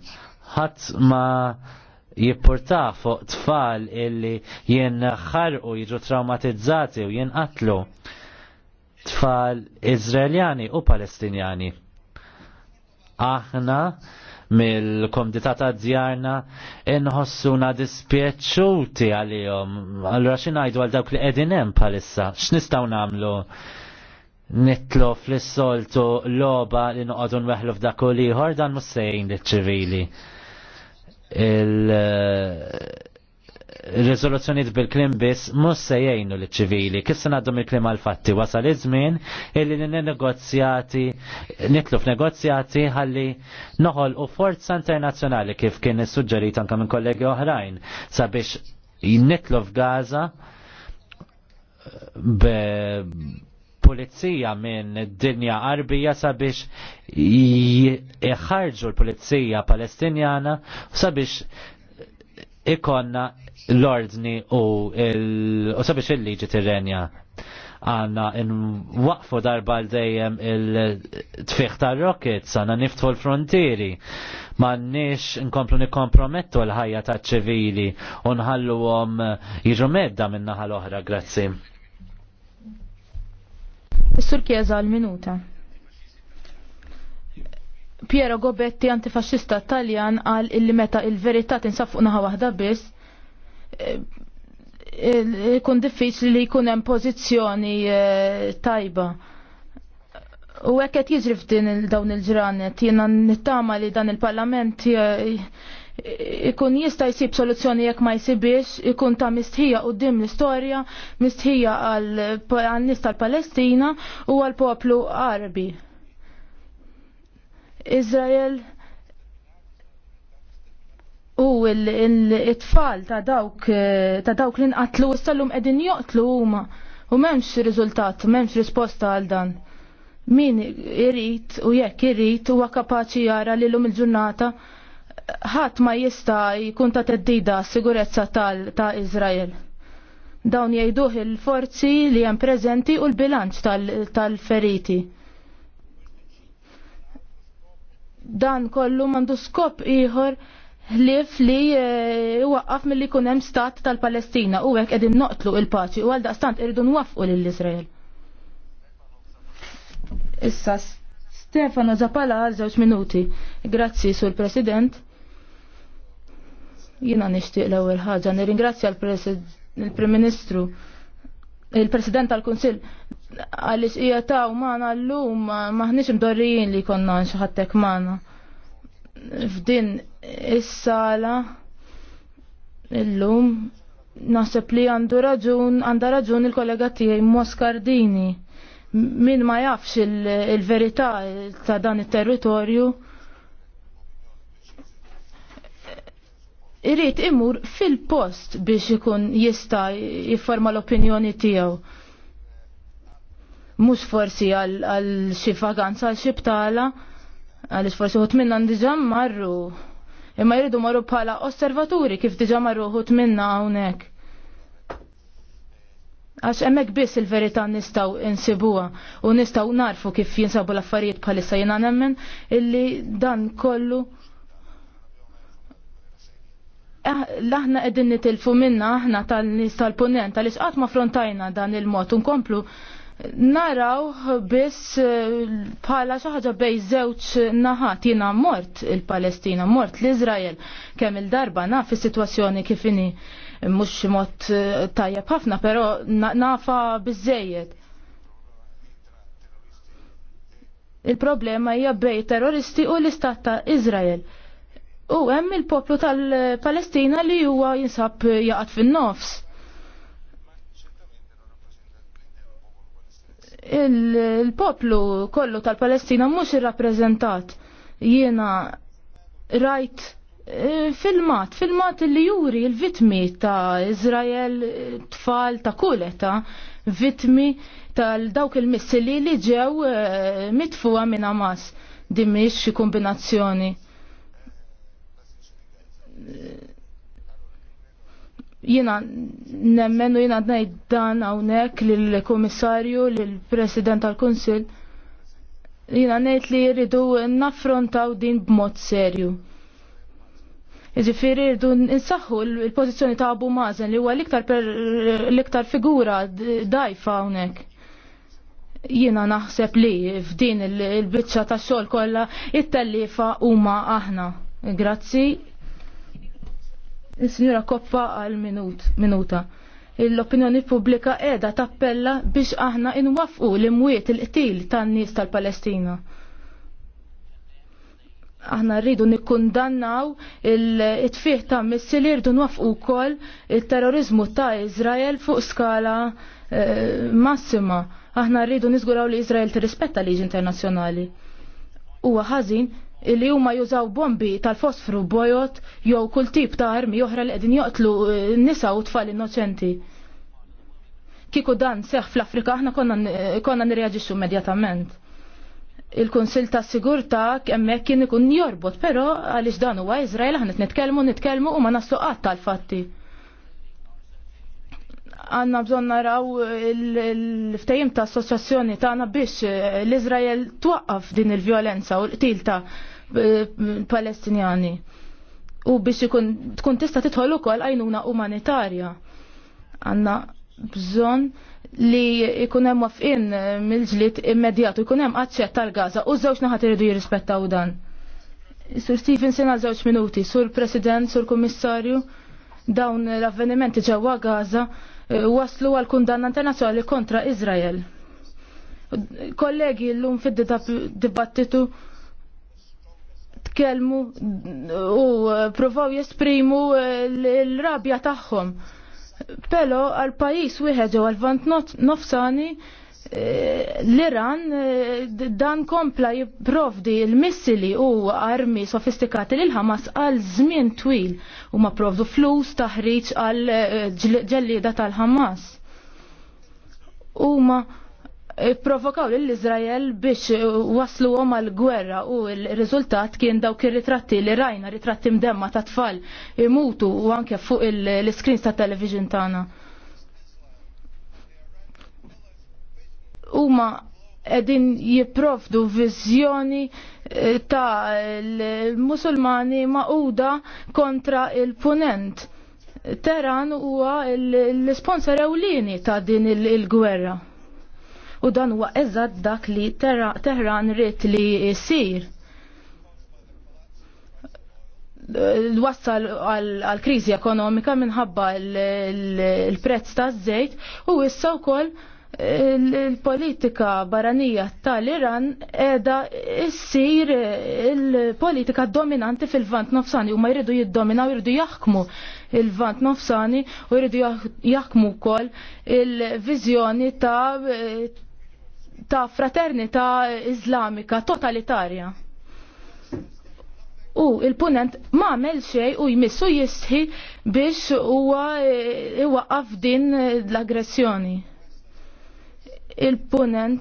ħadd ma jippurtaħ fuq tfal illi u jiġu traumatizzati u jinqatlu tfal Izraeljani u Palestinjani aħna mill-komdita ta' djarna inħossuna dispieċuti għalihom. Allura xi ngħidu għal dawk li qegħdin hemm bħalissa, x'nistgħu nagħmlu? Nitlu fl-soltu loba li noqogħdu nweħlu f'dak u ieħor dan mhux sejjin liċ-ċivili. Il- Rizoluzzjoniet bil-klim biss mhux se jgħinu li ċivili Kissa se ngħaddu mill-klim għal-fatti wasal iż-żmien illi negozjati nitlu f'negozjati ħalli noħol u forza internazzjonali kif kien issuġġerit anke minn kollegi oħrajn sabiex jinnitlu f'Gaza pulizija minn dinja Arbija sabiex jħarġu l-pulizija palestinjana sabiex ikonna l-ordni u sabiex il-liġi tirrenja għanna n-waqfu darba l-dajem il-tfiħ ta' rocket għanna niftħu l-frontieri ma' nix nkomplu kompromettu l-ħajja ta' ċivili u nħallu għom jiġu medda minna l-oħra, grazzi. Is-sur Kieza għal-minuta. Piero Gobetti, antifasċista Taljan, għal illi meta il-verità tinsab fuq naħa waħda biss, ikun diffiċli li jkun hemm pożizzjoni eh, tajba. U hekk qed jiġri f'din dawn il-ġranet, jiena nittama li dan il-Parlament eh, ikun jista' jsib soluzzjoni jekk ma jsibiex, ikun ta' mistħija qudiem l-istorja, mistħija għal nies tal-Palestina u għall poplu Arabi. Izrael u l-tfal ta' dawk eh, ta' dawk li nqatlu issallum qegħdin joqtlu huma u m'hemmx riżultat, m'hemmx risposta għal dan. Min irrit u jekk irrit huwa kapaċi jara li lum il-ġurnata ħadd ma jista' jkun ta' teddida sigurezza tal ta' Iżrael. Dawn jgħiduh il-forzi li hemm preżenti u l-bilanċ tal-feriti. Tal dan kollu mandu skop ieħor ħlif li eh, waqqaf mill-li jkun hemm stat tal-Palestina u hekk qegħdin noqtlu il-paċi u għal daqstant irridu nwaffqu lill-Iżrael. Issa Stefano Zapala għal żewġ minuti. Grazzi sur President. Jina nixtieq l-ewwel ħaġa nirringrazzja l-Prim Ministru il-President tal-Kunsill għaliex hija taw magħna llum maħniex mdorrijin li konna nxi ħadtek magħna f'din is-sala illum naħseb li għandu raġun għandha raġun il-kollega tiegħi Moscardini min ma jafx il-verità il ta' dan it-territorju irrit imur fil-post biex ikun jista' jifforma l-opinjoni tiegħu Mhux forsi għal xi vaganza għal xi btala, Għalix forsi uħut minna ndiġam marru. Imma jridu marru bħala osservaturi kif diġa marru uħut minna għonek. Għax emmek biss il-verita nistaw insibuwa u nistaw narfu kif jinsabu l-affarijiet bħalissa jina nemmen illi dan kollu ah, l-aħna edin nitilfu minna aħna tal-nis tal-ponent tal-isqat ma frontajna dan il-mod unkomplu naraw biss eh, bħala xi ħaġa bej żewġ naħat jiena mort il-Palestina, mort l-Iżrael kemm il-darba naf is-sitwazzjoni kif inhi mhux mod eh, tajjeb ħafna, però nafa biżejjed. Il-problema hija bej terroristi u l-istat ta' Iżrael. U hemm il-poplu tal-Palestina li huwa jinsab jaqat fin-nofs il-poplu kollu tal-Palestina mhux irrappreżentat. Jiena rajt eh, filmat, filmat li juri il-vitmi ta' Izrael, tfal ta' kuleta, vitmi tal-dawk il-missili li ġew eh, mitfuwa minn Hamas. Dimmi xi kombinazzjoni Jina nemmen u jina d dan għawnek l-komissarju, l-president tal-konsil, jina nejt li jridu naffrontaw din b'mod serju. Ġifiri rridu nsaħħu l-pozizjoni ta' Abu Mazen li huwa l-iktar figura dajfa hawnhekk. Jiena naħseb li f'din il-biċċa ta' xogħol kollha it-tellifa huma aħna. Grazzi, il-Sinjura Koppa għal minut, minuta. L-opinjoni pubblika edha tappella biex aħna inwafqu l-imwiet il-qtil tan-nies tal-Palestina. Aħna rridu nikkundannaw il-tfih ta' missili rridu nwafqu wkoll il-terrorizmu ta' Izrael fuq skala eh, massima. Aħna rridu niżguraw li Izrael tirrispetta liġi internazzjonali. Huwa ħażin li huma jużaw bombi tal-fosfru bojot jew kull tip ta' armi oħra li qegħdin joqtlu eh, nisa u tfal innoċenti. Kiku dan seħ fl-Afrika aħna konna, nirreġixxu eh, nirreaġixxu immedjatament. Il-Kunsil ta' Sigurta hemmhekk kien ikun jorbot, però għaliex dan huwa Iżrael aħna nitkellmu nitkellmu u ma naslu qatt tal-fatti għanna bżon naraw l-ftajim ta' assoċjazzjoni tagħna biex eh, l-Izrael twaqqaf din il-vjolenza u l-qtil ta' eh, Palestinjani u biex tkun tista' titħol ukoll għajnuna umanitarja. Għanna bżon li ikun hemm wafqin eh, mill-ġlied immedjat u jkun hemm aċċett tal-Gaza u żewġ naħat iridu jirrispettaw dan. Sur Stephen sena żewġ minuti, sur President, sur Kummissarju dawn l-avvenimenti ġewwa Gaza Eh, waslu għal kundanna internazzjonali kontra Izrael. Kollegi l-lum fid-dibattitu tkellmu u eh, provaw jesprimu eh, l-rabja tagħhom. Pelo għal pajis wieħed għal vant nofsani l-Iran eh, dan kompla jipprovdi il-missili u armi sofistikati l ħamas għal żmien twil u ma provdu flus taħriġ għal eh, ġellida tal-Ħamas. U ma eh, provokaw l izrael biex waslu għom għal gwerra u l-rizultat kien dawk ir-ritratti li rajna ritratti mdemma ta' tfal imutu u anke fuq l-screens ta' television tagħna. huma qegħdin jipprovdu viżjoni eh, ta' l-Musulmani maquda kontra il-Punent. Teran huwa l-sponsor ewlieni ta' din il-gwerra. U dan huwa eżatt dak li Teheran rrit li jsir wassal għal kriżi ekonomika minħabba l-prezz ta' żejt u issa wkoll il-politika barranija tal-Iran edha issir il-politika dominanti fil-vant nofsani u ma jridu jiddominaw jridu jaħkmu il-vant nofsani u jridu jaħkmu kol il-vizjoni ta' ta' fraternita islamika totalitarja. U il-punent ma għamel xej u jmissu jisħi biex huwa għafdin din l-aggressjoni il-punent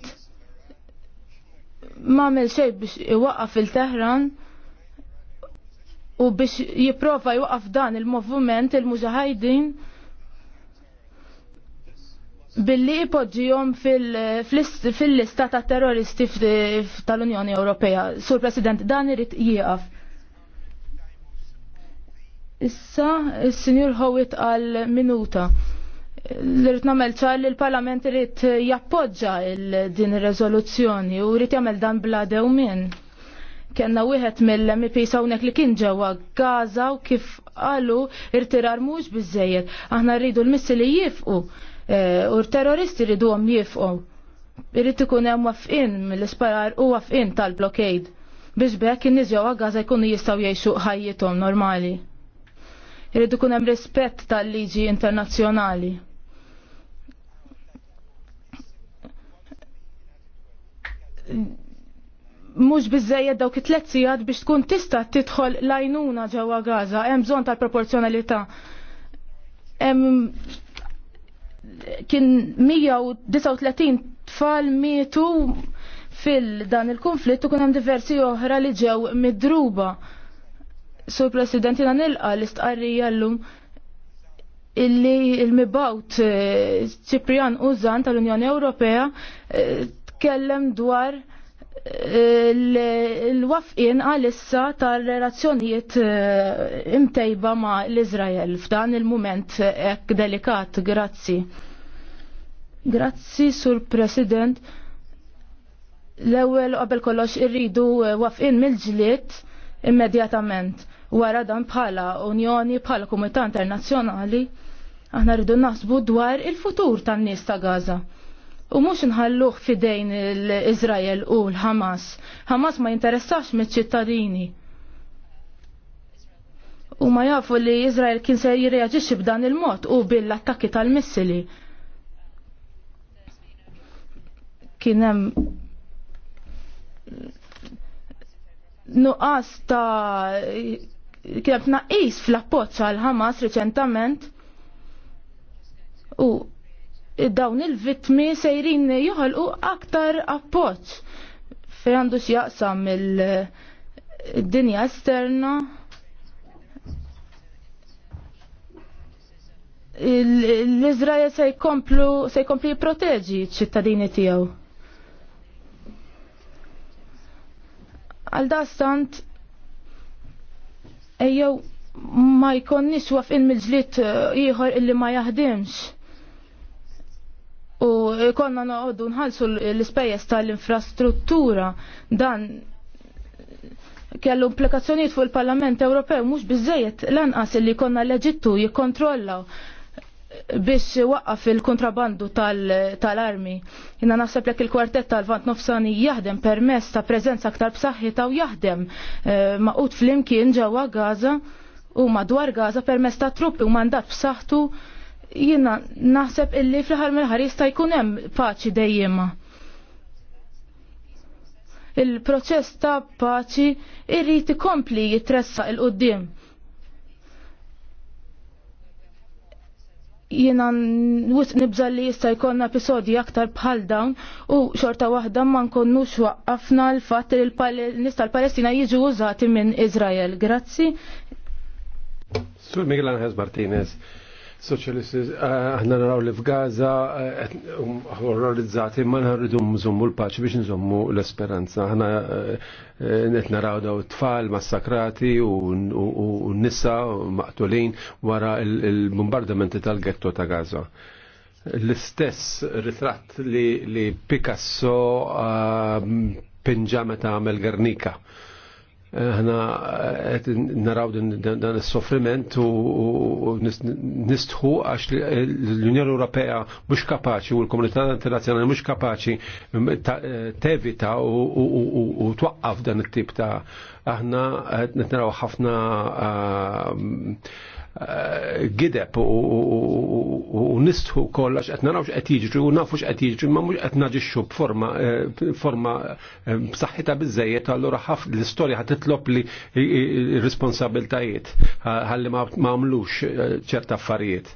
ma għamil xej biex iwaqqaf il-Teħran u biex jiprofa jwaqaf dan il movument il-muġahajdin billi ipoġġijom fil-lista ta' terroristi tal-Unjoni Ewropea. Sur President, dan irrit jieqaf. Issa, il-Sinjur Howitt għal minuta l-irrit namel ċar li l-parlament irrit jappoġġa din il-rezoluzzjoni u rrit jamel dan bla dewmin. Kenna wieħed mill-MP sawnek li kien ġewwa Gaza u kif qalu irtirar mhux biżejjed. Aħna rridu l-missi li jifqu e, u terroristi rridu għom jifqu. Irrid ikun hemm wafqin mill-isparar u wafqin tal-blokejd biex bekk in-nies ġewwa Gaza jkunu jistgħu jgħixu ħajjithom normali. Irrid ikun hemm rispett tal-liġi internazzjonali. mhux bizzejed dawk it-tliet sigħat biex tkun tista' tidħol lajnuna ġewwa Gaza, hemm bżonn tal-proporzjonalità. Hemm kien 139 tfal mietu fil-dan il-konflitt u kien hemm diversi oħra li ġew midruba. Sur President jiena nilqa l-istqarrija llum illi il-mibawt Ċiprian eh, Użan tal-Unjoni Ewropea eh, tkellem dwar eh, l-wafqin għalissa tar relazzjonijiet eh, imtejba ma l-Izrael f'dan il-moment ek delikat, grazzi. Grazzi, Sur President. L-ewel qabel kollox irridu eh, wafqin mill-ġliet immedjatament. Wara dan bħala Unjoni, bħala Komunità Internazzjonali, aħna rridu naħsbu dwar il-futur tan-nies ta' Gaza. U mux nħalluħ fidejn l-Izrael u l-Hamas. Hamas ma jinteressax mit ċittadini U ma jafu li Izrael kien se jirreagġixxi b'dan il-mod u bil-attakki tal-missili. Kien hemm nuqqas ta' kien hemm fl-appoġġ għal Hamas reċentament u dawn il-vitmi sejrin joħolqu aktar appoġġ fejn għandu x'jaqsam il-dinja esterna l-Izrael se jkomplu se jipproteġi ċittadini tiegħu. Għal dastant ejjew ma jkonniex waqfin mill-ġlit eh, ieħor illi ma jaħdimx konna noqogħdu nħallsu l-ispejjeż tal-infrastruttura dan kellu implikazzjonijiet fuq il-Parlament Ewropew mhux biżejjed lanqas li konna leġittu jikkontrollaw biex waqqaf il-kontrabandu tal-armi. Tal Inna naħseb lek il-kwartet tal-Vant Nofsani jaħdem permess ta' preżenza aktar b'saħħita u jaħdem eh, maqut fl-imkien ġewwa Gaza u madwar Gaza permess ta' truppi u mandat b'saħħtu Jiena naħseb illi fl-ħar mill-ħar jista' jkun hemm paċi dejjema. Il-proċess ta' paċi irrid ikompli jitressaq il qudiem Jiena wisq nibża li jista' jkollna episodji aktar bħal dawn u xorta waħda ma nkunux waqqafna l-fatt li l nista l palestina jiġu użati minn Iżrael. Grazzi. Sur Miguel Anħes Martinez soċjalisti eh, aħna naraw li f'Gaza eh, um, horrorizzati ma nħarridu nżommu l-paċi biex nżommu l-esperanza. Aħna qed eh, naraw daw tfal massakrati u nisa maqtulin wara l-bombardamenti tal-getto ta' Gaza. L-istess ritratt li Picasso pinġa għamel Gernika ħna naraw dan is-soffriment u nistħu għax l-Unjoni Ewropea mhux kapaċi u l-komunità internazzjonali mhux kapaċi eh, tevita u twaqqaf dan it-tip ta' aħna qed naraw ħafna ah, Eh, gideb u nistħu kollax qed narawx qed jiġri u nafux qed jiġri ma mhux qed naġixxu b'forma eh, forma eh, b'saħħitha biżejjed allura ħaf l-istorja ħad titlob li responsabiltajiet ħalli ma għamlux ċerta affarijiet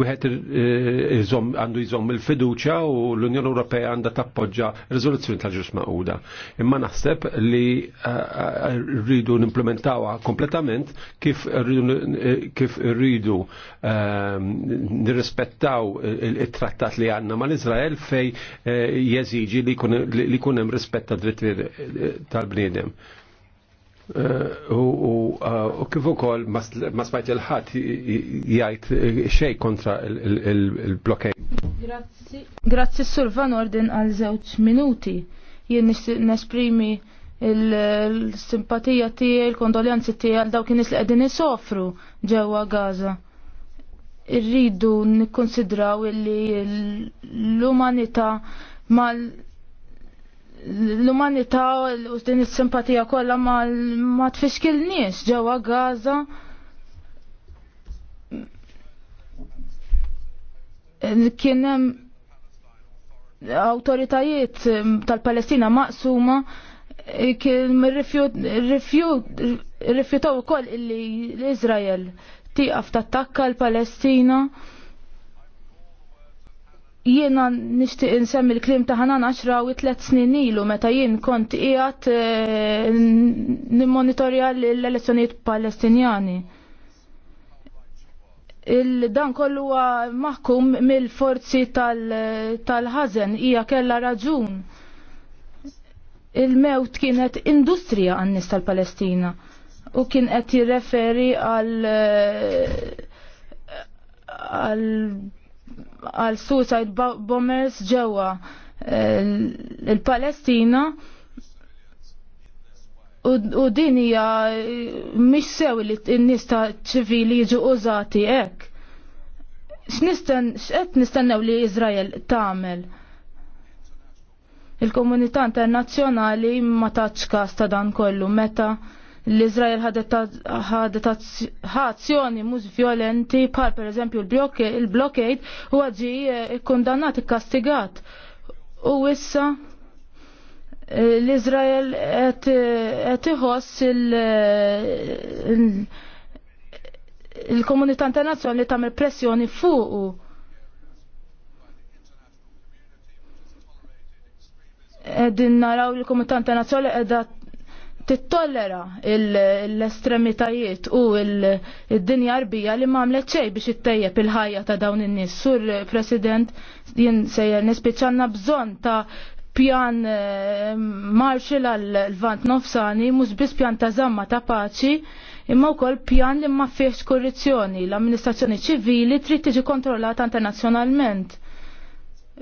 wieħed eh, għandu jżomm il-fiduċja u l-Unjoni Ewropea għandha tappoġġa riżoluzzjoni tal-ġus maquda. Imma naħseb li eh, eh, rridu nimplementawha kompletament kif rridu ehm, nirrispettaw it-trattat li għandna mal-Iżrael fej jeżiġi li jkun hemm rispett tad-dritti tal-bniedem. Eh, eh, u kif ukoll ma smajt il-ħadd jgħid eh, xejn kontra il-blockade. Grazzi. Grazzi Sur Van Orden għal żewġ minuti. Jien nesprimi il-simpatija tiegħi, il-kondoljanzi tiegħi għal dawk in-nies li qegħdin isofru ġewwa Gaza. Irridu nikkonsidraw illi l-umanità mal l-umanità u din is-simpatija kollha ma tfixkilniex ġewwa Gaza. Kien hemm awtoritajiet tal-Palestina maqsuma kien rifjutaw ukoll illi l-Iżrael tieqaf tattakka l-Palestina. l palestina jiena nishtiq insemmi il klim ta' ħanan 10 u 3 snin ilu meta jien kont qiegħed eh, nimmonitorja l-elezzjonijiet Palestinjani. Il-dan kollu huwa maħkum mill-forzi tal-ħażen hija kellha raġun. Il-mewt kienet industrija għan-nies tal-Palestina u kien qed jirreferi għal eh, għal għal suicide bombers ġewwa il-Palestina eh, u din hija eh, mhix sew li n-nies ta' ċivili jiġu użati hekk. X'qed nistennew li Iżrael tagħmel? Il-komunità internazzjonali ma taċċ kas ta' dan kollu meta l-Izrael azzjoni mhux violenti bħal pereżempju l-blockade huwa ġi eh, kundannat ikkastigat. U issa eh, l-Izrael qed eh, iħoss il-komunità internazzjonali tagħmel pressjoni fuqu. Din naraw l-komunità internazzjonali qiegħda tittollera l-estremitajiet u l-dinja arbija li mamlet ċej biex ittejjeb il-ħajja ta' dawn in-nies. Sur President, jien sejjer nispiċanna bżonn ta' pjan eh, marxil għal-vant nofsani, mux bis pjan ta' zamma ta' paċi, imma u koll pjan li ma' fiex korruzzjoni. L-amministrazzjoni ċivili trid tiġi kontrollata internazzjonalment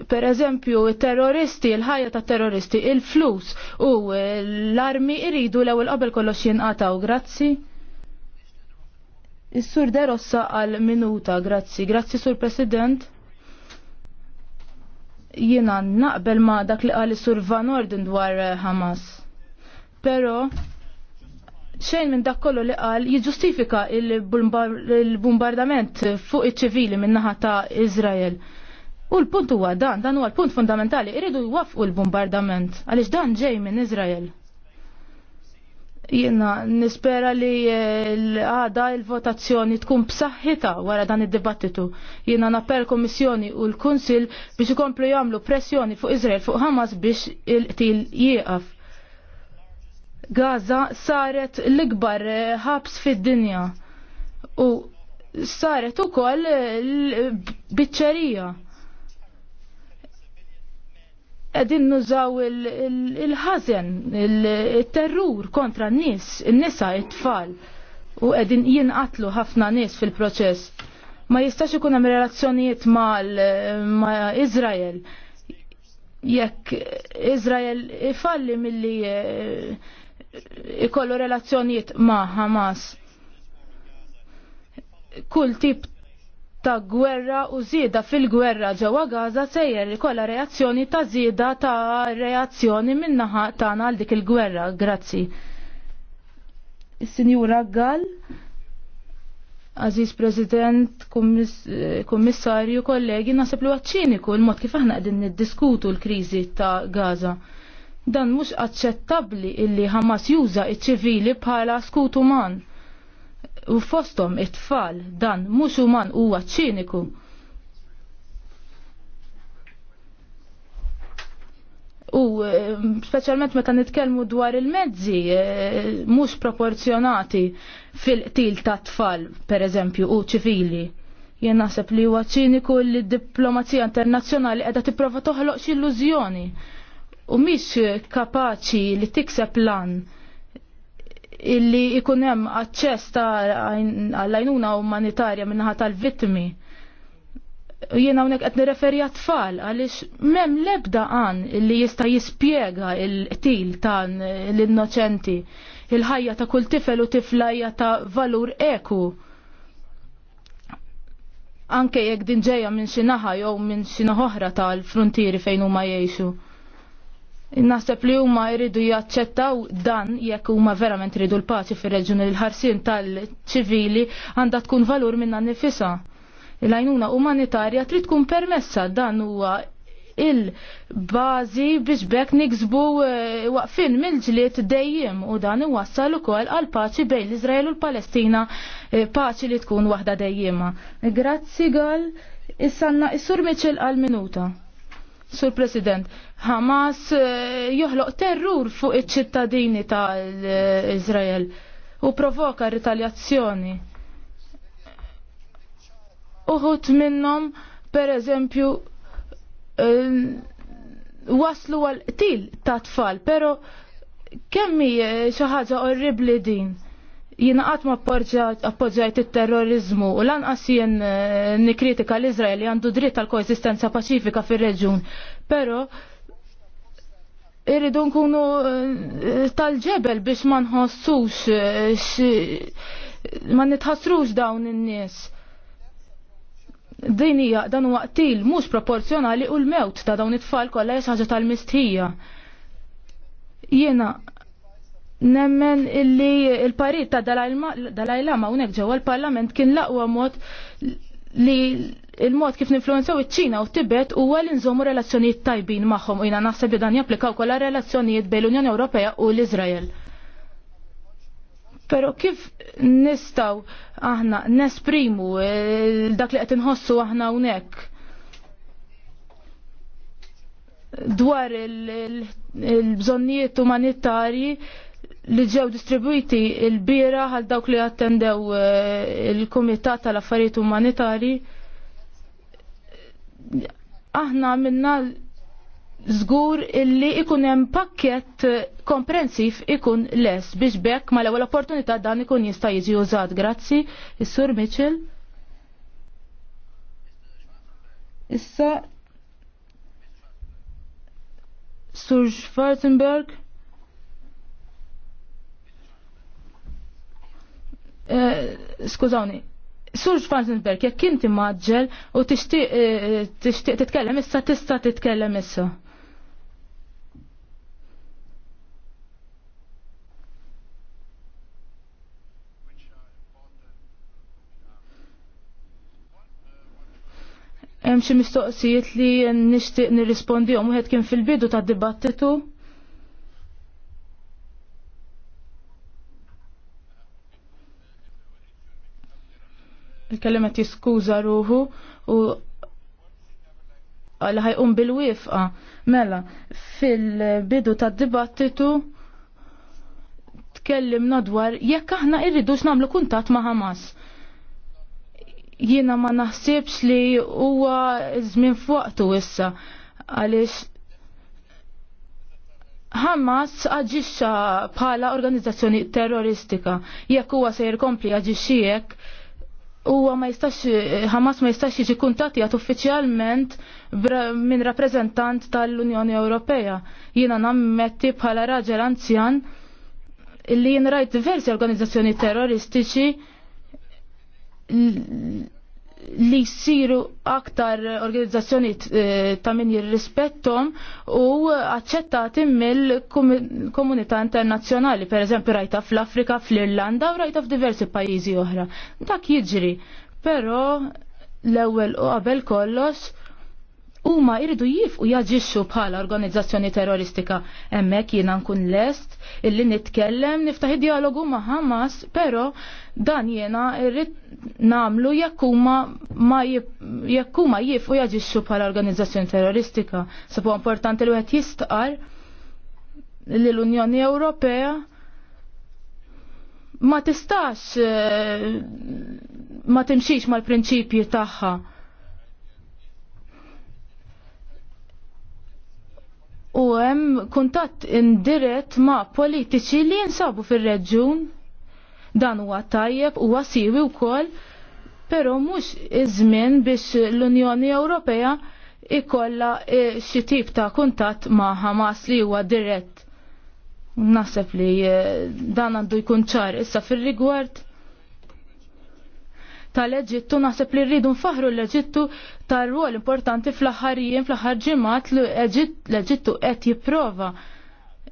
per eżempju, terroristi, il-ħajja ta' terroristi, il-flus u l-armi iridu l-ewel qabel kollox jinqataw, grazzi. Is-sur derossa għal minuta, grazzi. Grazzi, sur president. Jina naqbel ma dak li għal sur Van Orden dwar eh, Hamas. Pero, xejn minn dak kollu li qal jiġustifika il-bombardament fuq iċ-ċivili minnaħa ta' Izrael U l-punt huwa dan, dan huwa l-punt fundamentali, iridu jwafqu l-bombardament, għaliex dan ġej minn Izrael. Jiena nispera li eh, għada il-votazzjoni tkun b'saħħita wara dan id-dibattitu. Jiena nappell kommissjoni u l-Kunsil biex ikomplu jagħmlu pressjoni fuq Izrael fuq Hamas biex il-qtil jieqaf. Gaza saret l-ikbar eh, ħabs fid-dinja u saret ukoll eh, biċċerija għedin nużaw il-ħazen, il-terrur kontra n-nis, n-nisa, it-tfal. U edin jinqatlu ħafna nis fil-proċess. Ma jistax ikun hemm relazzjonijiet ma' Izrael. Jekk Izrael ifalli milli eh, ikollu relazzjonijiet ma' Hamas. Kull tip ta' gwerra u zida fil-gwerra ġewwa Gaza sejjer kollha reazzjoni ta' zida ta' reazzjoni minnaħa tagħna għal dik il-gwerra. Grazzi. Is-Sinjura Gall, Aziz President, Kummissarju, kollegi, nasib li ċiniku il-mod kif aħna għedin niddiskutu l-kriżi ta' Gaza. Dan mhux aċċettabbli illi Hamas juża iċ-ċivili bħala skut uman u fostom it-tfal dan mhux uman huwa ċiniku. U eh, speċjalment meta nitkellmu dwar il-mezzi eh, mhux proporzjonati fil-qtil ta' tfal, pereżempju, u ċivili. Jien naħseb li huwa ċiniku li d-diplomazija internazzjonali qiegħda tipprova toħloq xi illużjoni u mhix kapaċi li tikseb lan illi ikun hemm aċċess ta' għall-għajnuna umanitarja minnaħa tal-vittmi. Jiena hawnhekk qed nirreferi għat-tfal għaliex m'hemm l-ebda għan illi jista' jispjega l-qtil ta' eh, l-innoċenti. Il-ħajja ta' kull tifel u tifla hija ta' valur eku. Anke jekk din ġejja minn xi naħa jew minn xi oħra tal-fruntieri fejn huma jgħixu. Naħseb li huma jridu jaċċettaw dan jekk huma verament jridu l-paċi fir-reġjuni l ħarsien tal-ċivili għandha tkun valur minn nifisa. L-għajnuna umanitarja trid tkun permessa dan huwa il-bazi biex bekk niksbu eh, waqfin mill-ġliet dejjem u dan iwassal ukoll għal paċi bejn l-Iżrael u l-Palestina eh, paċi li tkun waħda dejjema. Grazzi għal issanna is-sur għal minuta. Sur President, Hamas eh, joħloq terrur fuq iċ-ċittadini ta' Izrael u provoka ritaljazzjoni. Uħut minnom, per eżempju, ehm, waslu għal til ta' tfal, pero kemmi eh, xaħġa orribli din. Jina qatt ma appoġġajt it-terrorizmu u lan jien eh, nikritika l-Izrael li għandu dritt għal koesistenza paċifika fir-reġjun. Pero irridu nkunu eh, tal-ġebel biex ma nħossux eh, ma nitħassrux dawn in-nies. Din hija dan huwa qtil mhux proporzjonali u l-mewt ta' dawn it-tfal kollha hija ħaġa tal-mistħija. Jiena nemmen illi l parit ta' Dalaj Lama unek ġewwa l-Parlament kien l-aqwa mod li il-mod kif ninfluenzaw iċ-Ċina u Tibet huwa li nżommu relazzjonijiet tajbin magħhom u jiena naħseb li dan japplikaw kollha relazzjonijiet bejn l-Unjoni Ewropea u l-Iżrael. Pero kif nistaw aħna nesprimu eh, dak li qed inħossu aħna hawnhekk dwar il-bżonnijiet umanitarji li ġew distribuiti il-bira għal dawk li attendew eh, il-Kumitat tal-Affarijiet Umanitarji aħna minna zgur illi ikun hemm pakkett komprensiv ikun les biex bekk ma l-ewwel opportunità dan ikun jista' jiġi użat. Grazzi, is-Sur Mitchell. Issa Sur Schwarzenberg. Eh, skużawni, Sur Schwarzenberg, jekk kinti maġġel u tixtieq eh, eh, titkellem issa tista' titkellem issa. Hemm xi mistoqsijiet li nixtieq nirrispondihom wieħed kien fil-bidu tad-dibattitu. il-kellimet jiskuża ruħu u li ħajqum bil-wifqa. Mela, fil-bidu tad dibattitu tkellimna dwar jekk aħna irridux nagħmlu kuntat ma' Hamas. Jiena ma naħsibx li huwa żmien fuqtu issa għaliex Hamas aġixxa bħala organizzazzjoni terroristika. Jekk huwa se jirkompli aġixxi huwa ma jistax Hamas ma jistax jiġi kuntatjat uffiċjalment minn rappreżentant tal-Unjoni Ewropea. Jiena nammetti bħala raġel anzjan li jien rajt diversi organizzazzjoni terroristiċi li jsiru aktar organizzazzjonijiet eh, ta' min jirrispettom u aċċettati mill-komunità internazzjonali, per eżempju rajta fl-Afrika, fl-Irlanda u rajta f'diversi pajjiżi oħra. Dak jiġri, però l-ewwel u qabel kollox huma jridu jifqu jaġixxu bħala organizzazzjoni terroristika. Hemmhekk jiena nkun lest illi nitkellem niftaħ dialogu ma' Hamas, però dan jiena irrid nagħmlu jekk huma ma jekk huma jifqu jaġixxu bħala organizzazzjoni terroristika. Sabu importanti li wieħed jistqar li l-Unjoni Ewropea ma tistax eh, ma timxix mal-prinċipji tagħha u hemm kuntatt indirett ma' politiċi li jinsabu fir-reġjun. Dan huwa tajjeb huwa siwi wkoll, però mhux iż-żmien biex l-Unjoni Ewropea ikolla e, xi tip ta' kuntatt ma' Hamas li huwa dirett. Naħseb li e, dan għandu jkun ċar issa fir-rigward tal-Eġittu naħseb li rridu nfaħru l-Eġittu tal-rwol importanti fl-aħħarijiem fl-aħħar ġimgħat li l-Eġittu qed jipprova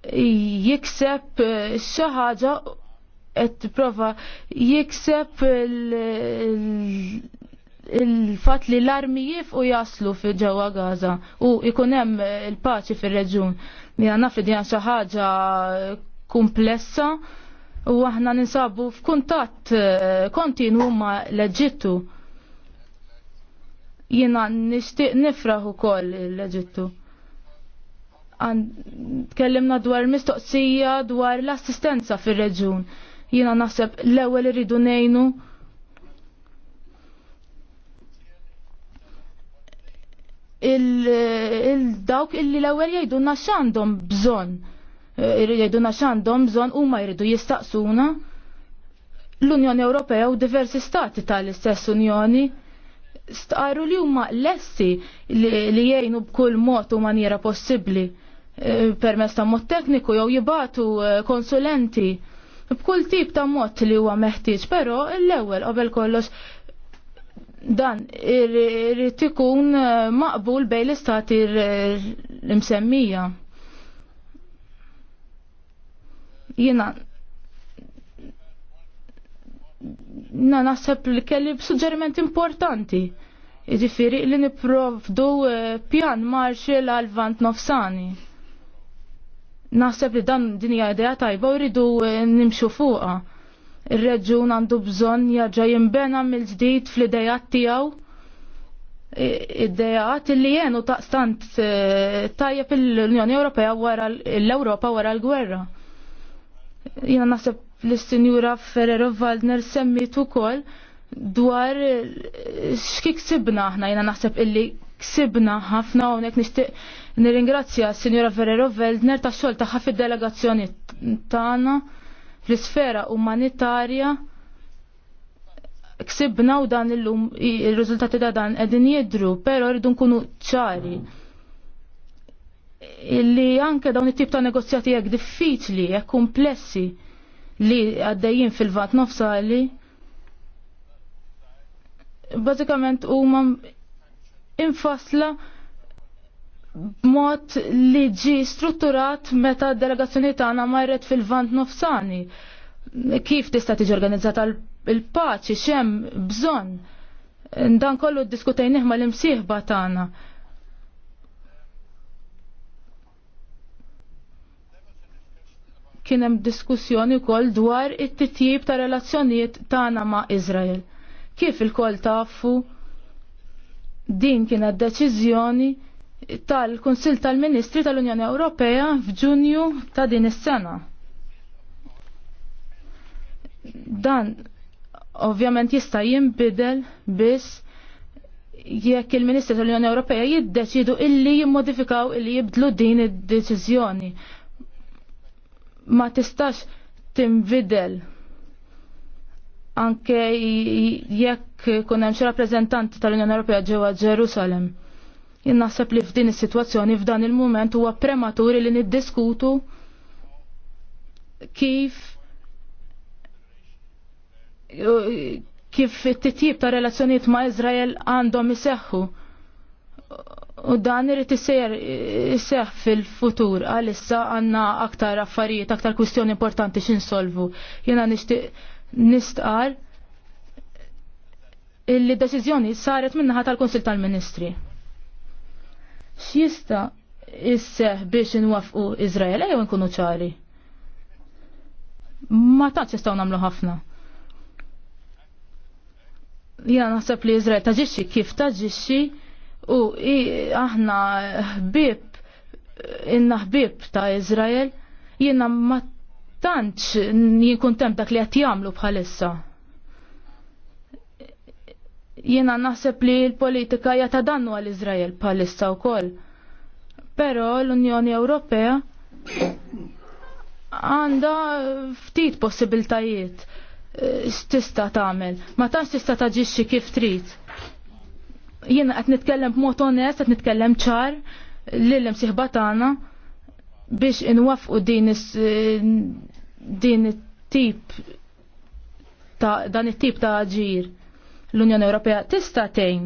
jikseb eh, xi ħaġa qed jipprova jikseb il-fat li l-armi jifqu jaslu fi ġewwa Gaza u jkun hemm eh, il-paċi fir-reġjun. Ja naf li din xi ħaġa komplessa u aħna ninsabu f'kuntatt eh, kontinu ma l-Eġittu. Jiena nixtieq nifraħu ukoll l-Eġittu. Kellimna dwar mistoqsija dwar l-assistenza fir-reġun. Jiena naħseb l-ewwel irridu ngħinu il-dawk eh, illi l-ewwel jgħidulna x'għandhom bżonn jgħiduna x'għandhom bżonn huma jridu jistaqsuna l-Unjoni Ewropea u diversi stati tal-istess Unjoni stqaru li huma lessi li jgħinu b'kull mod u maniera possibbli e, permess ta' mod tekniku jew jibatu e, konsulenti b'kull tip ta' mod li huwa meħtieġ, però l-ewwel qabel kollox dan irrid ikun e, maqbul bejn l-istati l-imsemmija. Jiena na naħseb li kelli suġġeriment importanti. Ġifiri li niprovdu eh, pjan marxi għal vant nofsani. Naħseb li dan din idea tajba u rridu eh, nimxu fuqa. Ir-reġun għandu bżonn jarġa' jimbena mill ġdijt fl-idejat tiegħu. Idejat li jenu taqstant eh, tajjeb fil unjoni Ewropea wara l-Ewropa wara l-gwerra jina naħseb li sinjura Ferrero Waldner semmit ukoll dwar eh, x'kik sibna aħna jina naħseb illi ksibna ħafna hawnhekk nixtieq nirringrazzja s-Sinjura Ferrero Waldner tax-xogħol ta' fid-delegazzjoni tagħna fl-isfera umanitarja ksibna u dan il-lum il-rizultati ta' dan edin jidru, pero rridu nkunu ċari illi anke dawn it-tip ta' negozjati jek diffiċli, jek komplessi li għaddejjin fil-vat nofsali, bazzikament huma infasla mod li ġi strutturat meta d ta' tagħna marret fil-vant nofsani. Kif tista' tiġi organizzata l-paċi xem bżonn. Dan kollu ddiskutejn neħma l-imsieħba tagħna kien hemm diskussjoni wkoll dwar it-titjib ta' relazzjonijiet tagħna ma' Izrael. Kif il-kol tafu din kienet deċiżjoni tal konsil tal-Ministri tal-Unjoni Ewropea f'Ġunju ta' din is-sena. Dan ovvjament jista' jinbidel biss jekk il-Ministri tal-Unjoni Ewropea jiddeċidu illi jimmodifikaw illi jibdlu din id-deċiżjoni ma tistax timvidel anke jekk kun hemm xi rappreżentanti tal-Unjoni Ewropea ġewwa Ġerusalem. Jien naħseb li f'din is-sitwazzjoni f'dan il-mument huwa prematuri li niddiskutu kif kif it-titjib ta' relazzjonijiet ma' Izrael għandhom iseħħu U dan irrid isejjer iseħħ fil-futur għalissa għandna aktar affarijiet, aktar kwistjoni importanti x'insolvu. Jiena nixtieq nistqar illi deċiżjoni saret minnaħa tal-Konsil tal-Ministri. X'jista' isseħ biex inwafqu Iżrael jew nkunu ċari. Ma tantx jistgħu nagħmlu ħafna. Jiena naħseb li Iżrael taġixxi kif taġixxi u aħna ħbib inna ħbib ta' Izrael jiena ma tantx jien kuntent dak li qed jagħmlu bħalissa. Jiena naħseb li l-politika hija ta' dannu għal Izrael bħalissa wkoll. Però l-Unjoni Ewropea għandha ftit possibiltajiet eh, tista' tagħmel, ma tantx tista' taġixxi kif trid jiena qed nitkellem b'mod onest, qed nitkellem ċar lil imsieħba tagħna biex inwafqu din din tip ta' dan it-tip ta' ġir l-Unjoni Ewropea tista' tgħin.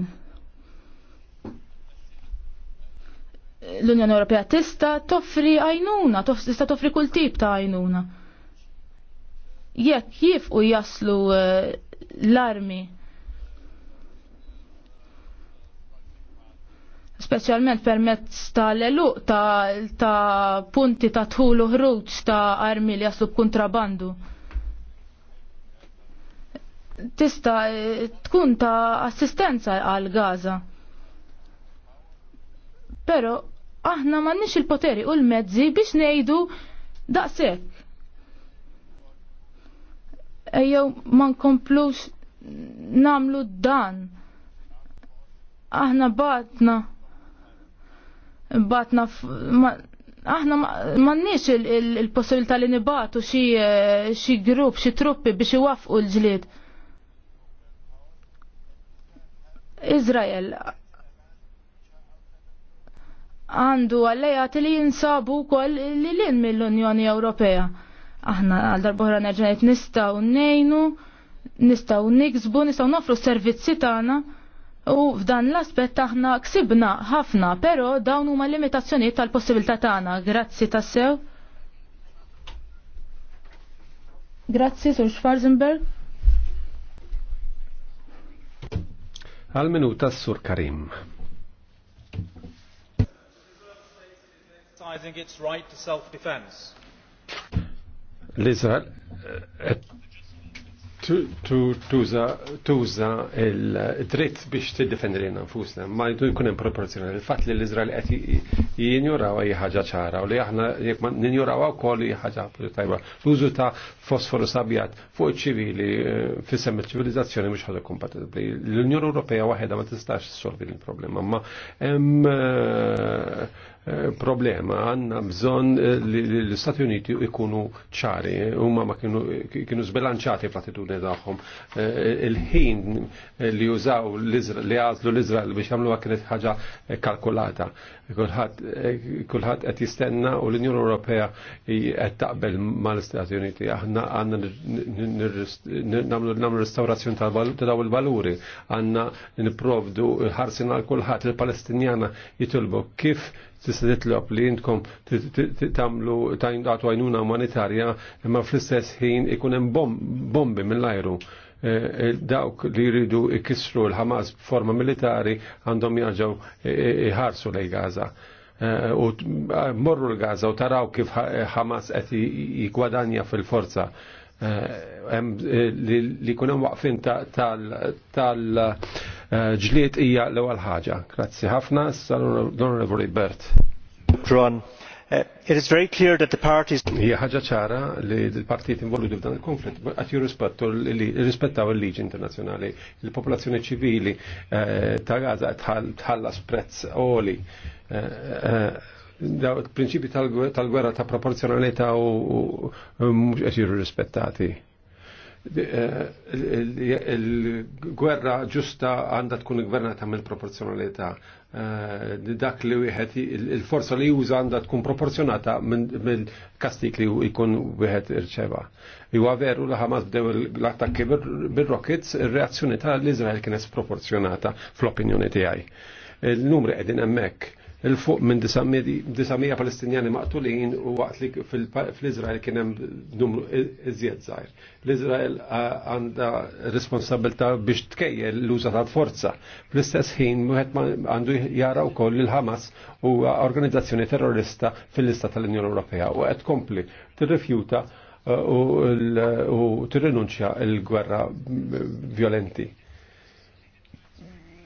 L-Unjoni Ewropea tista' toffri għajnuna, tista' toffri kull tip ta' għajnuna. Jekk jifqu jaslu eh, l-armi specialment permezz tal-eluq ta', ta punti ta' tħul ħruġ ta' armi li jaslu kontrabandu. Tista' tkun ta' assistenza għal Gaza. Pero aħna m'għandniex il-poteri u l-mezzi biex ngħidu daqshekk. Ejjew ma nkomplux namlu dan. Aħna batna batna aħna m'għandniex il-possibilità li nibatu eh, xi grupp, xi truppi biex iwaffqu l-ġlied. Izrael għandu għallejat li jinsabu kol li l-in mill-Unjoni Ewropea. Aħna għal darbohra nerġanet nistaw nejnu, nistaw niksbu, nistaw nofru servizzi tagħna. U f'dan l aspet aħna ksibna ħafna, pero dawn huma limitazzjonijiet tal-possibilità tagħna. Grazzi tassew. Grazzi, Sur Schwarzenberg. Għal minuta Sur Karim. L-Izrael eh, tuża il-dritt biex tiddefendi lil nfusna, ma jdu jkun hemm il fat li l izrael qed jinjuraw għaj ħagġa ċara u li aħna jekk ma ninjorawha wkoll hija tajba. L-użu ta' fosforu sabjat fuq ċivili eh, fissem il-ċivilizazzjoni mhux ħaġa kompatibli. L-Unjoni Ewropea waħedha ma tistax solvi l problema ma hemm eh, eh, problema għanna bżon li l-Stati Uniti ikunu ċari, huma ma kienu zbilanċati fl ċittadini tagħhom. Il-ħin li jużaw li għażlu l izrael biex jagħmluha kienet ħaġa kalkulata. Kulħadd qed jistenna u l-Unjoni Ewropea qed taqbel mal-Istati Uniti. Aħna għandna nagħmlu restawrazzjoni ta' daw il-valuri, għandna nipprovdu l-ħarsina għal kulħadd il-Palestinjana jitolbu kif tista' titlob li jintkom tagħmlu tagħtu għajnuna umanitarja imma fl-istess ħin ikun hemm bombi mill-ajru e, e, dawk li jridu ikissru l-Hamas b'forma militari għandhom jarġgħu iħarsu lej Gaza e, u morru l-Gaza u taraw kif Hamas qed jikwadanja fil-forza Eh, eh, li kunem waqfin tal-ġliet eh, hija l-ewwel ħaġa. Grazzi ħafna, l-Onorevoli Bert. Ron, it is very clear that the parties hija ħaġa ċara li l-partijiet involuti f'dan il-konflitt qed jirrispettu li rispettaw il-liġi internazzjonali. Il-popolazzjoni ċivili ta' Gaza tħallas prezz oli il-prinċipi tal-gwerra ta' proporzjonalità u mhux qed jiġu rispettati. Eh, il-gwerra ġusta għandha tkun gvernata mill proporzjonalità eh, dak li wieħed il-forza li juża għandha tkun proporzjonata mill-kastik li jkun wieħed irċeva. Iwa veru li ħamas bdew l-attakki bir-rockets, ir-reazzjoni tal-Iżrael kienet sproporzjonata fl-opinjoni tiegħi. Il-numri qegħdin hemmhekk il-fuq minn 900 palestinjani maqtulin u waqt li fl-Izrael kien hemm numru iżjed żgħir. L-Izrael għandha responsabilità biex tkejjel l-uża ta' forza. Fl-istess ħin wieħed għandu jara wkoll il-Hamas u organizzazzjoni terrorista fil-lista tal-Unjoni Ewropea u qed kompli tirrifjuta uh, u tirrinunċja l-gwerra violenti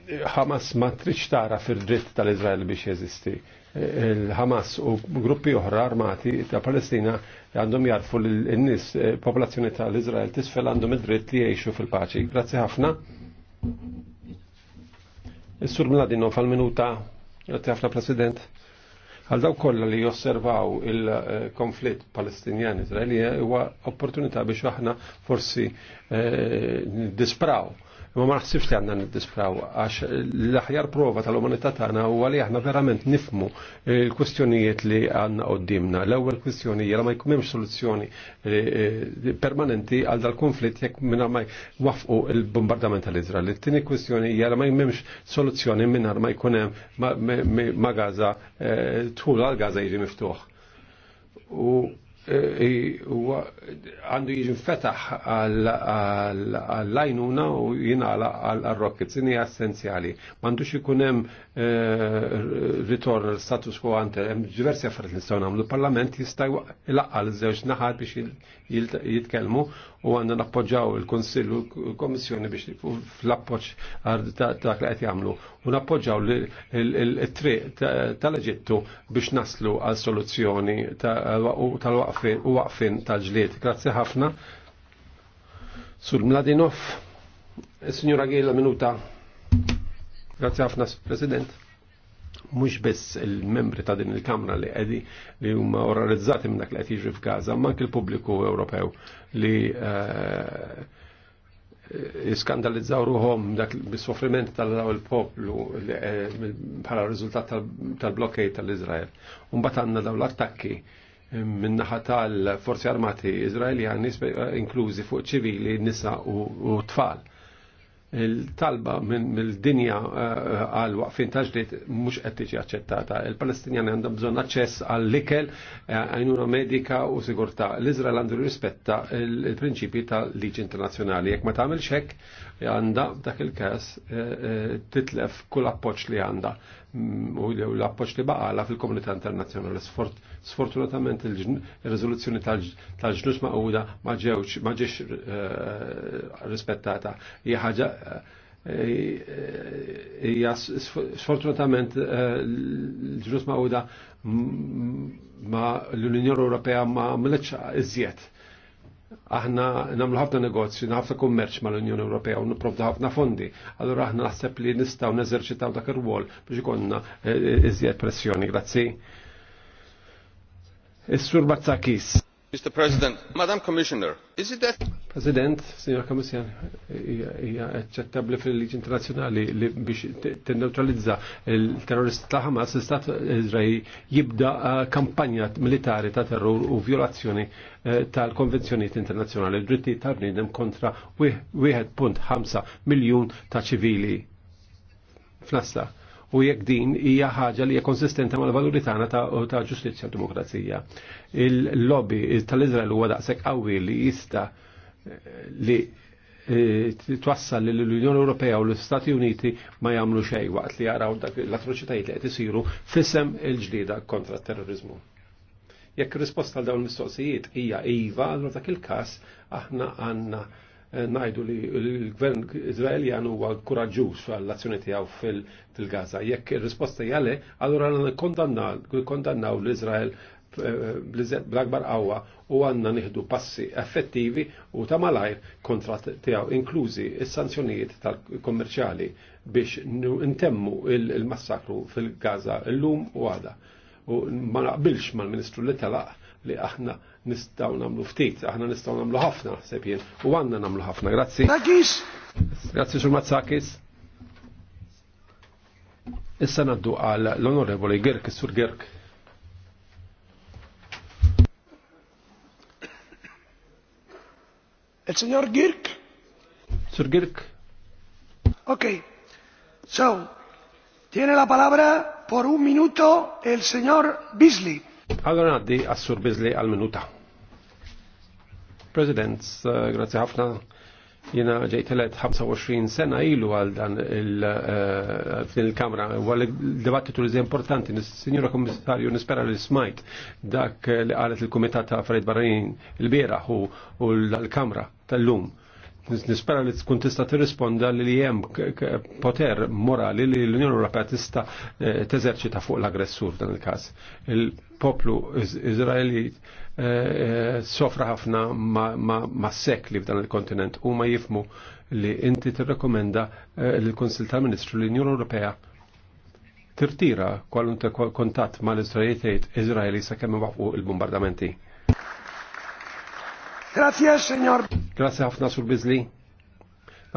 Hamas ma tridx tara fil-dritt tal-Izrael biex jeżisti. Il-Hamas u gruppi oħra armati ta' Palestina għandhom jarfu l-nis eh, popolazzjoni tal-Izrael tisfel għandhom id-dritt li jgħixu fil-paċi. Grazzi ħafna. Is-sur Mladino fal-minuta, Grazie ħafna President. Għal daw kollha li josservaw il-konflitt Palestinjan Izraelija huwa opportunità biex aħna forsi dispraw eh, Ma ma naħsibx li għandna niddisfraw, għax l-aħjar prova tal-umanità tagħna huwa li aħna verament nifmu l-kwistjonijiet li għandna qoddimna. L-ewwel kwistjoni hija ma jkun hemmx soluzzjoni eh, eh, permanenti għal dal-konflitt jekk mingħajr ma wafqu l-bombardament tal-Iżrael. It-tieni kwistjoni hija ma jkunx soluzzjoni mingħajr ma jkun hemm ma Gaza eh, tħul għal Gaza jiġi miftuħ. Eh, eh, għandu jiġi fetaħ għall-lajnuna u jina għall-rockets, jini essenzjali. Mandux ikunem Eh, ritor status quo ante, hemm diversi affarijiet li nistgħu nagħmlu. Il-Parlament jista' ilaqqal żewġ naħar biex jitkellmu u għandna nappoġġaw il kunsill u l-Kommissjoni biex fl-appoġġ dak li qed jagħmlu u nappoġġaw it-triq tal-Eġittu biex naslu għal soluzzjoni tal-waqfin tal-ġlied. Grazzi ħafna. Sur Mladinov, e signora Gejla minuta. Grazie ħafna, President. Mhux biss il-membri ta' din il-Kamra li qedi li huma orarizzati minn dak li qed jiġri f'Gaza, ma anke l-pubbliku Ewropew li eh, iskandalizzaw ruħom dak bis-soffriment tal-daw il-poplu eh, bħala riżultat tal-blokkej tal-Izrael. Umbat għandna daw l-attakki minnaħa tal-forzi armati Izraeljani inklużi fuq ċivili, nisa u tfal il-talba mill-dinja eh, għal waqfin ta' ġdid mhux qed tiġi aċċettata. Il-Palestinjani għandhom bżonn aċċess għall ikel eh, għajnuna medika u sigurtà. L-Iżrael għandu rispetta il-prinċipji ta' liġi internazzjonali. Jekk ma għamil xek, għandha dak il-każ eh, titlef kull appoġġ li għandha mm, u l-appoġġ li baqala fil-komunità internazzjonali. Sfortunatament il-riżoluzzjoni tal-ġnus maquda ma ġewx ma ġiex rispettata. Hija ħaġa Eh, eh, eh, sfortunatament l ma' uda ma l-Unjoni Ewropea ma mletx iżjed. Aħna nagħmlu ħafna negozju, ħafna kummerċ mal-Unjoni Ewropea u nipprovdu ħafna fondi. Allura aħna naħseb li nistgħu neżerċitaw dak ir-rwol biex ikonna iżjed pressjoni. Grazzi. Is-Sur Bazzakis. Mr. President, Madam Commissioner, is it that... President, Signor Komissjan, hija aċċettabbli fil-liġi internazjonali li biex t-neutralizza il-terrorist ta' Hamas, l-Istat Izrael jibda eh, kampanja militari ta' terror u violazzjoni eh, tal-konvenzjoniet internazjonali dritti ta' bnidem kontra 1.5 miljon ta' ċivili. Flasta u jekk din hija ħaġa li hija konsistenti mal-valuri tagħna ta' ġustizzja u demokrazija. Il-lobby tal-Iżrael huwa daqshekk qawwi li jista' li eh, twassal li l-Unjoni Ewropea u l-Istati Uniti ma jagħmlu xejn waqt li jaraw dak l-atroċitajiet li qed isiru fissem il ġdida kontra terrorizmu. Jekk risposta għal dawn mistoqsijiet hija iva, allura dak il-każ aħna għandna Eh, najdu li l-gvern Izraeljan huwa kuraġġuż għall-azzjoni tiegħu fil-Gaza. Jekk ir-risposta hija allura kondannaw eh, l-Izrael bl-akbar qawwa u għandna nieħdu passi effettivi u ta' malajr kontra tiegħu inklużi s-sanzjonijiet tal-kommerċjali biex intemmu il-massakru fil-Gaza llum u għada. U ma naqbilx mal-Ministru li talaq li aħna nistaw namlu ftit, aħna nistaw namlu ħafna, sebjien, u għanna namlu ħafna, grazzi. Takis! Grazzi xur Mazzakis. Issa naddu għal l-onorevoli Gerk, sur Gerk. il senjor Girk? Sur Girk? Ok. So, tiene la palabra por un minuto il señor Bisley. Allora għaddi għassur bizli għal-minuta. President, eh, grazie ħafna. Jena ġejt 25 sena ilu għal dan eh, il-kamra, għal il debattitu li importanti, signora Kommissarju, nispera li smajt dak li għalet il komitata ta' Fred Barrin il bira u l-Kamra tal-lum nispera li tkun tista tirrisponda li hemm poter morali li l-Unjoni Ewropea tista eh, teżerċita fuq l-aggressur f'dan il-każ. Il-poplu Izraeli eh, eh, sofra ħafna ma' sekli f'dan il-kontinent u ma jifmu li inti tirrekomenda l-Konsil tal-Ministru l-Unjoni Ewropea tirtira kwalunkwe kontatt mal-Izraeli Izraeli sakemm waqfu il-bombardamenti. Grazie, signor. Grazie ħafna sur Bizli.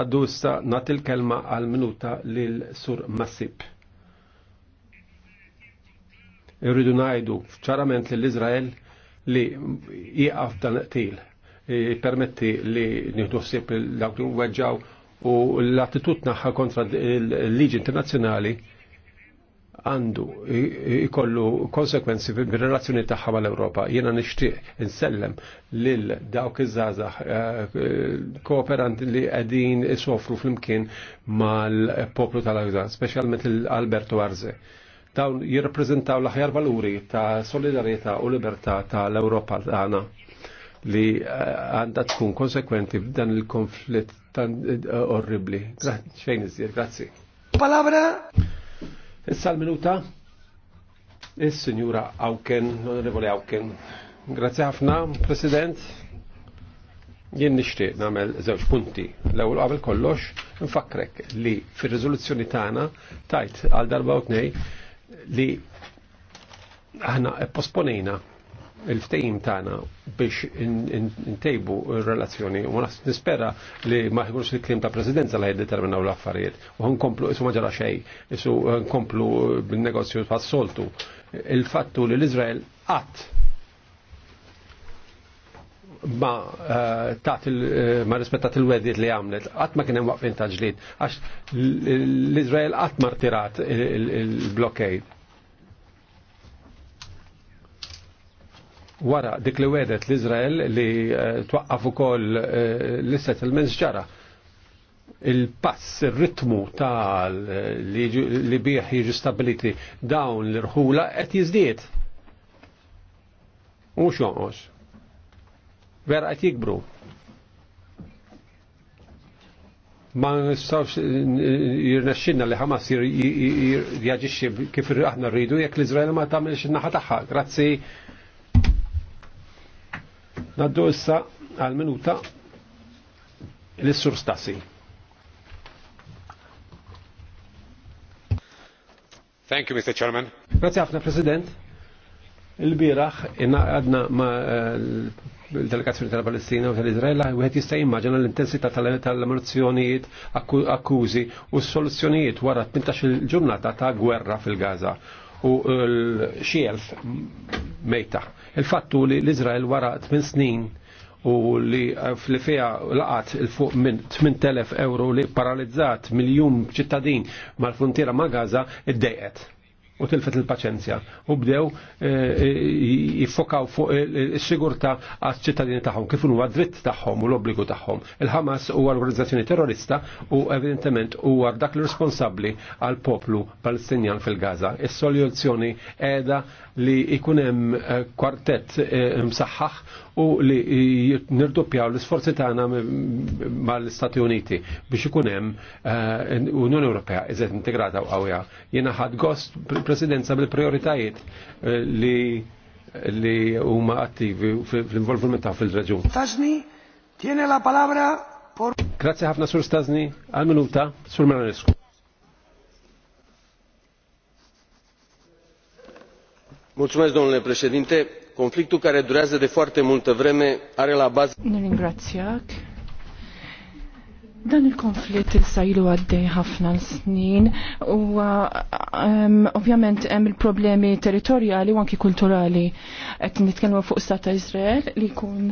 Għaddu sta natil il-kelma għal minuta lil sur Massib. Irridu najdu ċarament l izrael li jieqaf dan qtil permetti li nieħdu sib l-dawk weġġaw u l-attitudna kontra l-liġi internazzjonali għandu ikollu konsekwenzi bil-relazzjoni tagħha mal-Ewropa. Jiena nixtieq insellem lil dawk iż-żgħażagħ eh, kooperanti li qegħdin isofru flimkien mal-poplu tal-Awżan, speċjalment l-Alberto Arze. Dawn jirrappreżentaw l-aħjar valuri ta' solidarjetà u libertà tal-Ewropa tagħna li eh, għandha tkun konsekwenti f'dan il-konflitt tan eh, orribli. Xejn iżjed, grazzi. Palabra Issa l-minuta, il-Sinjura Awken, onorevole Awken. Grazie ħafna, President. Jien nixtieq nagħmel żewġ punti. L-ewwel qabel kollox nfakrek li fir-riżoluzzjoni tagħna tajt għal darba u li aħna posponejna il-ftejim tagħna biex intejbu r-relazzjoni u nispera li ma jkunx il-klim ta' presidenza li jiddeterminaw l-affarijiet. U nkomplu isu ma ġara xejn, isu nkomplu bil negozju tas-soltu. Il-fattu li l-Iżrael qatt ma eh, tat eh, ma rispettat il weddiet li għamlet, qatt ma kien hemm waqfin ta' ġlid, għax l izrael qatt martirat il-blockade wara dik li wedet l-Izrael li eh, twaqqaf ukoll eh, l-settlements ġara il-pass, il-ritmu tal eh, li bieħ jiġu stabiliti dawn l-irħula qed jiżdied. Mhux jonqos. Vera qed jikbru. Ma nistawx jirnexxinna li ħamas jaġixxi kif aħna rridu jekk l-Iżrael ma tagħmilx in-naħa tagħha. Grazzi Naddu issa għal-minuta l issur Stasi. Thank you, Mr. Chairman. Grazie ħafna, President. Il-biraħ għadna ma eh, il-delegazzjoni tal-Palestina u tal-Izraela u għet jista' jimmaġina l-intensità tal-emozjonijiet, akkużi u soluzzjonijiet wara 18 ġurnata ta' gwerra fil-Gaza u l-xielf mejta Il-fattu li l-Izrael wara 8 snin u li eh, fl-fija laqat il-fuq minn 8000 euro li paralizzat miljon ċittadin mal-frontiera ma' Gaza id-dejqet u tilfet il-paċenzja u bdew eh, eh, jiffokaw fuq il-sigurta eh, għas ċittadini tagħhom kif huwa dritt tagħhom u l-obbligu tagħhom. Il-Hamas huwa l-organizzazzjoni terrorista u evidentement huwa dak li responsabbli għal poplu Palestinjan fil-Gaza. is soljuzzjoni qiegħda li jkun hemm kwartett msaħħaħ u li nirdoppjaw l-sforzi tagħna mal-Stati Uniti biex ikun hemm eh, Unjoni Ewropea iżed integrata u Jiena ħadd gost presidenza bil-prioritajiet eh, li li huma attivi fl-involviment ta' fil-reġun. Tażni, tiene la palabra por. Grazie ħafna sur Stażni għal minuta sur Maranesku. Mulțumesc, domnule președinte Conflictul care durează de foarte multă vreme are la bază Dan il-konflitt il-sajlu għaddej ħafna snin u ovvjament hemm il-problemi territorjali u anki kulturali qed nitkellmu fuq stat ta' Iżrael li jkun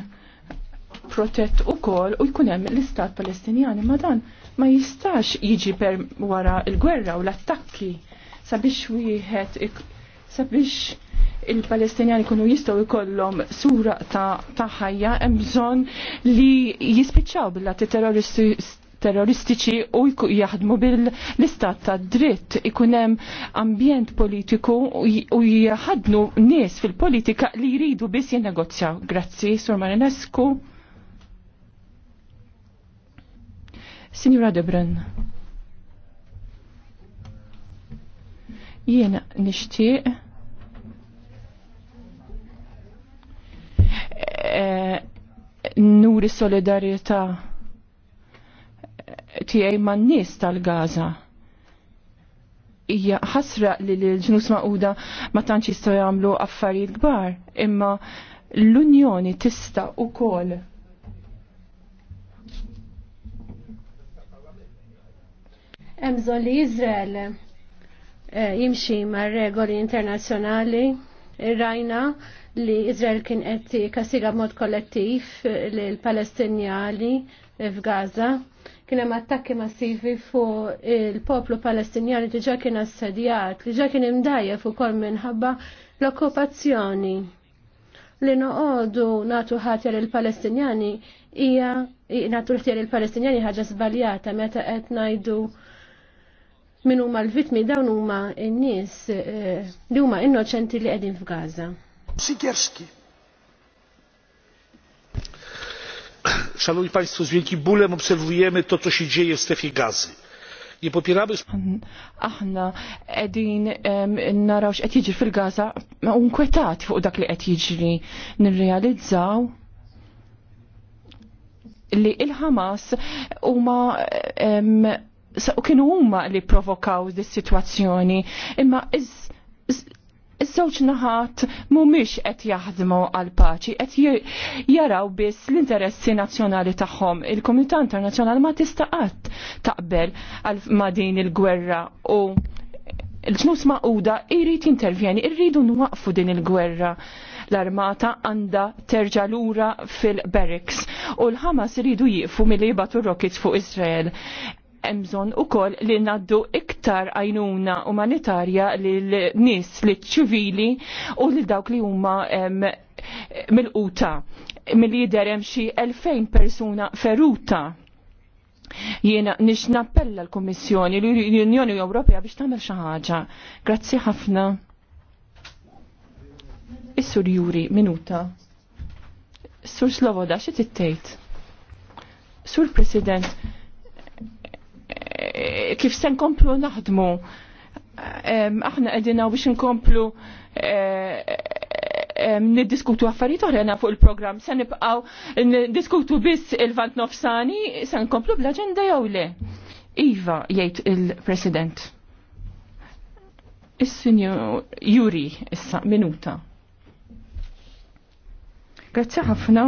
protett ukoll u jkun hemm l-istat Palestinjani ma dan ma jistax jiġi per wara l-gwerra u l-attakki sabiex wieħed sabiex il-Palestinjani kunu jistaw ikollhom sura ta' ħajja hemm bżonn li jispiċċaw bil-lati terroristiċi u jaħdmu bil-istat ta' dritt ikunem ambjent politiku u jaħadnu nies fil-politika li jridu biss jinnegozjaw. Grazzi, Sur Marinescu. Signora Debren. Jiena nixtieq Eh, nuri solidarieta eh, tiegħi man-nies tal-Gaza. Hija ħasra li l-ġnus maquda ma tantx jistgħu jagħmlu affarijiet kbar, imma l-Unjoni tista' ukoll Hemm li Izrael eh, jimxi mar regoli internazzjonali, rajna li Izrael kien qed kasira mod kollettiv lil Palestinjani f'Gaza. Kien hemm attakki massivi fuq il-poplu Palestinjani diġà kien assedjat, li ġa kien imdajjef ukoll minħabba l-okkupazzjoni. Li noqogħdu nagħtu ħatja lil Palestinjani hija nagħtu ħtija lil Palestinjani ħaġa żbaljata meta qed ngħidu min huma l-vitmi dawn huma n-nies eh, li huma innoċenti li qegħdin f'Gaza. Sikierski. Szanowni Państwo, z wielkim bólem obserwujemy to, co się dzieje w strefie gazy. Nie popieramy... Aħna edin naraw x'qed jiġri fil-Gaza unkwetat fuq dak li qed jiġri nirrealizzaw li il-Hamas huma kienu huma li provokaw dis-sitwazzjoni imma iż Iż-żewġ naħat mhumiex qed jaħdmu għal paċi, qed jaraw biss l-interessi nazzjonali tagħhom. Il-Komunità Internazzjonali ma tista' qatt taqbel għal ma din il-gwerra u l-ġnus maquda irrid jintervjeni, irridu nwaqfu din il-gwerra l-armata għanda terġa lura fil-barracks u l-ħamas iridu jifu mill-li jibatu rockets fuq Izrael emżon u koll li naddu iktar għajnuna umanitarja li l-nis, li ċivili u li dawk li huma mil-quta. Mill-lider xi 2000 persuna feruta jiena nix nappella l-Kommissjoni, l-Unjoni Ewropea biex tagħmel xi ħaġa. Grazzi ħafna. Is-Sur Juri, minuta. Sur Slovoda, xi tittejt? Sur President, kif se nkomplu naħdmu. Aħna qegħdin biex nkomplu eh, niddiskutu affarijiet oħrajna fuq il-programm, se nibqgħu niddiskutu biss il-vant nofsani, se nkomplu bl-aġenda jew le. Iva, jgħid il-President. Is-Sinjur Juri, issa, minuta. Grazzi ħafna.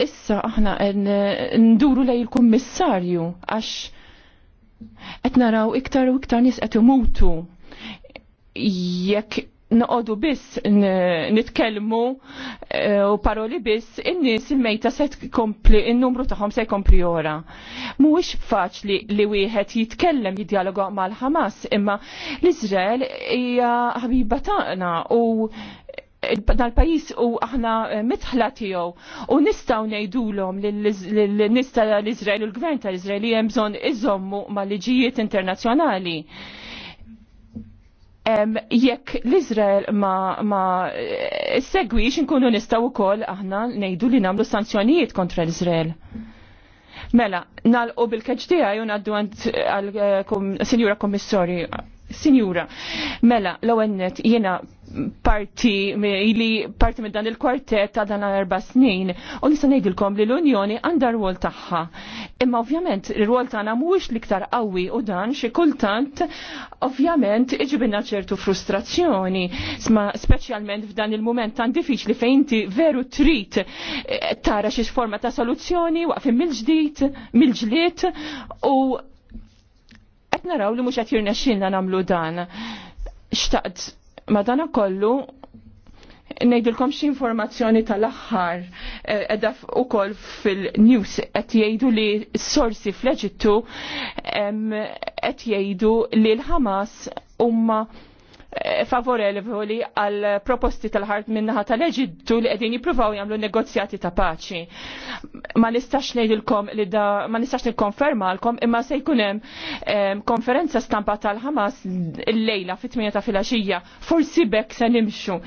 Issa aħna nduru lej il-kommissarju għax qed naraw iktar u iktar nies qed imutu jekk noqodu biss nitkellmu eh, u paroli biss in-nies il-mejta se tkompli in-numru tagħhom se jkompli ora. Mhuwiex faċli li wieħed jitkellem jidjaloga mal-Ħamas imma l-Iżrael hija ħabiba tagħna u dal-pajis u aħna mitħla tiegħu u nistgħu ngħidulhom lil-nista l-Iżrael u l-gvern tal-Iżrael li hemm bżonn iżommu mal-liġijiet internazzjonali jekk l-Izrael ma, ma eh, segwix nkunu nistaw ukoll aħna nejdu li namlu sanzjonijiet kontra l-Izrael. Mela, nalqu bil-keġ tiegħi u ngħaddu għand għal-Sinjura eh, komissori Sinjura, mela, l-għennet jena parti li parti minn dan il-kwartet ta' dan l-erba snin u nista' ngħidilkom li l-Unjoni għandha rwol tagħha. Imma ovvjament ir-rwol tagħna mhuwiex l-iktar qawwi u dan xi kultant ovvjament iġibinna ċertu frustrazzjoni, sma speċjalment f'dan il-mument tan diffiċli fejn inti veru trid eh, tara xi forma ta' soluzzjoni waqfim mill-ġdid, mill-ġlied u qed naraw li mhux qed jirnexxilna nagħmlu dan. Xtaqt madana kollu nejdilkom xie informazzjoni tal aħħar e, edha u fil-news et jgħidu li s sorsi fl-Eġittu et jgħidu li l ħamas umma Eh, favorevoli għal proposti tal-ħart minnaħa tal-Eġittu li qegħdin jippruvaw jagħmlu negozjati ta' paċi. Ma nistax ngħidilkom li da ma nistax nikkonfermalkom imma se jkun hemm konferenza stampa tal-Ħamas l-lejla fit-8 ta' filgħaxija forsi bekk se nimxu.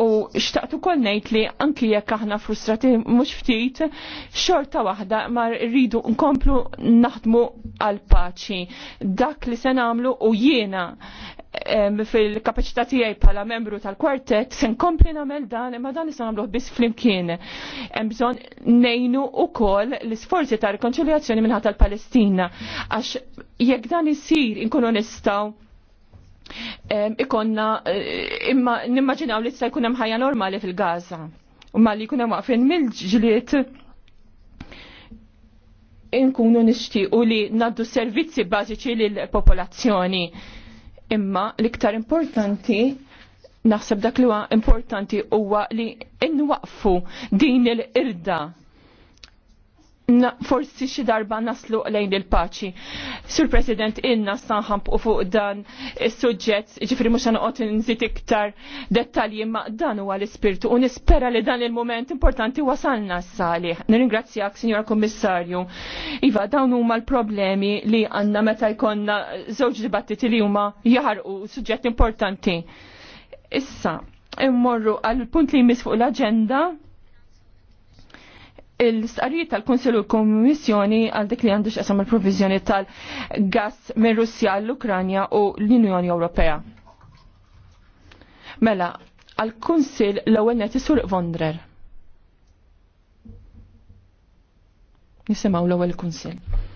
U xtaqtu kol ngħid li anki jekk aħna frustrati mhux ftit xorta waħda ma rridu nkomplu naħdmu għal paċi. Dak li se nagħmlu u jiena fil-kapacità tiegħi bħala membru tal-kwartet se nkompli nagħmel dan imma dan nista' nagħmluh biss flimkien. Hemm bżonn ngħinu wkoll l-isforzi ta' rikonċiljazzjoni minħat tal-Palestina għax jekk dan isir inkunu nistgħu ikonna eh, imma nimmaġinaw li tista' jkun hemm ħajja normali fil-Gaza. Imma li jkun hemm waqfin mill-ġlied inkunu nixtiequ li naddu servizzi bażiċi lill-popolazzjoni Imma l-iktar importanti naħseb dak li huwa importanti huwa li nwaqfu din il-irda forsi xi darba naslu lejn il-paċi. Sur President, inna sanħamp u fuq dan is-suġġett, ġifri mhux noqgħod inżid iktar dettalji ma' dan huwa l-ispirtu u nispera li dan il-moment importanti wasalna s-sali. Nirringrazzjak, Sinjora Kommissarju. Iva, dawn huma l-problemi li għandna meta jkollna żewġ dibattiti li huma jaħarqu suġġett importanti. Issa, immorru għal punt li jmiss fuq l-aġenda il sarijiet tal konsilu Kommissjoni għal dik li għandu x'qasam il-provizjoni tal-gas minn Russja l-Ukranja u l-Unjoni Ewropea. Mela, għal konsil l-ewwel netisur isur Vondrer. Nisimaw l-ewwel Konsil.